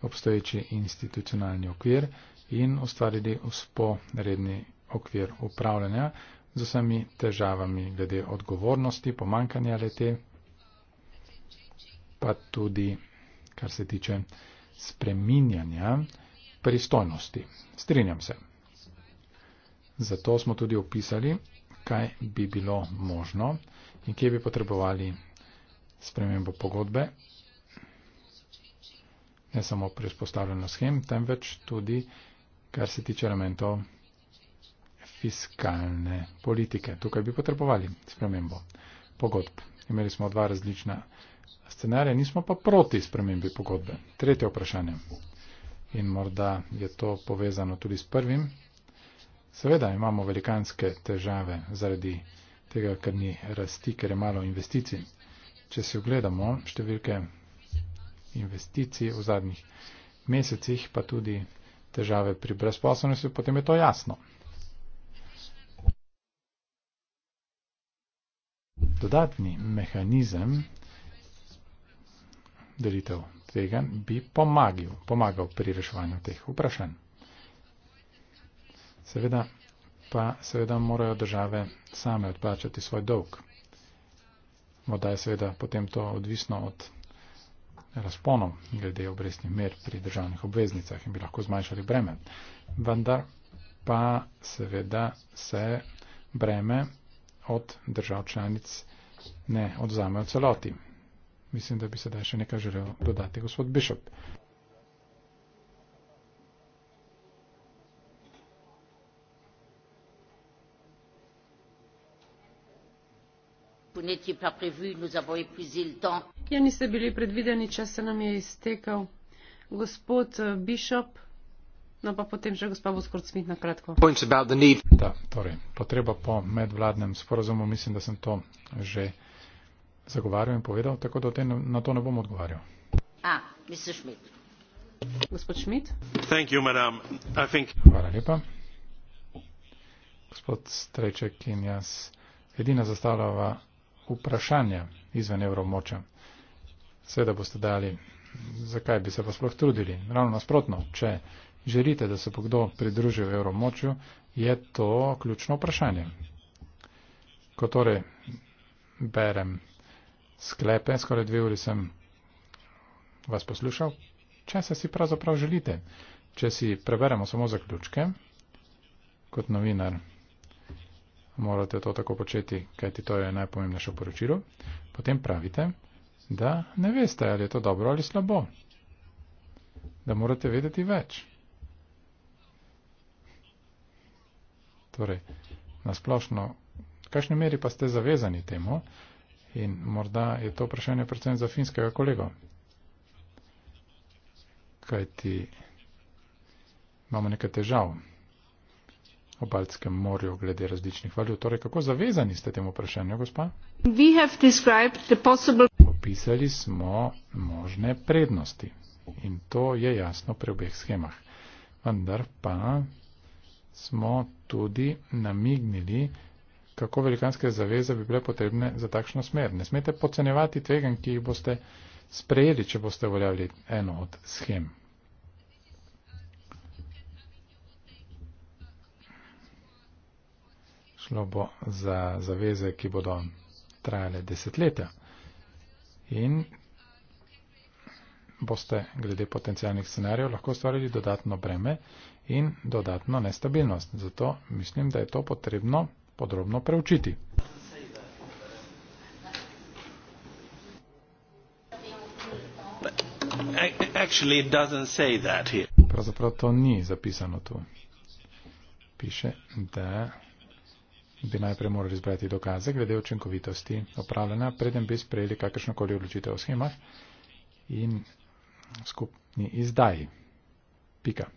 obstoječi institucionalni okvir in ustvarili usporedni okvir okvir upravljanja z vsemi težavami glede odgovornosti, pomankanja lete, pa tudi, kar se tiče spreminjanja pristojnosti. Strinjam se. Zato smo tudi opisali, kaj bi bilo možno in kje bi potrebovali spremembo pogodbe. Ne samo pri vzpostavljanju schem, temveč tudi, kar se tiče elementov fiskalne politike. Tukaj bi potrebovali spremembo pogodb. Imeli smo dva različna scenarija, nismo pa proti spremembi pogodbe. Tretje vprašanje. In morda je to povezano tudi s prvim. Seveda imamo velikanske težave zaradi tega, ker ni rasti, ker je malo investicij. Če si ogledamo številke investicij v zadnjih mesecih, pa tudi težave pri brezposobnosti, potem je to jasno. dodatni mehanizem delitev tvegan bi pomagil, pomagal pri reševanju teh vprašanj. Seveda pa seveda morajo države same odplačati svoj dolg. Voda je seveda potem to odvisno od razponov glede obrestnih mer pri državnih obveznicah in bi lahko zmanjšali breme. Vendar pa seveda se breme od držav članic ne odzamejo celoti. Mislim, da bi sedaj še nekaj želel dodati gospod Bishop. Ja, niste bili predvideni, čas se nam je iztekal. Gospod eh, Bishop, No pa potem še gospa Voskurc Smit na kratko. Da, torej, potreba po medvladnem sporozumu, mislim, da sem to že zagovarjal in povedal, tako da te, na to ne bom odgovarjal. A, ah, misliš Šmit. Gospod Šmit. Thank you, madam. I think... Hvala lepa. Gospod Strejček in jaz edina zastavljava vprašanja izven evromoča. Seveda boste dali, zakaj bi se pa sploh trudili. Ravno nasprotno, če želite, da se bo kdo pridružil evromočju, je to ključno vprašanje. Ko torej berem sklepe, skoraj dve uri sem vas poslušal, če se si pravzaprav želite. Če si preberemo samo zaključke, kot novinar, morate to tako početi, kajti to je najpomembnejše poročilo, potem pravite, da ne veste, ali je to dobro ali slabo. Da morate vedeti več. Torej, nasplošno, v kakšni meri pa ste zavezani temu? In morda je to vprašanje predvsem za finskega kolego. Kaj ti imamo nekaj težav v Baltskem morju glede različnih valjov? Torej, kako zavezani ste temu vprašanju, gospa? Possible... Opisali smo možne prednosti. In to je jasno pri obeh schemah. Vendar pa smo tudi namignili, kako velikanske zaveze bi bile potrebne za takšno smer. Ne smete pocenevati tvegan, ki jih boste sprejeli, če boste uveljavili eno od schem. Šlo bo za zaveze, ki bodo trajale desetletja. In boste glede potencijalnih scenarijev lahko ustvarili dodatno breme in dodatno nestabilnost. Zato mislim, da je to potrebno podrobno preučiti. Pravzaprav to ni zapisano tu. Piše, da bi najprej morali izbrati dokaze glede učinkovitosti opravljena, preden bi sprejeli kakršnokoli odločitev o schemah in skupni izdaji. Pika.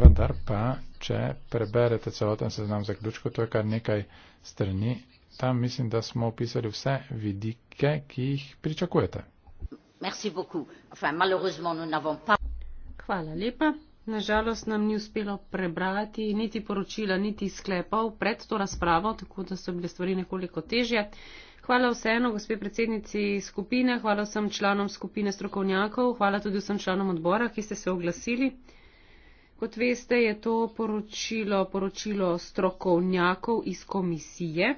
Vendar pa, če preberete celoten seznam zaključkov, to je kar nekaj strani, tam mislim, da smo opisali vse vidike, ki jih pričakujete. Hvala lepa. Nažalost nam ni uspelo prebrati niti poročila, niti sklepov pred to razpravo, tako da so bile stvari nekoliko težje. Hvala vseeno, gospe predsednici skupine, hvala vsem članom skupine strokovnjakov, hvala tudi vsem članom odbora, ki ste se oglasili. Kot veste, je to poročilo, poročilo strokovnjakov iz komisije.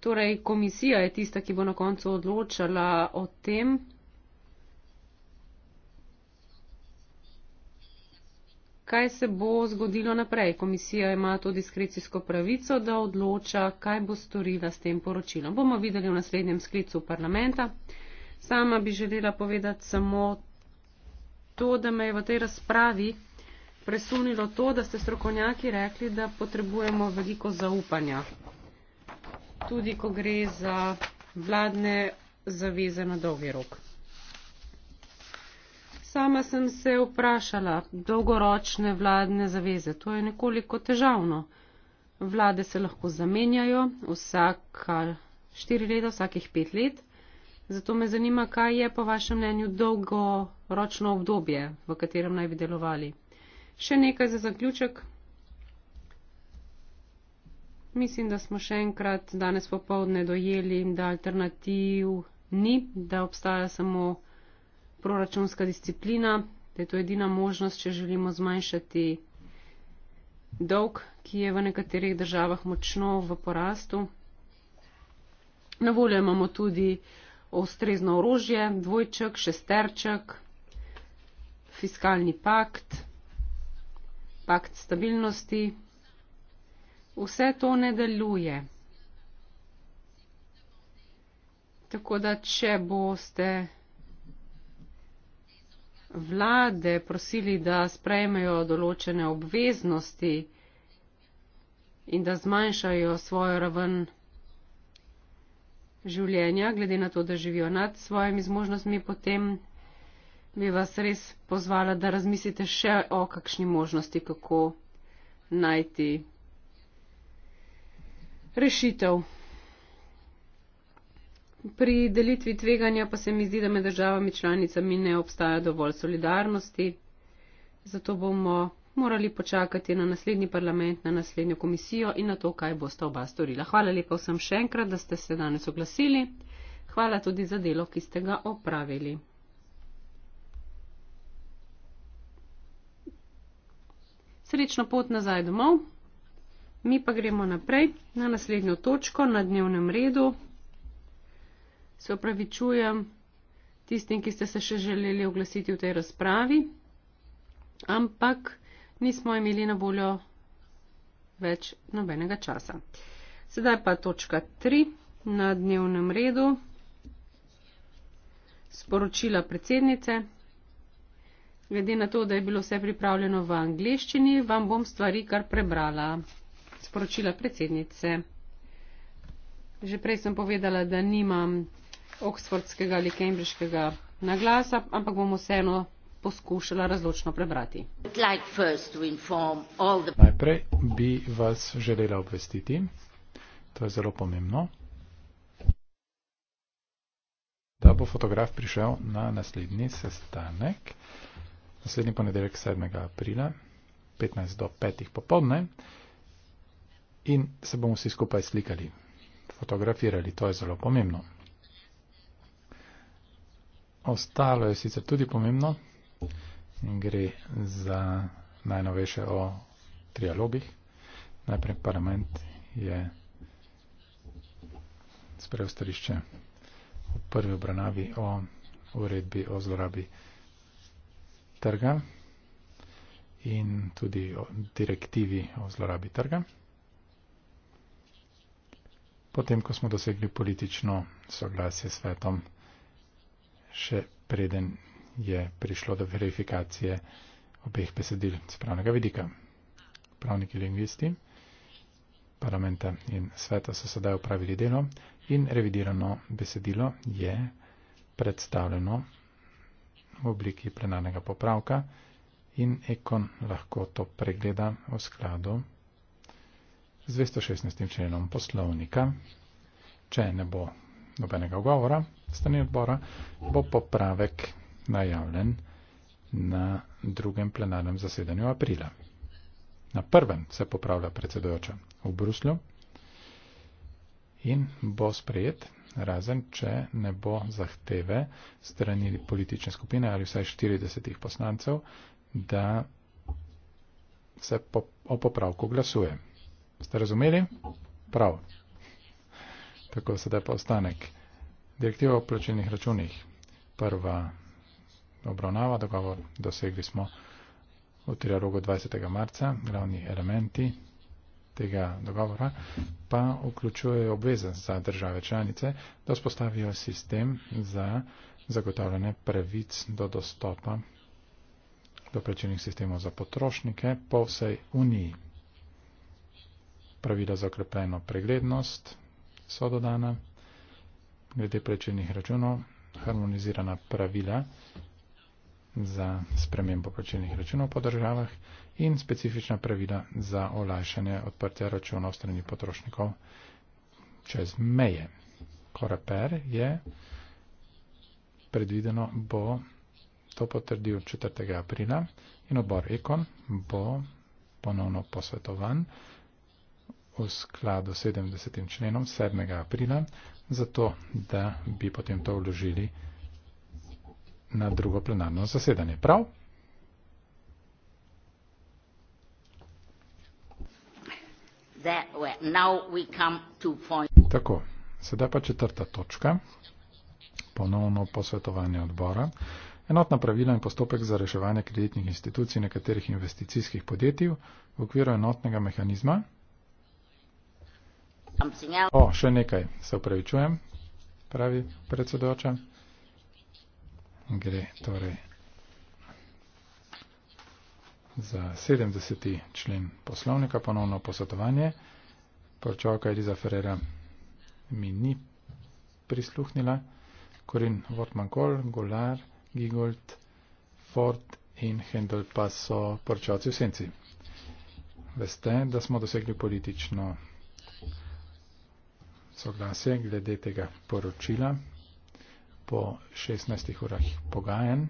Torej, komisija je tista, ki bo na koncu odločala o tem, kaj se bo zgodilo naprej. Komisija ima to diskrecijsko pravico, da odloča, kaj bo storila s tem poročilom. Bomo videli v naslednjem sklicu parlamenta. Sama bi želela povedati samo to, da me je v tej razpravi presunilo to, da ste strokovnjaki rekli, da potrebujemo veliko zaupanja. Tudi, ko gre za vladne zaveze na dolgi rok. Sama sem se vprašala, dolgoročne vladne zaveze, to je nekoliko težavno. Vlade se lahko zamenjajo vsaka štiri leta, vsakih pet let. Zato me zanima, kaj je po vašem mnenju dolgoročno obdobje, v katerem naj bi delovali. Še nekaj za zaključek. Mislim, da smo še enkrat danes popovdne dojeli, da alternativ ni, da obstaja samo proračunska disciplina, da je to edina možnost, če želimo zmanjšati dolg, ki je v nekaterih državah močno v porastu. Na voljo imamo tudi ostrezno orožje, dvojček, šesterček, fiskalni pakt, pakt stabilnosti. Vse to ne deluje. Tako da, če boste vlade prosili, da sprejmejo določene obveznosti in da zmanjšajo svojo raven življenja, glede na to, da živijo nad svojimi zmožnostmi, potem bi vas res pozvala, da razmislite še o kakšni možnosti, kako najti rešitev. Pri delitvi tveganja pa se mi zdi, da med državami članicami ne obstaja dovolj solidarnosti, zato bomo morali počakati na naslednji parlament, na naslednjo komisijo in na to, kaj boste oba storila. Hvala lepa vsem še enkrat, da ste se danes oglasili. Hvala tudi za delo, ki ste ga opravili. Srečno pot nazaj domov. Mi pa gremo naprej na naslednjo točko na dnevnem redu se opravičujem tistim, ki ste se še želeli oglasiti v tej razpravi, ampak nismo imeli na voljo več nobenega časa. Sedaj pa točka 3 na dnevnem redu. Sporočila predsednice. Glede na to, da je bilo vse pripravljeno v angliščini, vam bom stvari kar prebrala. Sporočila predsednice. Že prej sem povedala, da nimam oksfordskega ali kembriškega naglasa, ampak bomo vseeno poskušala razločno prebrati. Najprej bi vas želela obvestiti, to je zelo pomembno, da bo fotograf prišel na naslednji sestanek, naslednji ponedeljek 7. aprila, 15 do 5. popovdne, in se bomo vsi skupaj slikali, fotografirali, to je zelo pomembno. Ostalo je sicer tudi pomembno in gre za najnovejše o trialogih. Najprej parlament je sprejel starišče v prvi obravnavi o uredbi o zlorabi trga in tudi o direktivi o zlorabi trga. Potem, ko smo dosegli politično soglasje s svetom, še preden je prišlo do verifikacije obeh besedil z pravnega vidika. Pravniki lingvisti parlamenta in sveta so sedaj upravili delo in revidirano besedilo je predstavljeno v obliki plenarnega popravka in ekon lahko to pregleda v skladu z 216. členom poslovnika, če ne bo nobenega govora strani odbora bo popravek najavljen na drugem plenarnem zasedanju aprila. Na prvem se popravlja predsedojoča v Bruslju in bo sprejet, razen če ne bo zahteve strani politične skupine ali vsaj 40 poslancev, da se po, o popravku glasuje. Ste razumeli? Prav. Tako sedaj pa ostanek. Direktiva o plačilnih računih, prva obravnava, dogovor dosegli smo v trialogu 20. marca, glavni elementi tega dogovora, pa vključuje obveze za države članice, da spostavijo sistem za zagotavljanje pravic do dostopa do plačilnih sistemov za potrošnike po vsej Uniji. Pravila za okrepljeno preglednost so dodana glede plačilnih računov, harmonizirana pravila za spremembo plačilnih računov po državah in specifična pravila za olajšanje odprtja računov strani potrošnikov čez meje. Koraper je predvideno, bo to potrdil 4. aprila in odbor Ekon bo ponovno posvetovan v skladu 70. členom 7. aprila zato da bi potem to vložili na drugo plenarno zasedanje. Prav? Tako, sedaj pa četrta točka, ponovno posvetovanje odbora. Enotna pravila in postopek za reševanje kreditnih institucij nekaterih investicijskih podjetij v okviru enotnega mehanizma, O, še nekaj, se upravičujem, pravi predsedoča. Gre torej za 70. člen poslovnika, ponovno posvetovanje. Poročavka Eliza Ferrera mi ni prisluhnila. Korin Wortman Kol, Golar, Gigolt, Ford in Hendel pa so poročavci v senci. Veste, da smo dosegli politično soglasje glede tega poročila po 16 urah pogajen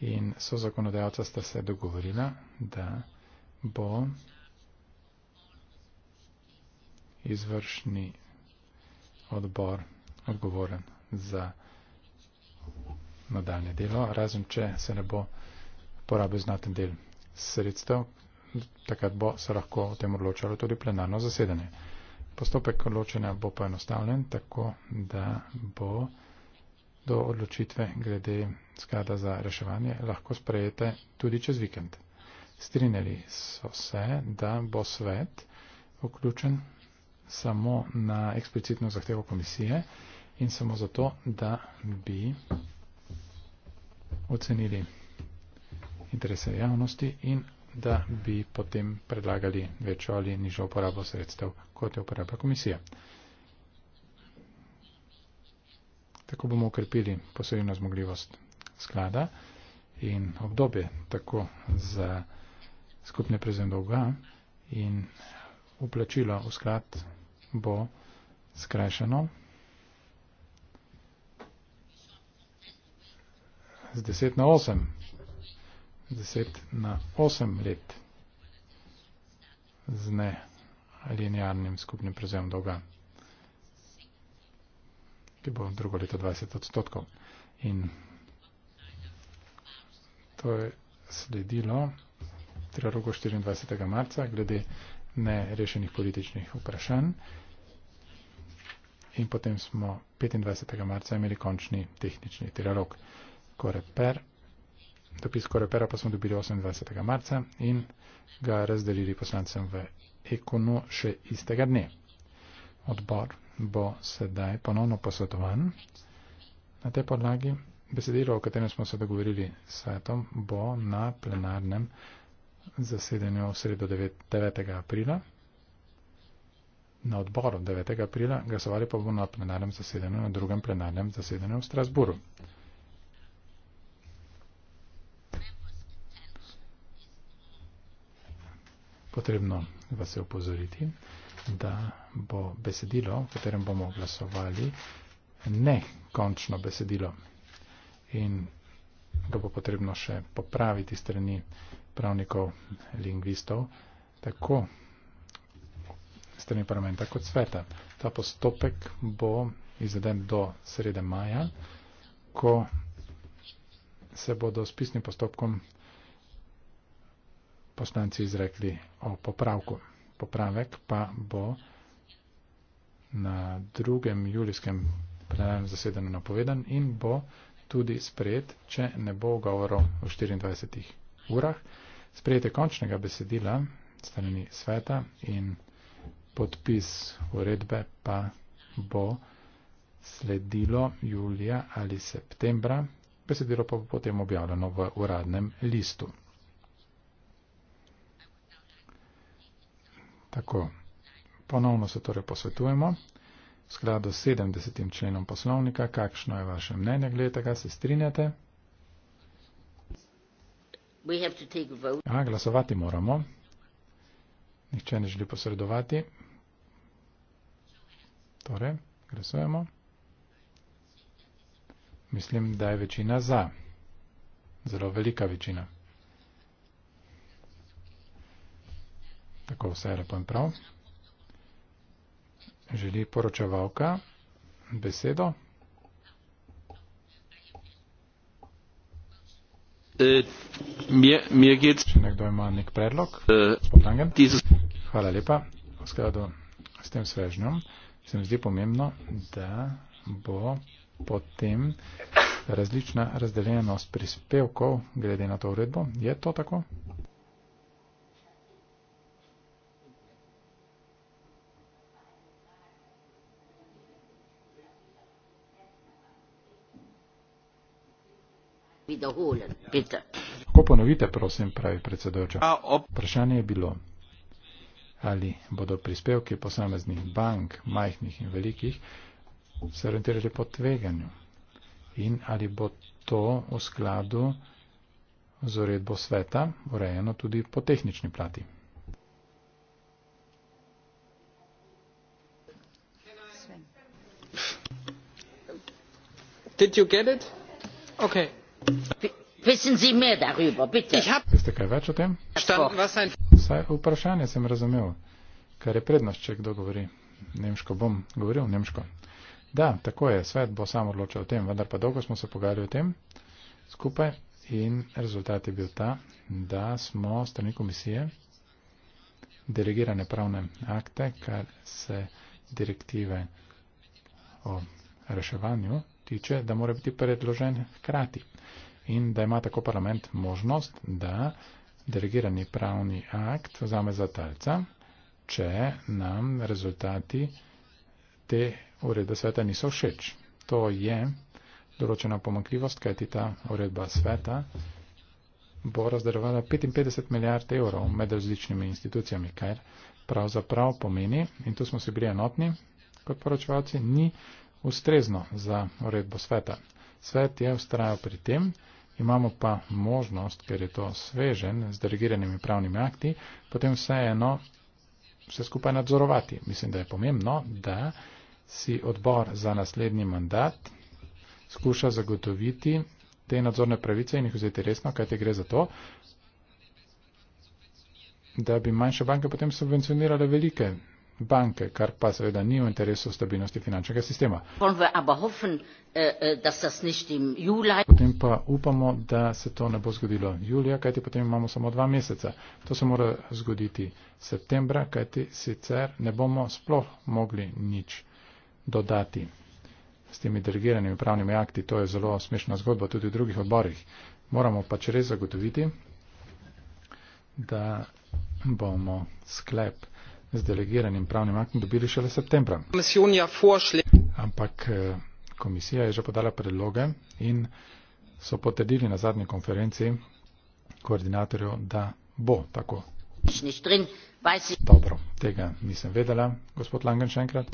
in so zakonodajalca sta se dogovorila, da bo izvršni odbor odgovoren za nadaljne delo, razen če se ne bo porabil znaten del sredstev, takrat bo se lahko o tem odločalo tudi plenarno zasedanje. Postopek ločenja bo poenostavljen tako, da bo do odločitve glede sklada za reševanje lahko sprejete tudi čez vikend. Strinjali so se, da bo svet vključen samo na eksplicitno zahtevo komisije in samo zato, da bi ocenili interese javnosti in da bi potem predlagali večjo ali nižjo uporabo sredstev, kot je uporabila komisija. Tako bomo ukrepili posebno zmogljivost sklada in obdobje tako za skupne prezident dolga in uplačilo v sklad bo skrajšano z 10 na 8. 10 na 8 let z nealinearnim skupnim prevzemom dolga, ki bo drugo leto 20 odstotkov. In to je sledilo trilogu 24. marca glede nerešenih političnih vprašanj. In potem smo 25. marca imeli končni tehnični trilog. Koreper dopisko repera pa smo dobili 28. marca in ga razdelili poslancem v Ekonu še istega dne. Odbor bo sedaj ponovno posvetovan na tej podlagi. Besedilo, o katerem smo se dogovorili s svetom, bo na plenarnem zasedanju v sredo 9. aprila. Na odboru 9. aprila glasovali pa bomo na plenarnem zasedanju, na drugem plenarnem zasedanju v Strasburu. potrebno vas je opozoriti, da bo besedilo, v katerem bomo glasovali, ne končno besedilo. In ga bo potrebno še popraviti strani pravnikov, lingvistov, tako strani parlamenta kot sveta. Ta postopek bo izveden do srede maja, ko se bodo s pisnim postopkom poslanci izrekli o popravku. Popravek pa bo na drugem julijskem plenarnem zasedanju napovedan in bo tudi sprejet, če ne bo govoril v 24 urah. Sprejete končnega besedila strani sveta in podpis uredbe pa bo sledilo julija ali septembra. Besedilo pa bo potem objavljeno v uradnem listu. Tako, ponovno se torej posvetujemo. V skladu s 70. členom poslovnika, kakšno je vaše mnenje glede tega, se strinjate? A, glasovati moramo. Nihče ne želi posredovati. Torej, glasujemo. Mislim, da je večina za. Zelo velika večina. Tako vse lepo in prav. Želi poročevalka besedo? E, Mir geht's. Če nekdo ima nek predlog, e, podangem. Hvala lepa. V skladu s tem svežnjom se mi zdi pomembno, da bo potem različna razdeljenost prispevkov glede na to uredbo. Je to tako? Lahko ponovite, prosim, pravi predsedojoča. Vprašanje je bilo, ali bodo prispevki posameznih bank, majhnih in velikih, se orientirali po tveganju in ali bo to v skladu z uredbo sveta urejeno tudi po tehnični plati. Did you get it? Okay wissen sie mehr darüber bitte ich habe ist kein Wert dem was ein Sei vprašanje sem razumel, kar je prednost, če kdo govori nemško, bom govoril nemško. Da, tako je, svet bo sam odločal o tem, vendar pa dolgo smo se pogajali o tem skupaj in rezultat je bil ta, da smo strani komisije delegirane pravne akte, kar se direktive o reševanju tiče, da mora biti predložen hkrati in da ima tako parlament možnost, da delegirani pravni akt vzame za talca, če nam rezultati te uredbe sveta niso všeč. To je določena pomankljivost, kajti ta uredba sveta bo razdarovala 55 milijard evrov med različnimi institucijami, kar pravzaprav pomeni, in tu smo se bili enotni kot poročevalci, ni ustrezno za uredbo sveta. Svet je ustrajal pri tem, imamo pa možnost, ker je to svežen z delegiranimi pravnimi akti, potem vseeno vse skupaj nadzorovati. Mislim, da je pomembno, da si odbor za naslednji mandat skuša zagotoviti te nadzorne pravice in jih vzeti resno, kaj te gre za to, da bi manjše banke potem subvencionirale velike banke, kar pa seveda ni v interesu stabilnosti finančnega sistema. Äh, äh, potem pa upamo, da se to ne bo zgodilo julija, kajti potem imamo samo dva meseca. To se mora zgoditi septembra, kajti sicer ne bomo sploh mogli nič dodati s temi delegiranimi pravnimi akti. To je zelo smešna zgodba tudi v drugih odborih. Moramo pač res zagotoviti, da bomo sklep z delegiranim pravnim aktom dobili šele septembra. Ampak eh, komisija je že podala predloge in so potrdili na zadnji konferenci koordinatorjev, da bo tako. Dobro, tega nisem vedela, gospod Langen, še enkrat.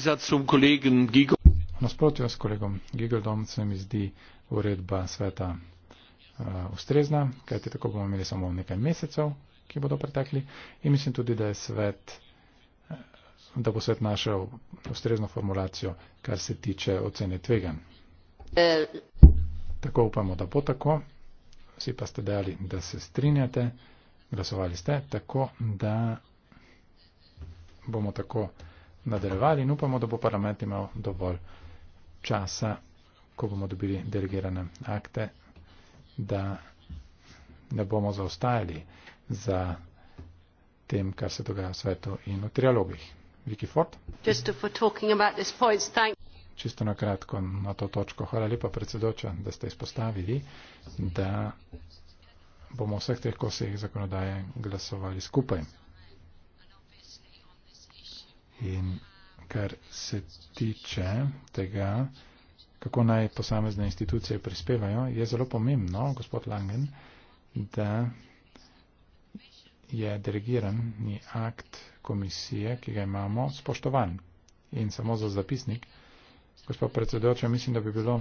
Nasprotjo s kolegom Gigeldom se mi zdi uredba sveta uh, ustrezna, kajti tako bomo imeli samo nekaj mesecev, ki bodo pretekli in mislim tudi, da je svet da bo svet našel ustrezno formulacijo, kar se tiče ocene tvegan. Tako upamo, da bo tako. Vsi pa ste dejali, da se strinjate, glasovali ste, tako da bomo tako nadaljevali in upamo, da bo parlament imel dovolj časa, ko bomo dobili delegirane akte, da ne bomo zaostajali za tem, kar se dogaja v svetu in v trialogih. Viki Ford. Čisto na kratko na to točko. Hvala lepa, predsedoča, da ste izpostavili, da bomo vseh teh kosih zakonodaje glasovali skupaj. In kar se tiče tega, kako naj posamezne institucije prispevajo, je zelo pomembno, gospod Langen, da je delegirani akt komisije, ki ga imamo, spoštovan in samo za zapisnik. Gospod predsedoča, mislim, da bi bilo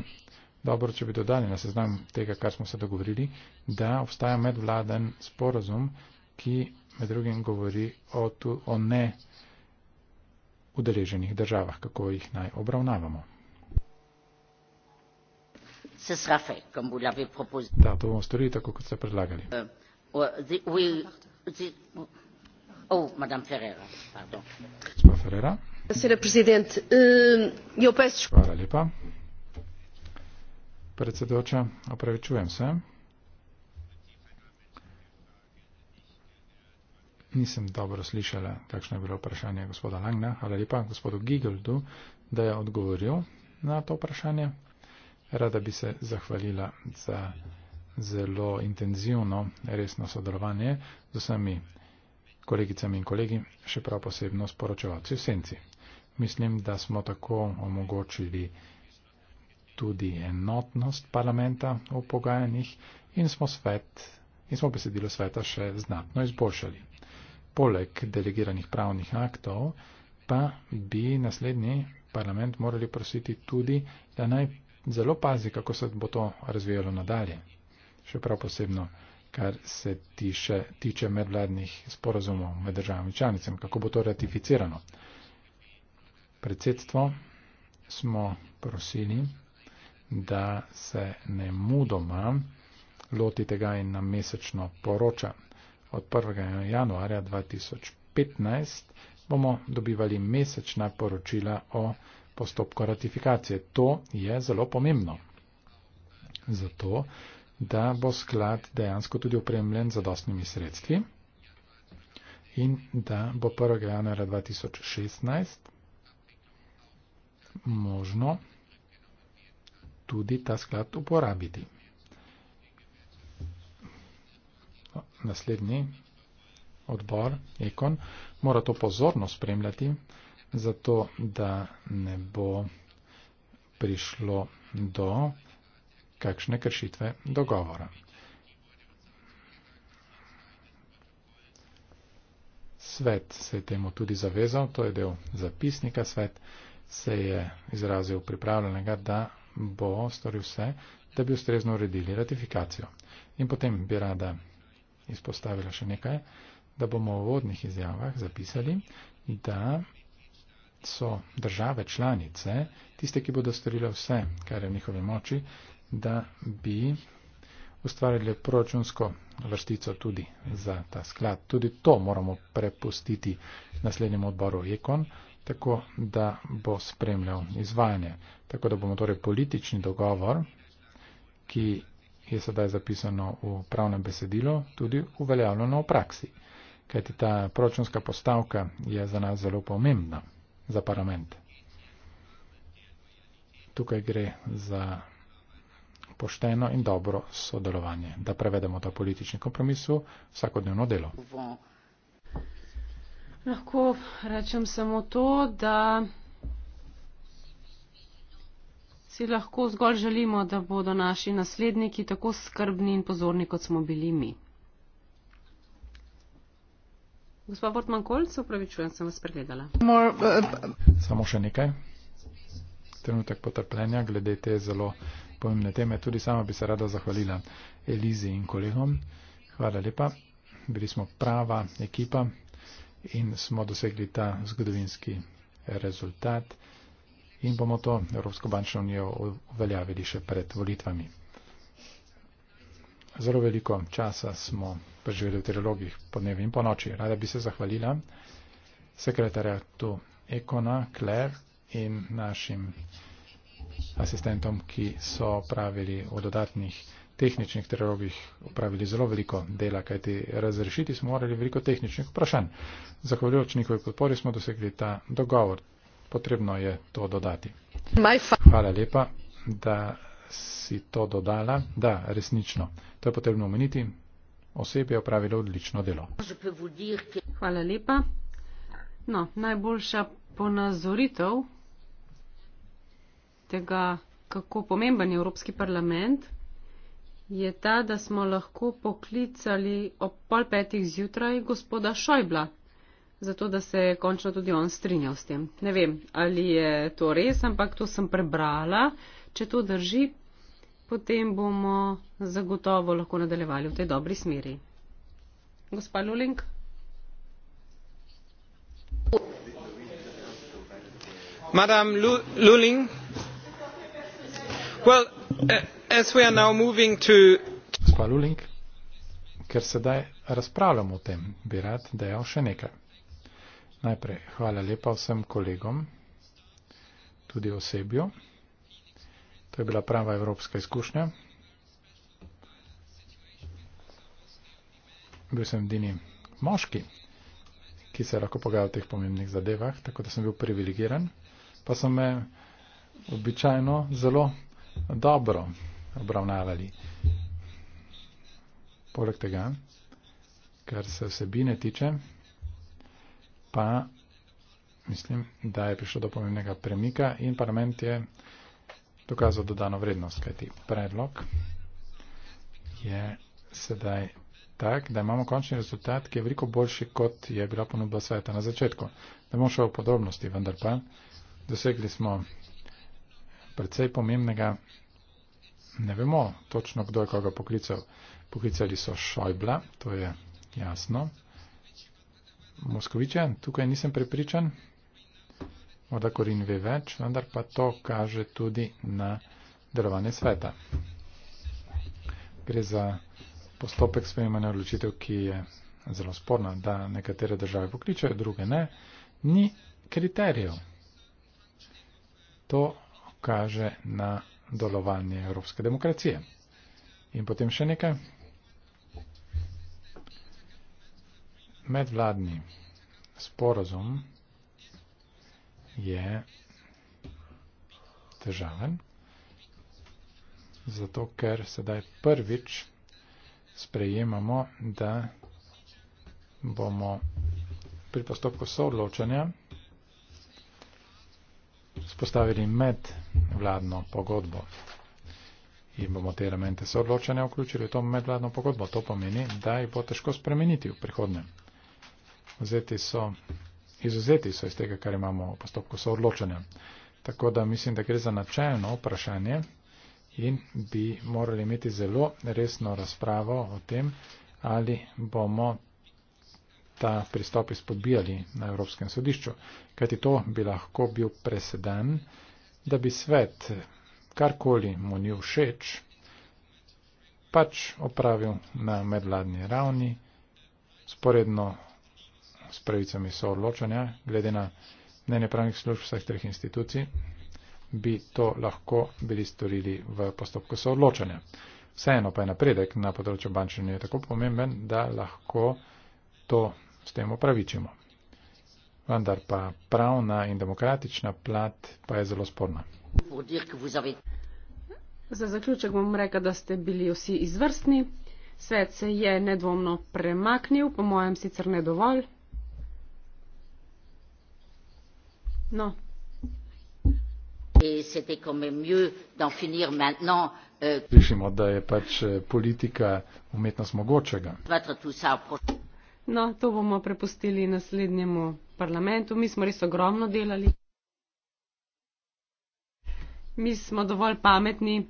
dobro, če bi dodali na seznam tega, kar smo se dogovorili, da obstaja medvladen sporozum, ki med drugim govori o, tu, o ne udeleženih državah, kako jih naj obravnavamo. Da, to bomo storili tako, kot ste predlagali. Uh, the, we... Oh, gospa ferreira. gospod predsednik jo pač. hvala lepa. predsedujoča opravičujem se. nisem dobro slišala kakšno je bilo vprašanje gospoda langna. hvala lepa gospodu gigeldu da je odgovoril na to vprašanje. rada bi se zahvalila za zelo intenzivno, resno sodelovanje z vsemi kolegicami in kolegi, še prav posebno s poročevalci v senci. Mislim, da smo tako omogočili tudi enotnost parlamenta v pogajanjih in smo svet in smo besedilo sveta še znatno izboljšali. Poleg delegiranih pravnih aktov pa bi naslednji parlament morali prositi tudi, da naj zelo pazi, kako se bo to razvijalo nadalje še prav posebno, kar se tiše, tiče medvladnih sporazumov med državami članicami, kako bo to ratificirano. Predsedstvo smo prosili, da se ne mudoma loti tega in na mesečno poroča. Od 1. januarja 2015 bomo dobivali mesečna poročila o postopku ratifikacije. To je zelo pomembno. Zato da bo sklad dejansko tudi opremljen z dostnimi sredstvi in da bo 1. januara 2016 možno tudi ta sklad uporabiti. No, naslednji odbor, Ekon, mora to pozorno spremljati, zato da ne bo prišlo do kakšne kršitve dogovora. Svet se je temu tudi zavezal, to je del zapisnika. Svet se je izrazil pripravljenega, da bo storil vse, da bi ustrezno uredili ratifikacijo. In potem bi rada izpostavila še nekaj, da bomo v vodnih izjavah zapisali, da so države članice tiste, ki bodo storile vse, kar je v njihovi moči, da bi ustvarjali proračunsko vrstico tudi za ta sklad. Tudi to moramo prepustiti naslednjemu odboru Ekon, tako da bo spremljal izvajanje. Tako da bomo torej politični dogovor, ki je sedaj zapisano v pravnem besedilo, tudi uveljavljeno v praksi. Kajti ta proračunska postavka je za nas zelo pomembna, za parlament. Tukaj gre za pošteno in dobro sodelovanje, da prevedemo ta politični kompromis v vsakodnevno delo. Lahko rečem samo to, da si lahko zgolj želimo, da bodo naši nasledniki tako skrbni in pozorni, kot smo bili mi. Gospa Portman Kolc, upravičujem, sem vas pregledala. Uh, samo še nekaj. Trenutek potrpljenja glede te zelo pomembne teme. Tudi sama bi se rada zahvalila Elizi in kolegom. Hvala lepa. Bili smo prava ekipa in smo dosegli ta zgodovinski rezultat in bomo to Evropsko bančno unijo uveljavili še pred volitvami. Zelo veliko časa smo preživeli v trilogih po dnevi in po noči. Rada bi se zahvalila sekretarja tu Ekona, Claire in našim asistentom, ki so pravili o dodatnih tehničnih terorogih, upravili zelo veliko dela, kajti razrešiti smo morali veliko tehničnih vprašanj. Zahvaljujoč njihovi podpori smo dosegli ta dogovor. Potrebno je to dodati. Hvala lepa, da si to dodala. Da, resnično. To je potrebno omeniti. Osebe je upravilo odlično delo. Hvala lepa. No, najboljša ponazoritev tega, kako pomemben je Evropski parlament, je ta, da smo lahko poklicali ob pol petih zjutraj gospoda Šojbla, zato da se je končno tudi on strinjal s tem. Ne vem, ali je to res, ampak to sem prebrala. Če to drži, potem bomo zagotovo lahko nadaljevali v tej dobri smeri. Gospa Lulink. Madam Lu Luling. Gospa Luling, ker sedaj razpravljamo o tem, bi rad dejal še nekaj. Najprej hvala lepa vsem kolegom, tudi osebju. To je bila prava evropska izkušnja. Bil sem edini moški, ki se je lahko pogajal o teh pomembnih zadevah, tako da sem bil privilegiran, pa so me običajno zelo dobro obravnavali. Poleg tega, kar se vsebine tiče, pa mislim, da je prišlo do pomembnega premika in parlament je dokazal dodano vrednost, kajti predlog je sedaj tak, da imamo končni rezultat, ki je veliko boljši, kot je bila ponudba sveta na začetku. Ne bom šel v podrobnosti, vendar pa dosegli smo precej pomembnega. Ne vemo točno, kdo je koga poklical. Poklicali so Šojbla, to je jasno. Moskoviče, tukaj nisem prepričan, morda Korin ve več, vendar pa to kaže tudi na delovanje sveta. Gre za postopek sprejemanja odločitev, ki je zelo sporna, da nekatere države pokličajo, druge ne. Ni kriterijev. To kaže na dolovanje evropske demokracije. In potem še nekaj. Medvladni sporozum je težaven, zato ker sedaj prvič sprejemamo, da bomo pri postopku soodločanja spostavili med vladno pogodbo in bomo te elemente soodločanja vključili v to medvladno pogodbo. To pomeni, da jih bo težko spremeniti v prihodnje. Vzeti so, izuzeti so iz tega, kar imamo v postopku soodločanja. Tako da mislim, da gre za načeljno vprašanje in bi morali imeti zelo resno razpravo o tem, ali bomo ta pristop izpodbijali na Evropskem sodišču, kajti to bi lahko bil preseden, da bi svet, karkoli mu ni všeč, pač opravil na medladni ravni, sporedno s pravicami soodločanja, glede na mnenje pravnih služb vseh treh institucij, bi to lahko bili storili v postopku soodločanja. Vseeno pa je napredek na področju bančenja tako pomemben, da lahko to s tem opravičimo. Vendar pa pravna in demokratična plat pa je zelo sporna. Za zaključek bom rekel, da ste bili vsi izvrstni. Svet se je nedvomno premaknil, po mojem sicer ne dovolj. No. Euh, Slišimo, da je pač eh, politika umetnost mogočega. No, to bomo prepustili naslednjemu parlamentu. Mi smo res ogromno delali. Mi smo dovolj pametni,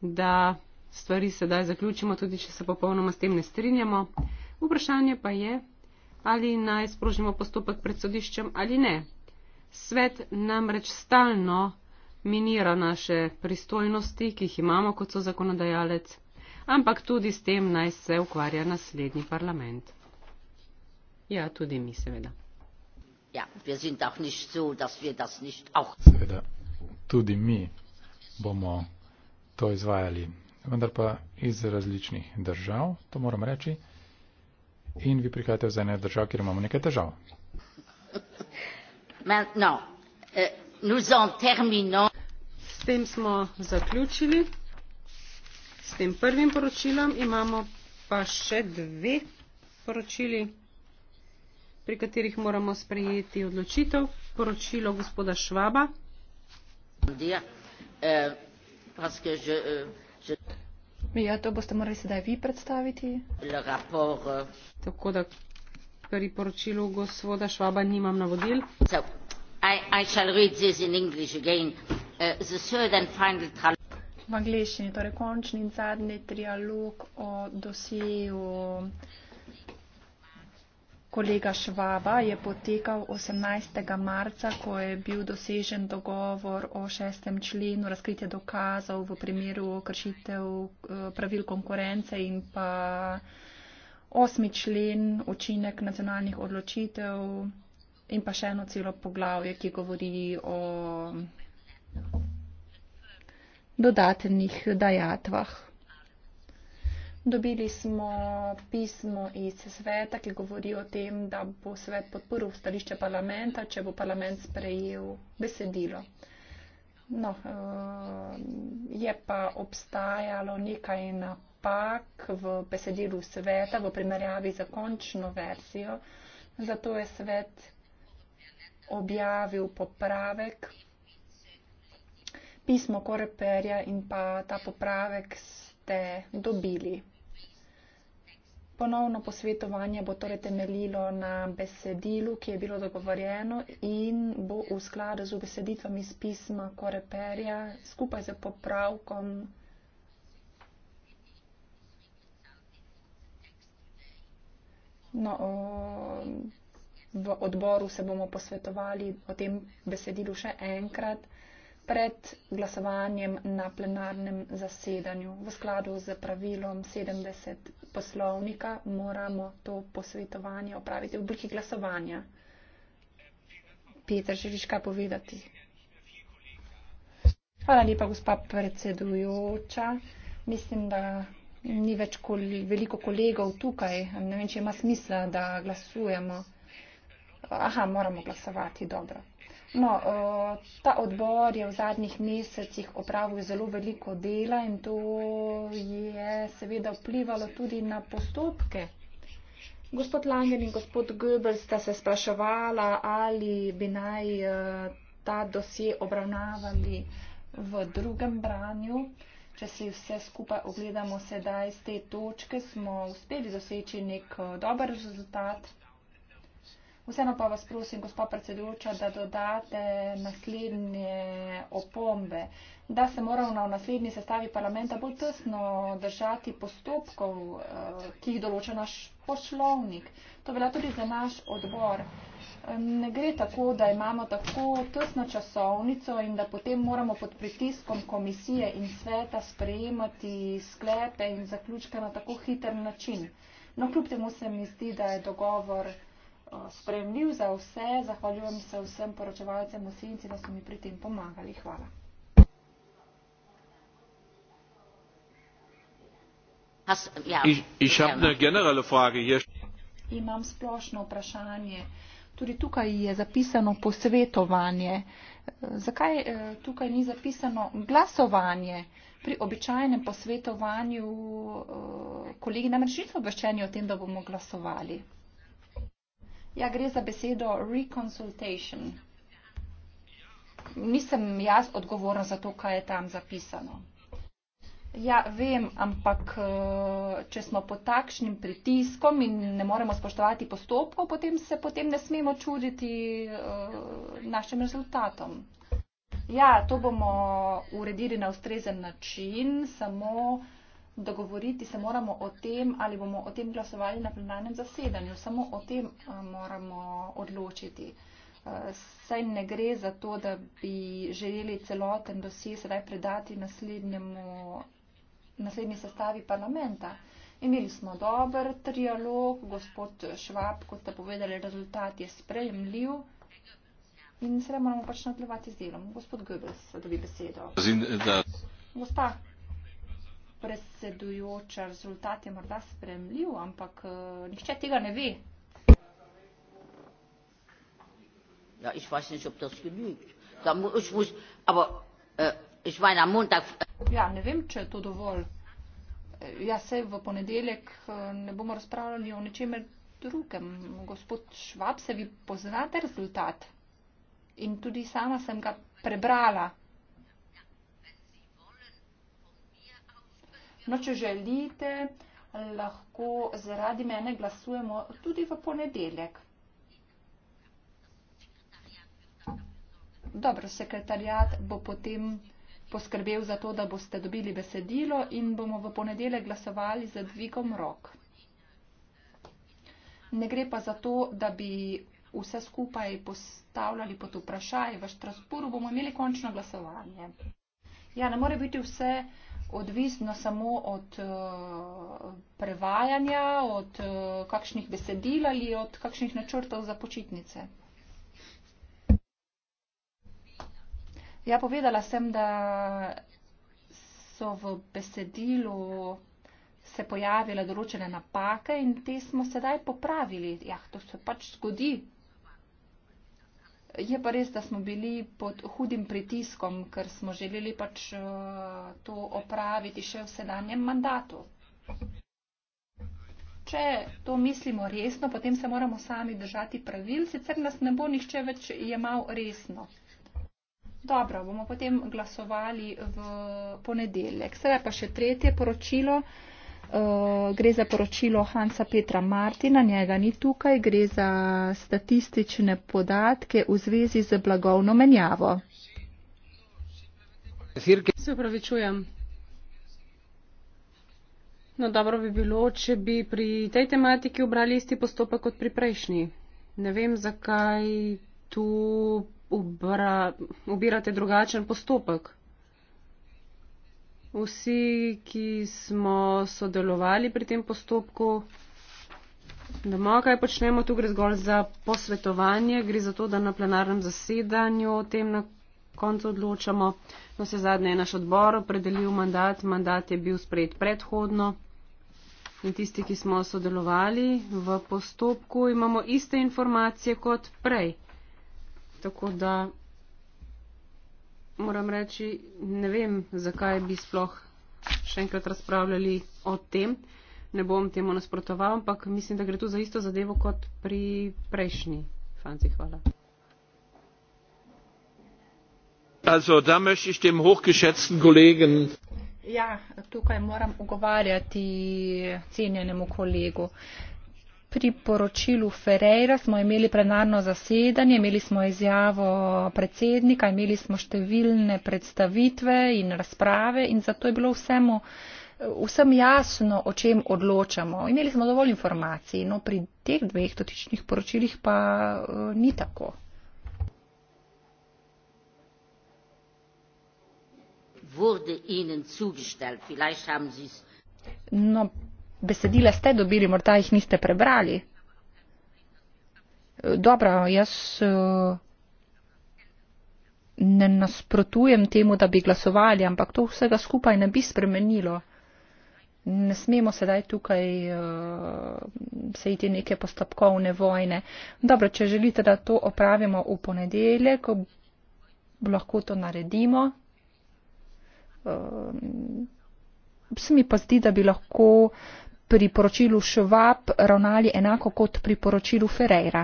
da stvari sedaj zaključimo, tudi če se popolnoma s tem ne strinjamo. Vprašanje pa je, ali naj sprožimo postopek pred sodiščem ali ne. Svet namreč stalno minira naše pristojnosti, ki jih imamo kot so zakonodajalec, ampak tudi s tem naj se ukvarja naslednji parlament. Ja, tudi mi seveda. Ja, so, auch... seveda. Tudi mi bomo to izvajali, vendar pa iz različnih držav, to moram reči. In vi prihajate v eno državo, kjer imamo nekaj težav. Eh, S tem smo zaključili. S tem prvim poročilom imamo pa še dve poročili pri katerih moramo sprejeti odločitev, poročilo gospoda Švaba. Eh, eh, ja, to boste morali sedaj vi predstaviti. Eh. Tako da pri poročilu gospoda Švaba nimam navodil. V angliščini, torej končni in zadnji trialog o dosiju kolega Švaba je potekal 18. marca, ko je bil dosežen dogovor o šestem členu razkritja dokazov v primeru kršitev eh, pravil konkurence in pa osmi člen učinek nacionalnih odločitev in pa še eno celo poglavje, ki govori o dodatnih dajatvah. Dobili smo pismo iz sveta, ki govori o tem, da bo svet podporil stališče parlamenta, če bo parlament sprejel besedilo. No, eh, je pa obstajalo nekaj napak v besedilu sveta v primerjavi za končno versijo, zato je svet objavil popravek. Pismo Koreperja in pa ta popravek ste dobili ponovno posvetovanje bo torej temeljilo na besedilu, ki je bilo dogovorjeno in bo v skladu z besedicami iz pisma Koreperja skupaj z popravkom. No, v odboru se bomo posvetovali o tem besedilu še enkrat pred glasovanjem na plenarnem zasedanju. V skladu z pravilom 70 poslovnika moramo to posvetovanje opraviti v obliki glasovanja. Peter, želiš kaj povedati? Hvala lepa, gospa predsedujoča. Mislim, da ni več kol veliko kolegov tukaj. Ne vem, če ima smisla, da glasujemo. Aha, moramo glasovati, dobro. No, eh, ta odbor je v zadnjih mesecih opravil zelo veliko dela in to je seveda vplivalo tudi na postopke. Gospod Langen in gospod Goebbels sta se spraševala, ali bi naj eh, ta dosje obravnavali v drugem branju. Če si vse skupaj ogledamo sedaj z te točke, smo uspeli doseči nek eh, dober rezultat. Vseeno pa vas prosim, gospod predsedujoča, da dodate naslednje opombe, da se moramo na naslednji sestavi parlamenta bolj tesno držati postopkov, eh, ki jih določa naš poslovnik. To velja tudi za naš odbor. Eh, ne gre tako, da imamo tako tesno časovnico in da potem moramo pod pritiskom komisije in sveta sprejemati sklepe in zaključke na tako hiter način. No, kljub temu se mi zdi, da je dogovor spremljiv za vse. Zahvaljujem se vsem poročevalcem osinci, da so mi pri tem pomagali. Hvala. Ja. Imam splošno vprašanje. Tudi tukaj je zapisano posvetovanje. Zakaj eh, tukaj ni zapisano glasovanje? Pri običajnem posvetovanju eh, kolegi namreč niso obveščeni o tem, da bomo glasovali. Ja, gre za besedo reconsultation. Nisem jaz odgovoren za to, kaj je tam zapisano. Ja, vem, ampak eh, če smo pod takšnim pritiskom in ne moremo spoštovati postopkov, potem se potem ne smemo čuditi eh, našim rezultatom. Ja, to bomo uredili na ustrezen način, samo uh, dogovoriti se moramo o tem, ali bomo o tem glasovali na plenarnem zasedanju. Samo o tem eh, moramo odločiti. Eh, saj ne gre za to, da bi želeli celoten dosje sedaj predati naslednjemu, naslednji sestavi parlamenta. Imeli smo dober trialog, gospod Švab, kot ste povedali, rezultat je sprejemljiv. In sedaj moramo pač nadaljevati z delom. Gospod Goebbels, da bi besedo. Gospa predsedujoča, rezultat je morda spremljiv, ampak eh, nihče tega ne ve. Ja, ich weiß nicht, ob das genügt. Da mu, ich muss, aber äh, ich meine, am Montag... Ja, ne vem, če je to dovolj. Eh, ja, se v ponedeljek eh, ne bomo razpravljali o nečem drugem. Gospod Švab, se vi poznate rezultat? In tudi sama sem ga prebrala. No, če želite, lahko zaradi mene glasujemo tudi v ponedeljek. Dobro, sekretarjat bo potem poskrbel za to, da boste dobili besedilo in bomo v ponedeljek glasovali z dvigom rok. Ne gre pa za to, da bi vse skupaj postavljali pod vprašaj. V Štrasburu bomo imeli končno glasovanje. Ja, ne more biti vse odvisno samo od eh, prevajanja, od eh, kakšnih besedil ali od kakšnih načrtov za počitnice. Ja, povedala sem, da so v besedilu se pojavile določene napake in te smo sedaj popravili. Ja, to se pač zgodi, Je pa res, da smo bili pod hudim pritiskom, ker smo želeli pač eh, to opraviti še v sedanjem mandatu. Če to mislimo resno, potem se moramo sami držati pravil, sicer nas ne bo nihče več jemal resno. Dobro, bomo potem glasovali v ponedeljek. Sedaj pa še tretje poročilo. Eh, gre za poročilo Hansa Petra Martina, njega ni tukaj, gre za statistične podatke v zvezi z blagovno menjavo. Se upravičujem. No, dobro bi bilo, če bi pri tej tematiki obrali isti postopek kot pri prejšnji. Ne vem, zakaj tu obra, obirate drugačen postopek vsi, ki smo sodelovali pri tem postopku, da malo kaj počnemo. Tu gre zgolj za posvetovanje, gre za to, da na plenarnem zasedanju o tem na koncu odločamo. No, se zadnje je naš odbor opredelil mandat, mandat je bil sprejet predhodno. In tisti, ki smo sodelovali v postopku, imamo iste informacije kot prej. Tako da moram reči, ne vem, zakaj bi sploh še enkrat razpravljali o tem. Ne bom temu nasprotoval, ampak mislim, da gre tu za isto zadevo kot pri prejšnji. Fanci, hvala. Also, da möchte ich dem hochgeschätzten Kollegen. Ja, tukaj moram ugovarjati cenjenemu kolegu. Uh, pri poročilu Ferreira smo imeli plenarno zasedanje, imeli smo izjavo predsednika, imeli smo številne predstavitve in razprave in zato je bilo vsemu, vsem jasno, o čem odločamo. Imeli smo dovolj informacij, no pri teh dveh dotičnih poročilih pa uh, ni tako. No, besedila ste dobili, morda jih niste prebrali. Dobro, jaz eh, ne nasprotujem temu, da bi glasovali, ampak to vsega skupaj ne bi spremenilo. Ne smemo sedaj tukaj uh, eh, sejti neke postopkovne vojne. Dobro, če želite, da to opravimo v ponedeljek, ko lahko to naredimo, uh, se mi pa zdi, da bi lahko pri poročilu Švab ravnali enako kot pri poročilu Ferreira.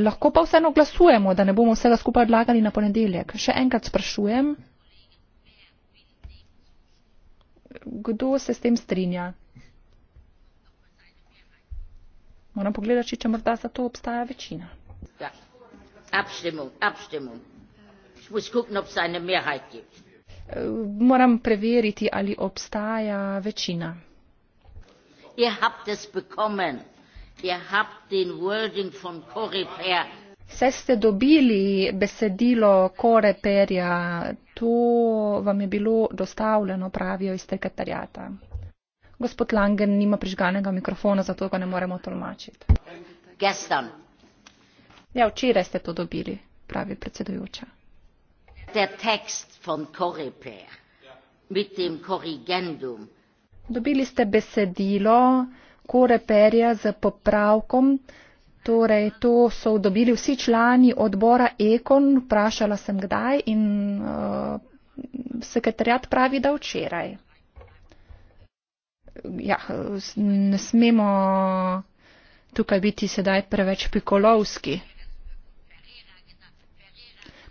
Lahko pa vseeno glasujemo, da ne bomo vsega skupaj odlagali na ponedeljek. Še enkrat sprašujem, kdo se s tem strinja. Moram pogledati, če morda za to obstaja večina. Ja. Abstimmung, Abstimmung v skupnosti ne mehati. Moram preveriti, ali obstaja večina. Vse ste dobili besedilo Koreperja, to vam je bilo dostavljeno, pravijo iz sekretarjata. Gospod Langen nima prižganega mikrofona, zato ga ne moremo tolmačiti. Gestan. Ja, včeraj ste to dobili, pravi predsedujoča der Text von Coreper mit dem Korrigendum. Dobili ste besedilo Koreperja z popravkom, torej to so dobili vsi člani odbora Ekon, vprašala sem kdaj in uh, eh, sekretarjat pravi, da včeraj. Ja, ne smemo tukaj biti sedaj preveč pikolovski.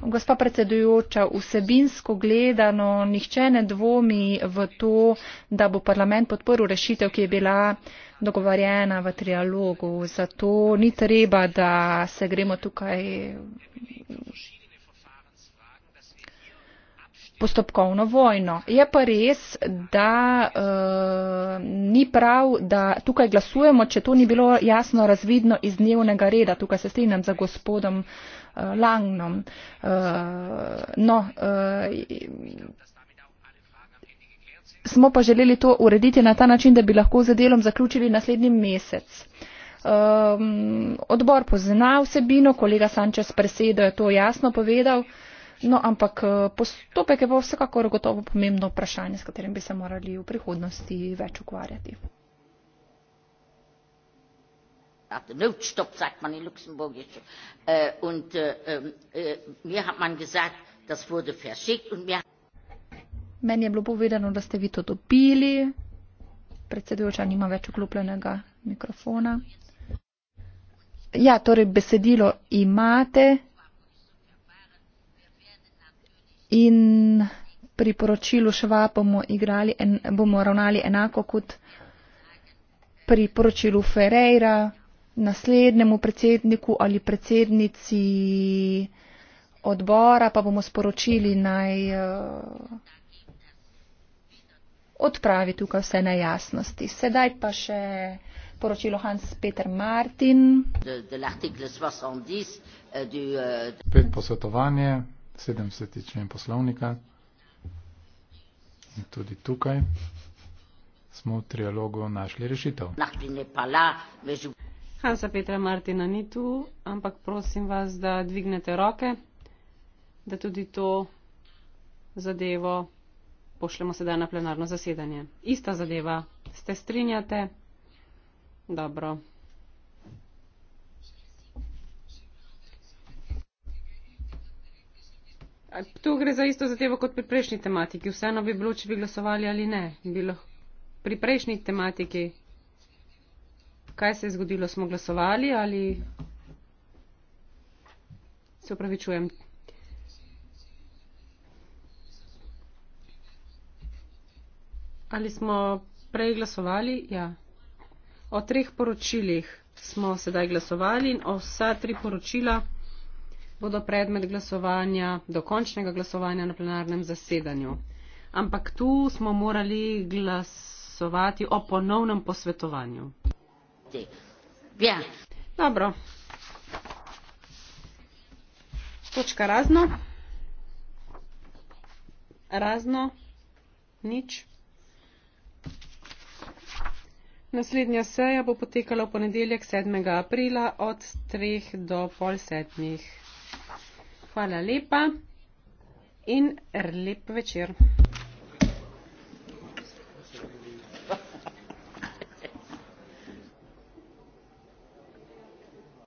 Gospa predsedujoča, vsebinsko gledano, nihče ne dvomi v to, da bo parlament podporil rešitev, ki je bila dogovarjena v trialogu. Zato ni treba, da se gremo tukaj postopkovno vojno. Je pa res, da uh, ni prav, da tukaj glasujemo, če to ni bilo jasno razvidno iz dnevnega reda. Tukaj se strinjam za gospodom uh, äh, eh, Langnum. Äh, eh, no, äh, smo pa želeli to urediti na ta način, da bi lahko z delom zaključili naslednji mesec. Um, odbor pozna vsebino, kolega Sančes presedo je to jasno povedal, no, ampak postopek je pa vsekakor gotovo pomembno vprašanje, s katerim bi se morali v prihodnosti več ukvarjati nach der Notstopp, sagt man in Luxemburgisch. Äh, und äh, ähm, äh, mir hat man gesagt, das wurde verschickt und mir Meni je bilo povedano, da ste vi to dobili. Predsedujoča nima več oklopljenega mikrofona. Ja, torej besedilo imate in pri poročilu šva bomo, igrali, en, bomo ravnali enako kot pri poročilu Ferreira naslednjemu predsedniku ali predsednici odbora, pa bomo sporočili naj eh, odpravi tukaj vse nejasnosti. Sedaj pa še poročilo Hans Peter Martin. Eh, eh, Spet posvetovanje, 70. člen poslovnika. In tudi tukaj smo v trialogu našli rešitev. Hansa Petra Martina ni tu, ampak prosim vas, da dvignete roke, da tudi to zadevo pošljemo sedaj na plenarno zasedanje. Ista zadeva. Ste strinjate? Dobro. Tu gre za isto zadevo kot pri prejšnji tematiki. Vseeno bi bilo, če bi glasovali ali ne. Bilo. Pri prejšnji tematiki kaj se je zgodilo, smo glasovali ali. Se upravičujem. Ali smo prej glasovali? Ja. O treh poročilih smo sedaj glasovali in vsa tri poročila bodo predmet glasovanja, dokončnega glasovanja na plenarnem zasedanju. Ampak tu smo morali glasovati o ponovnem posvetovanju tutti. Via. Ja. Dobro. Točka razno. Razno. Nič. Naslednja seja bo potekala v ponedeljek 7. aprila od 3 do pol 7. Hvala lepa in lep večer.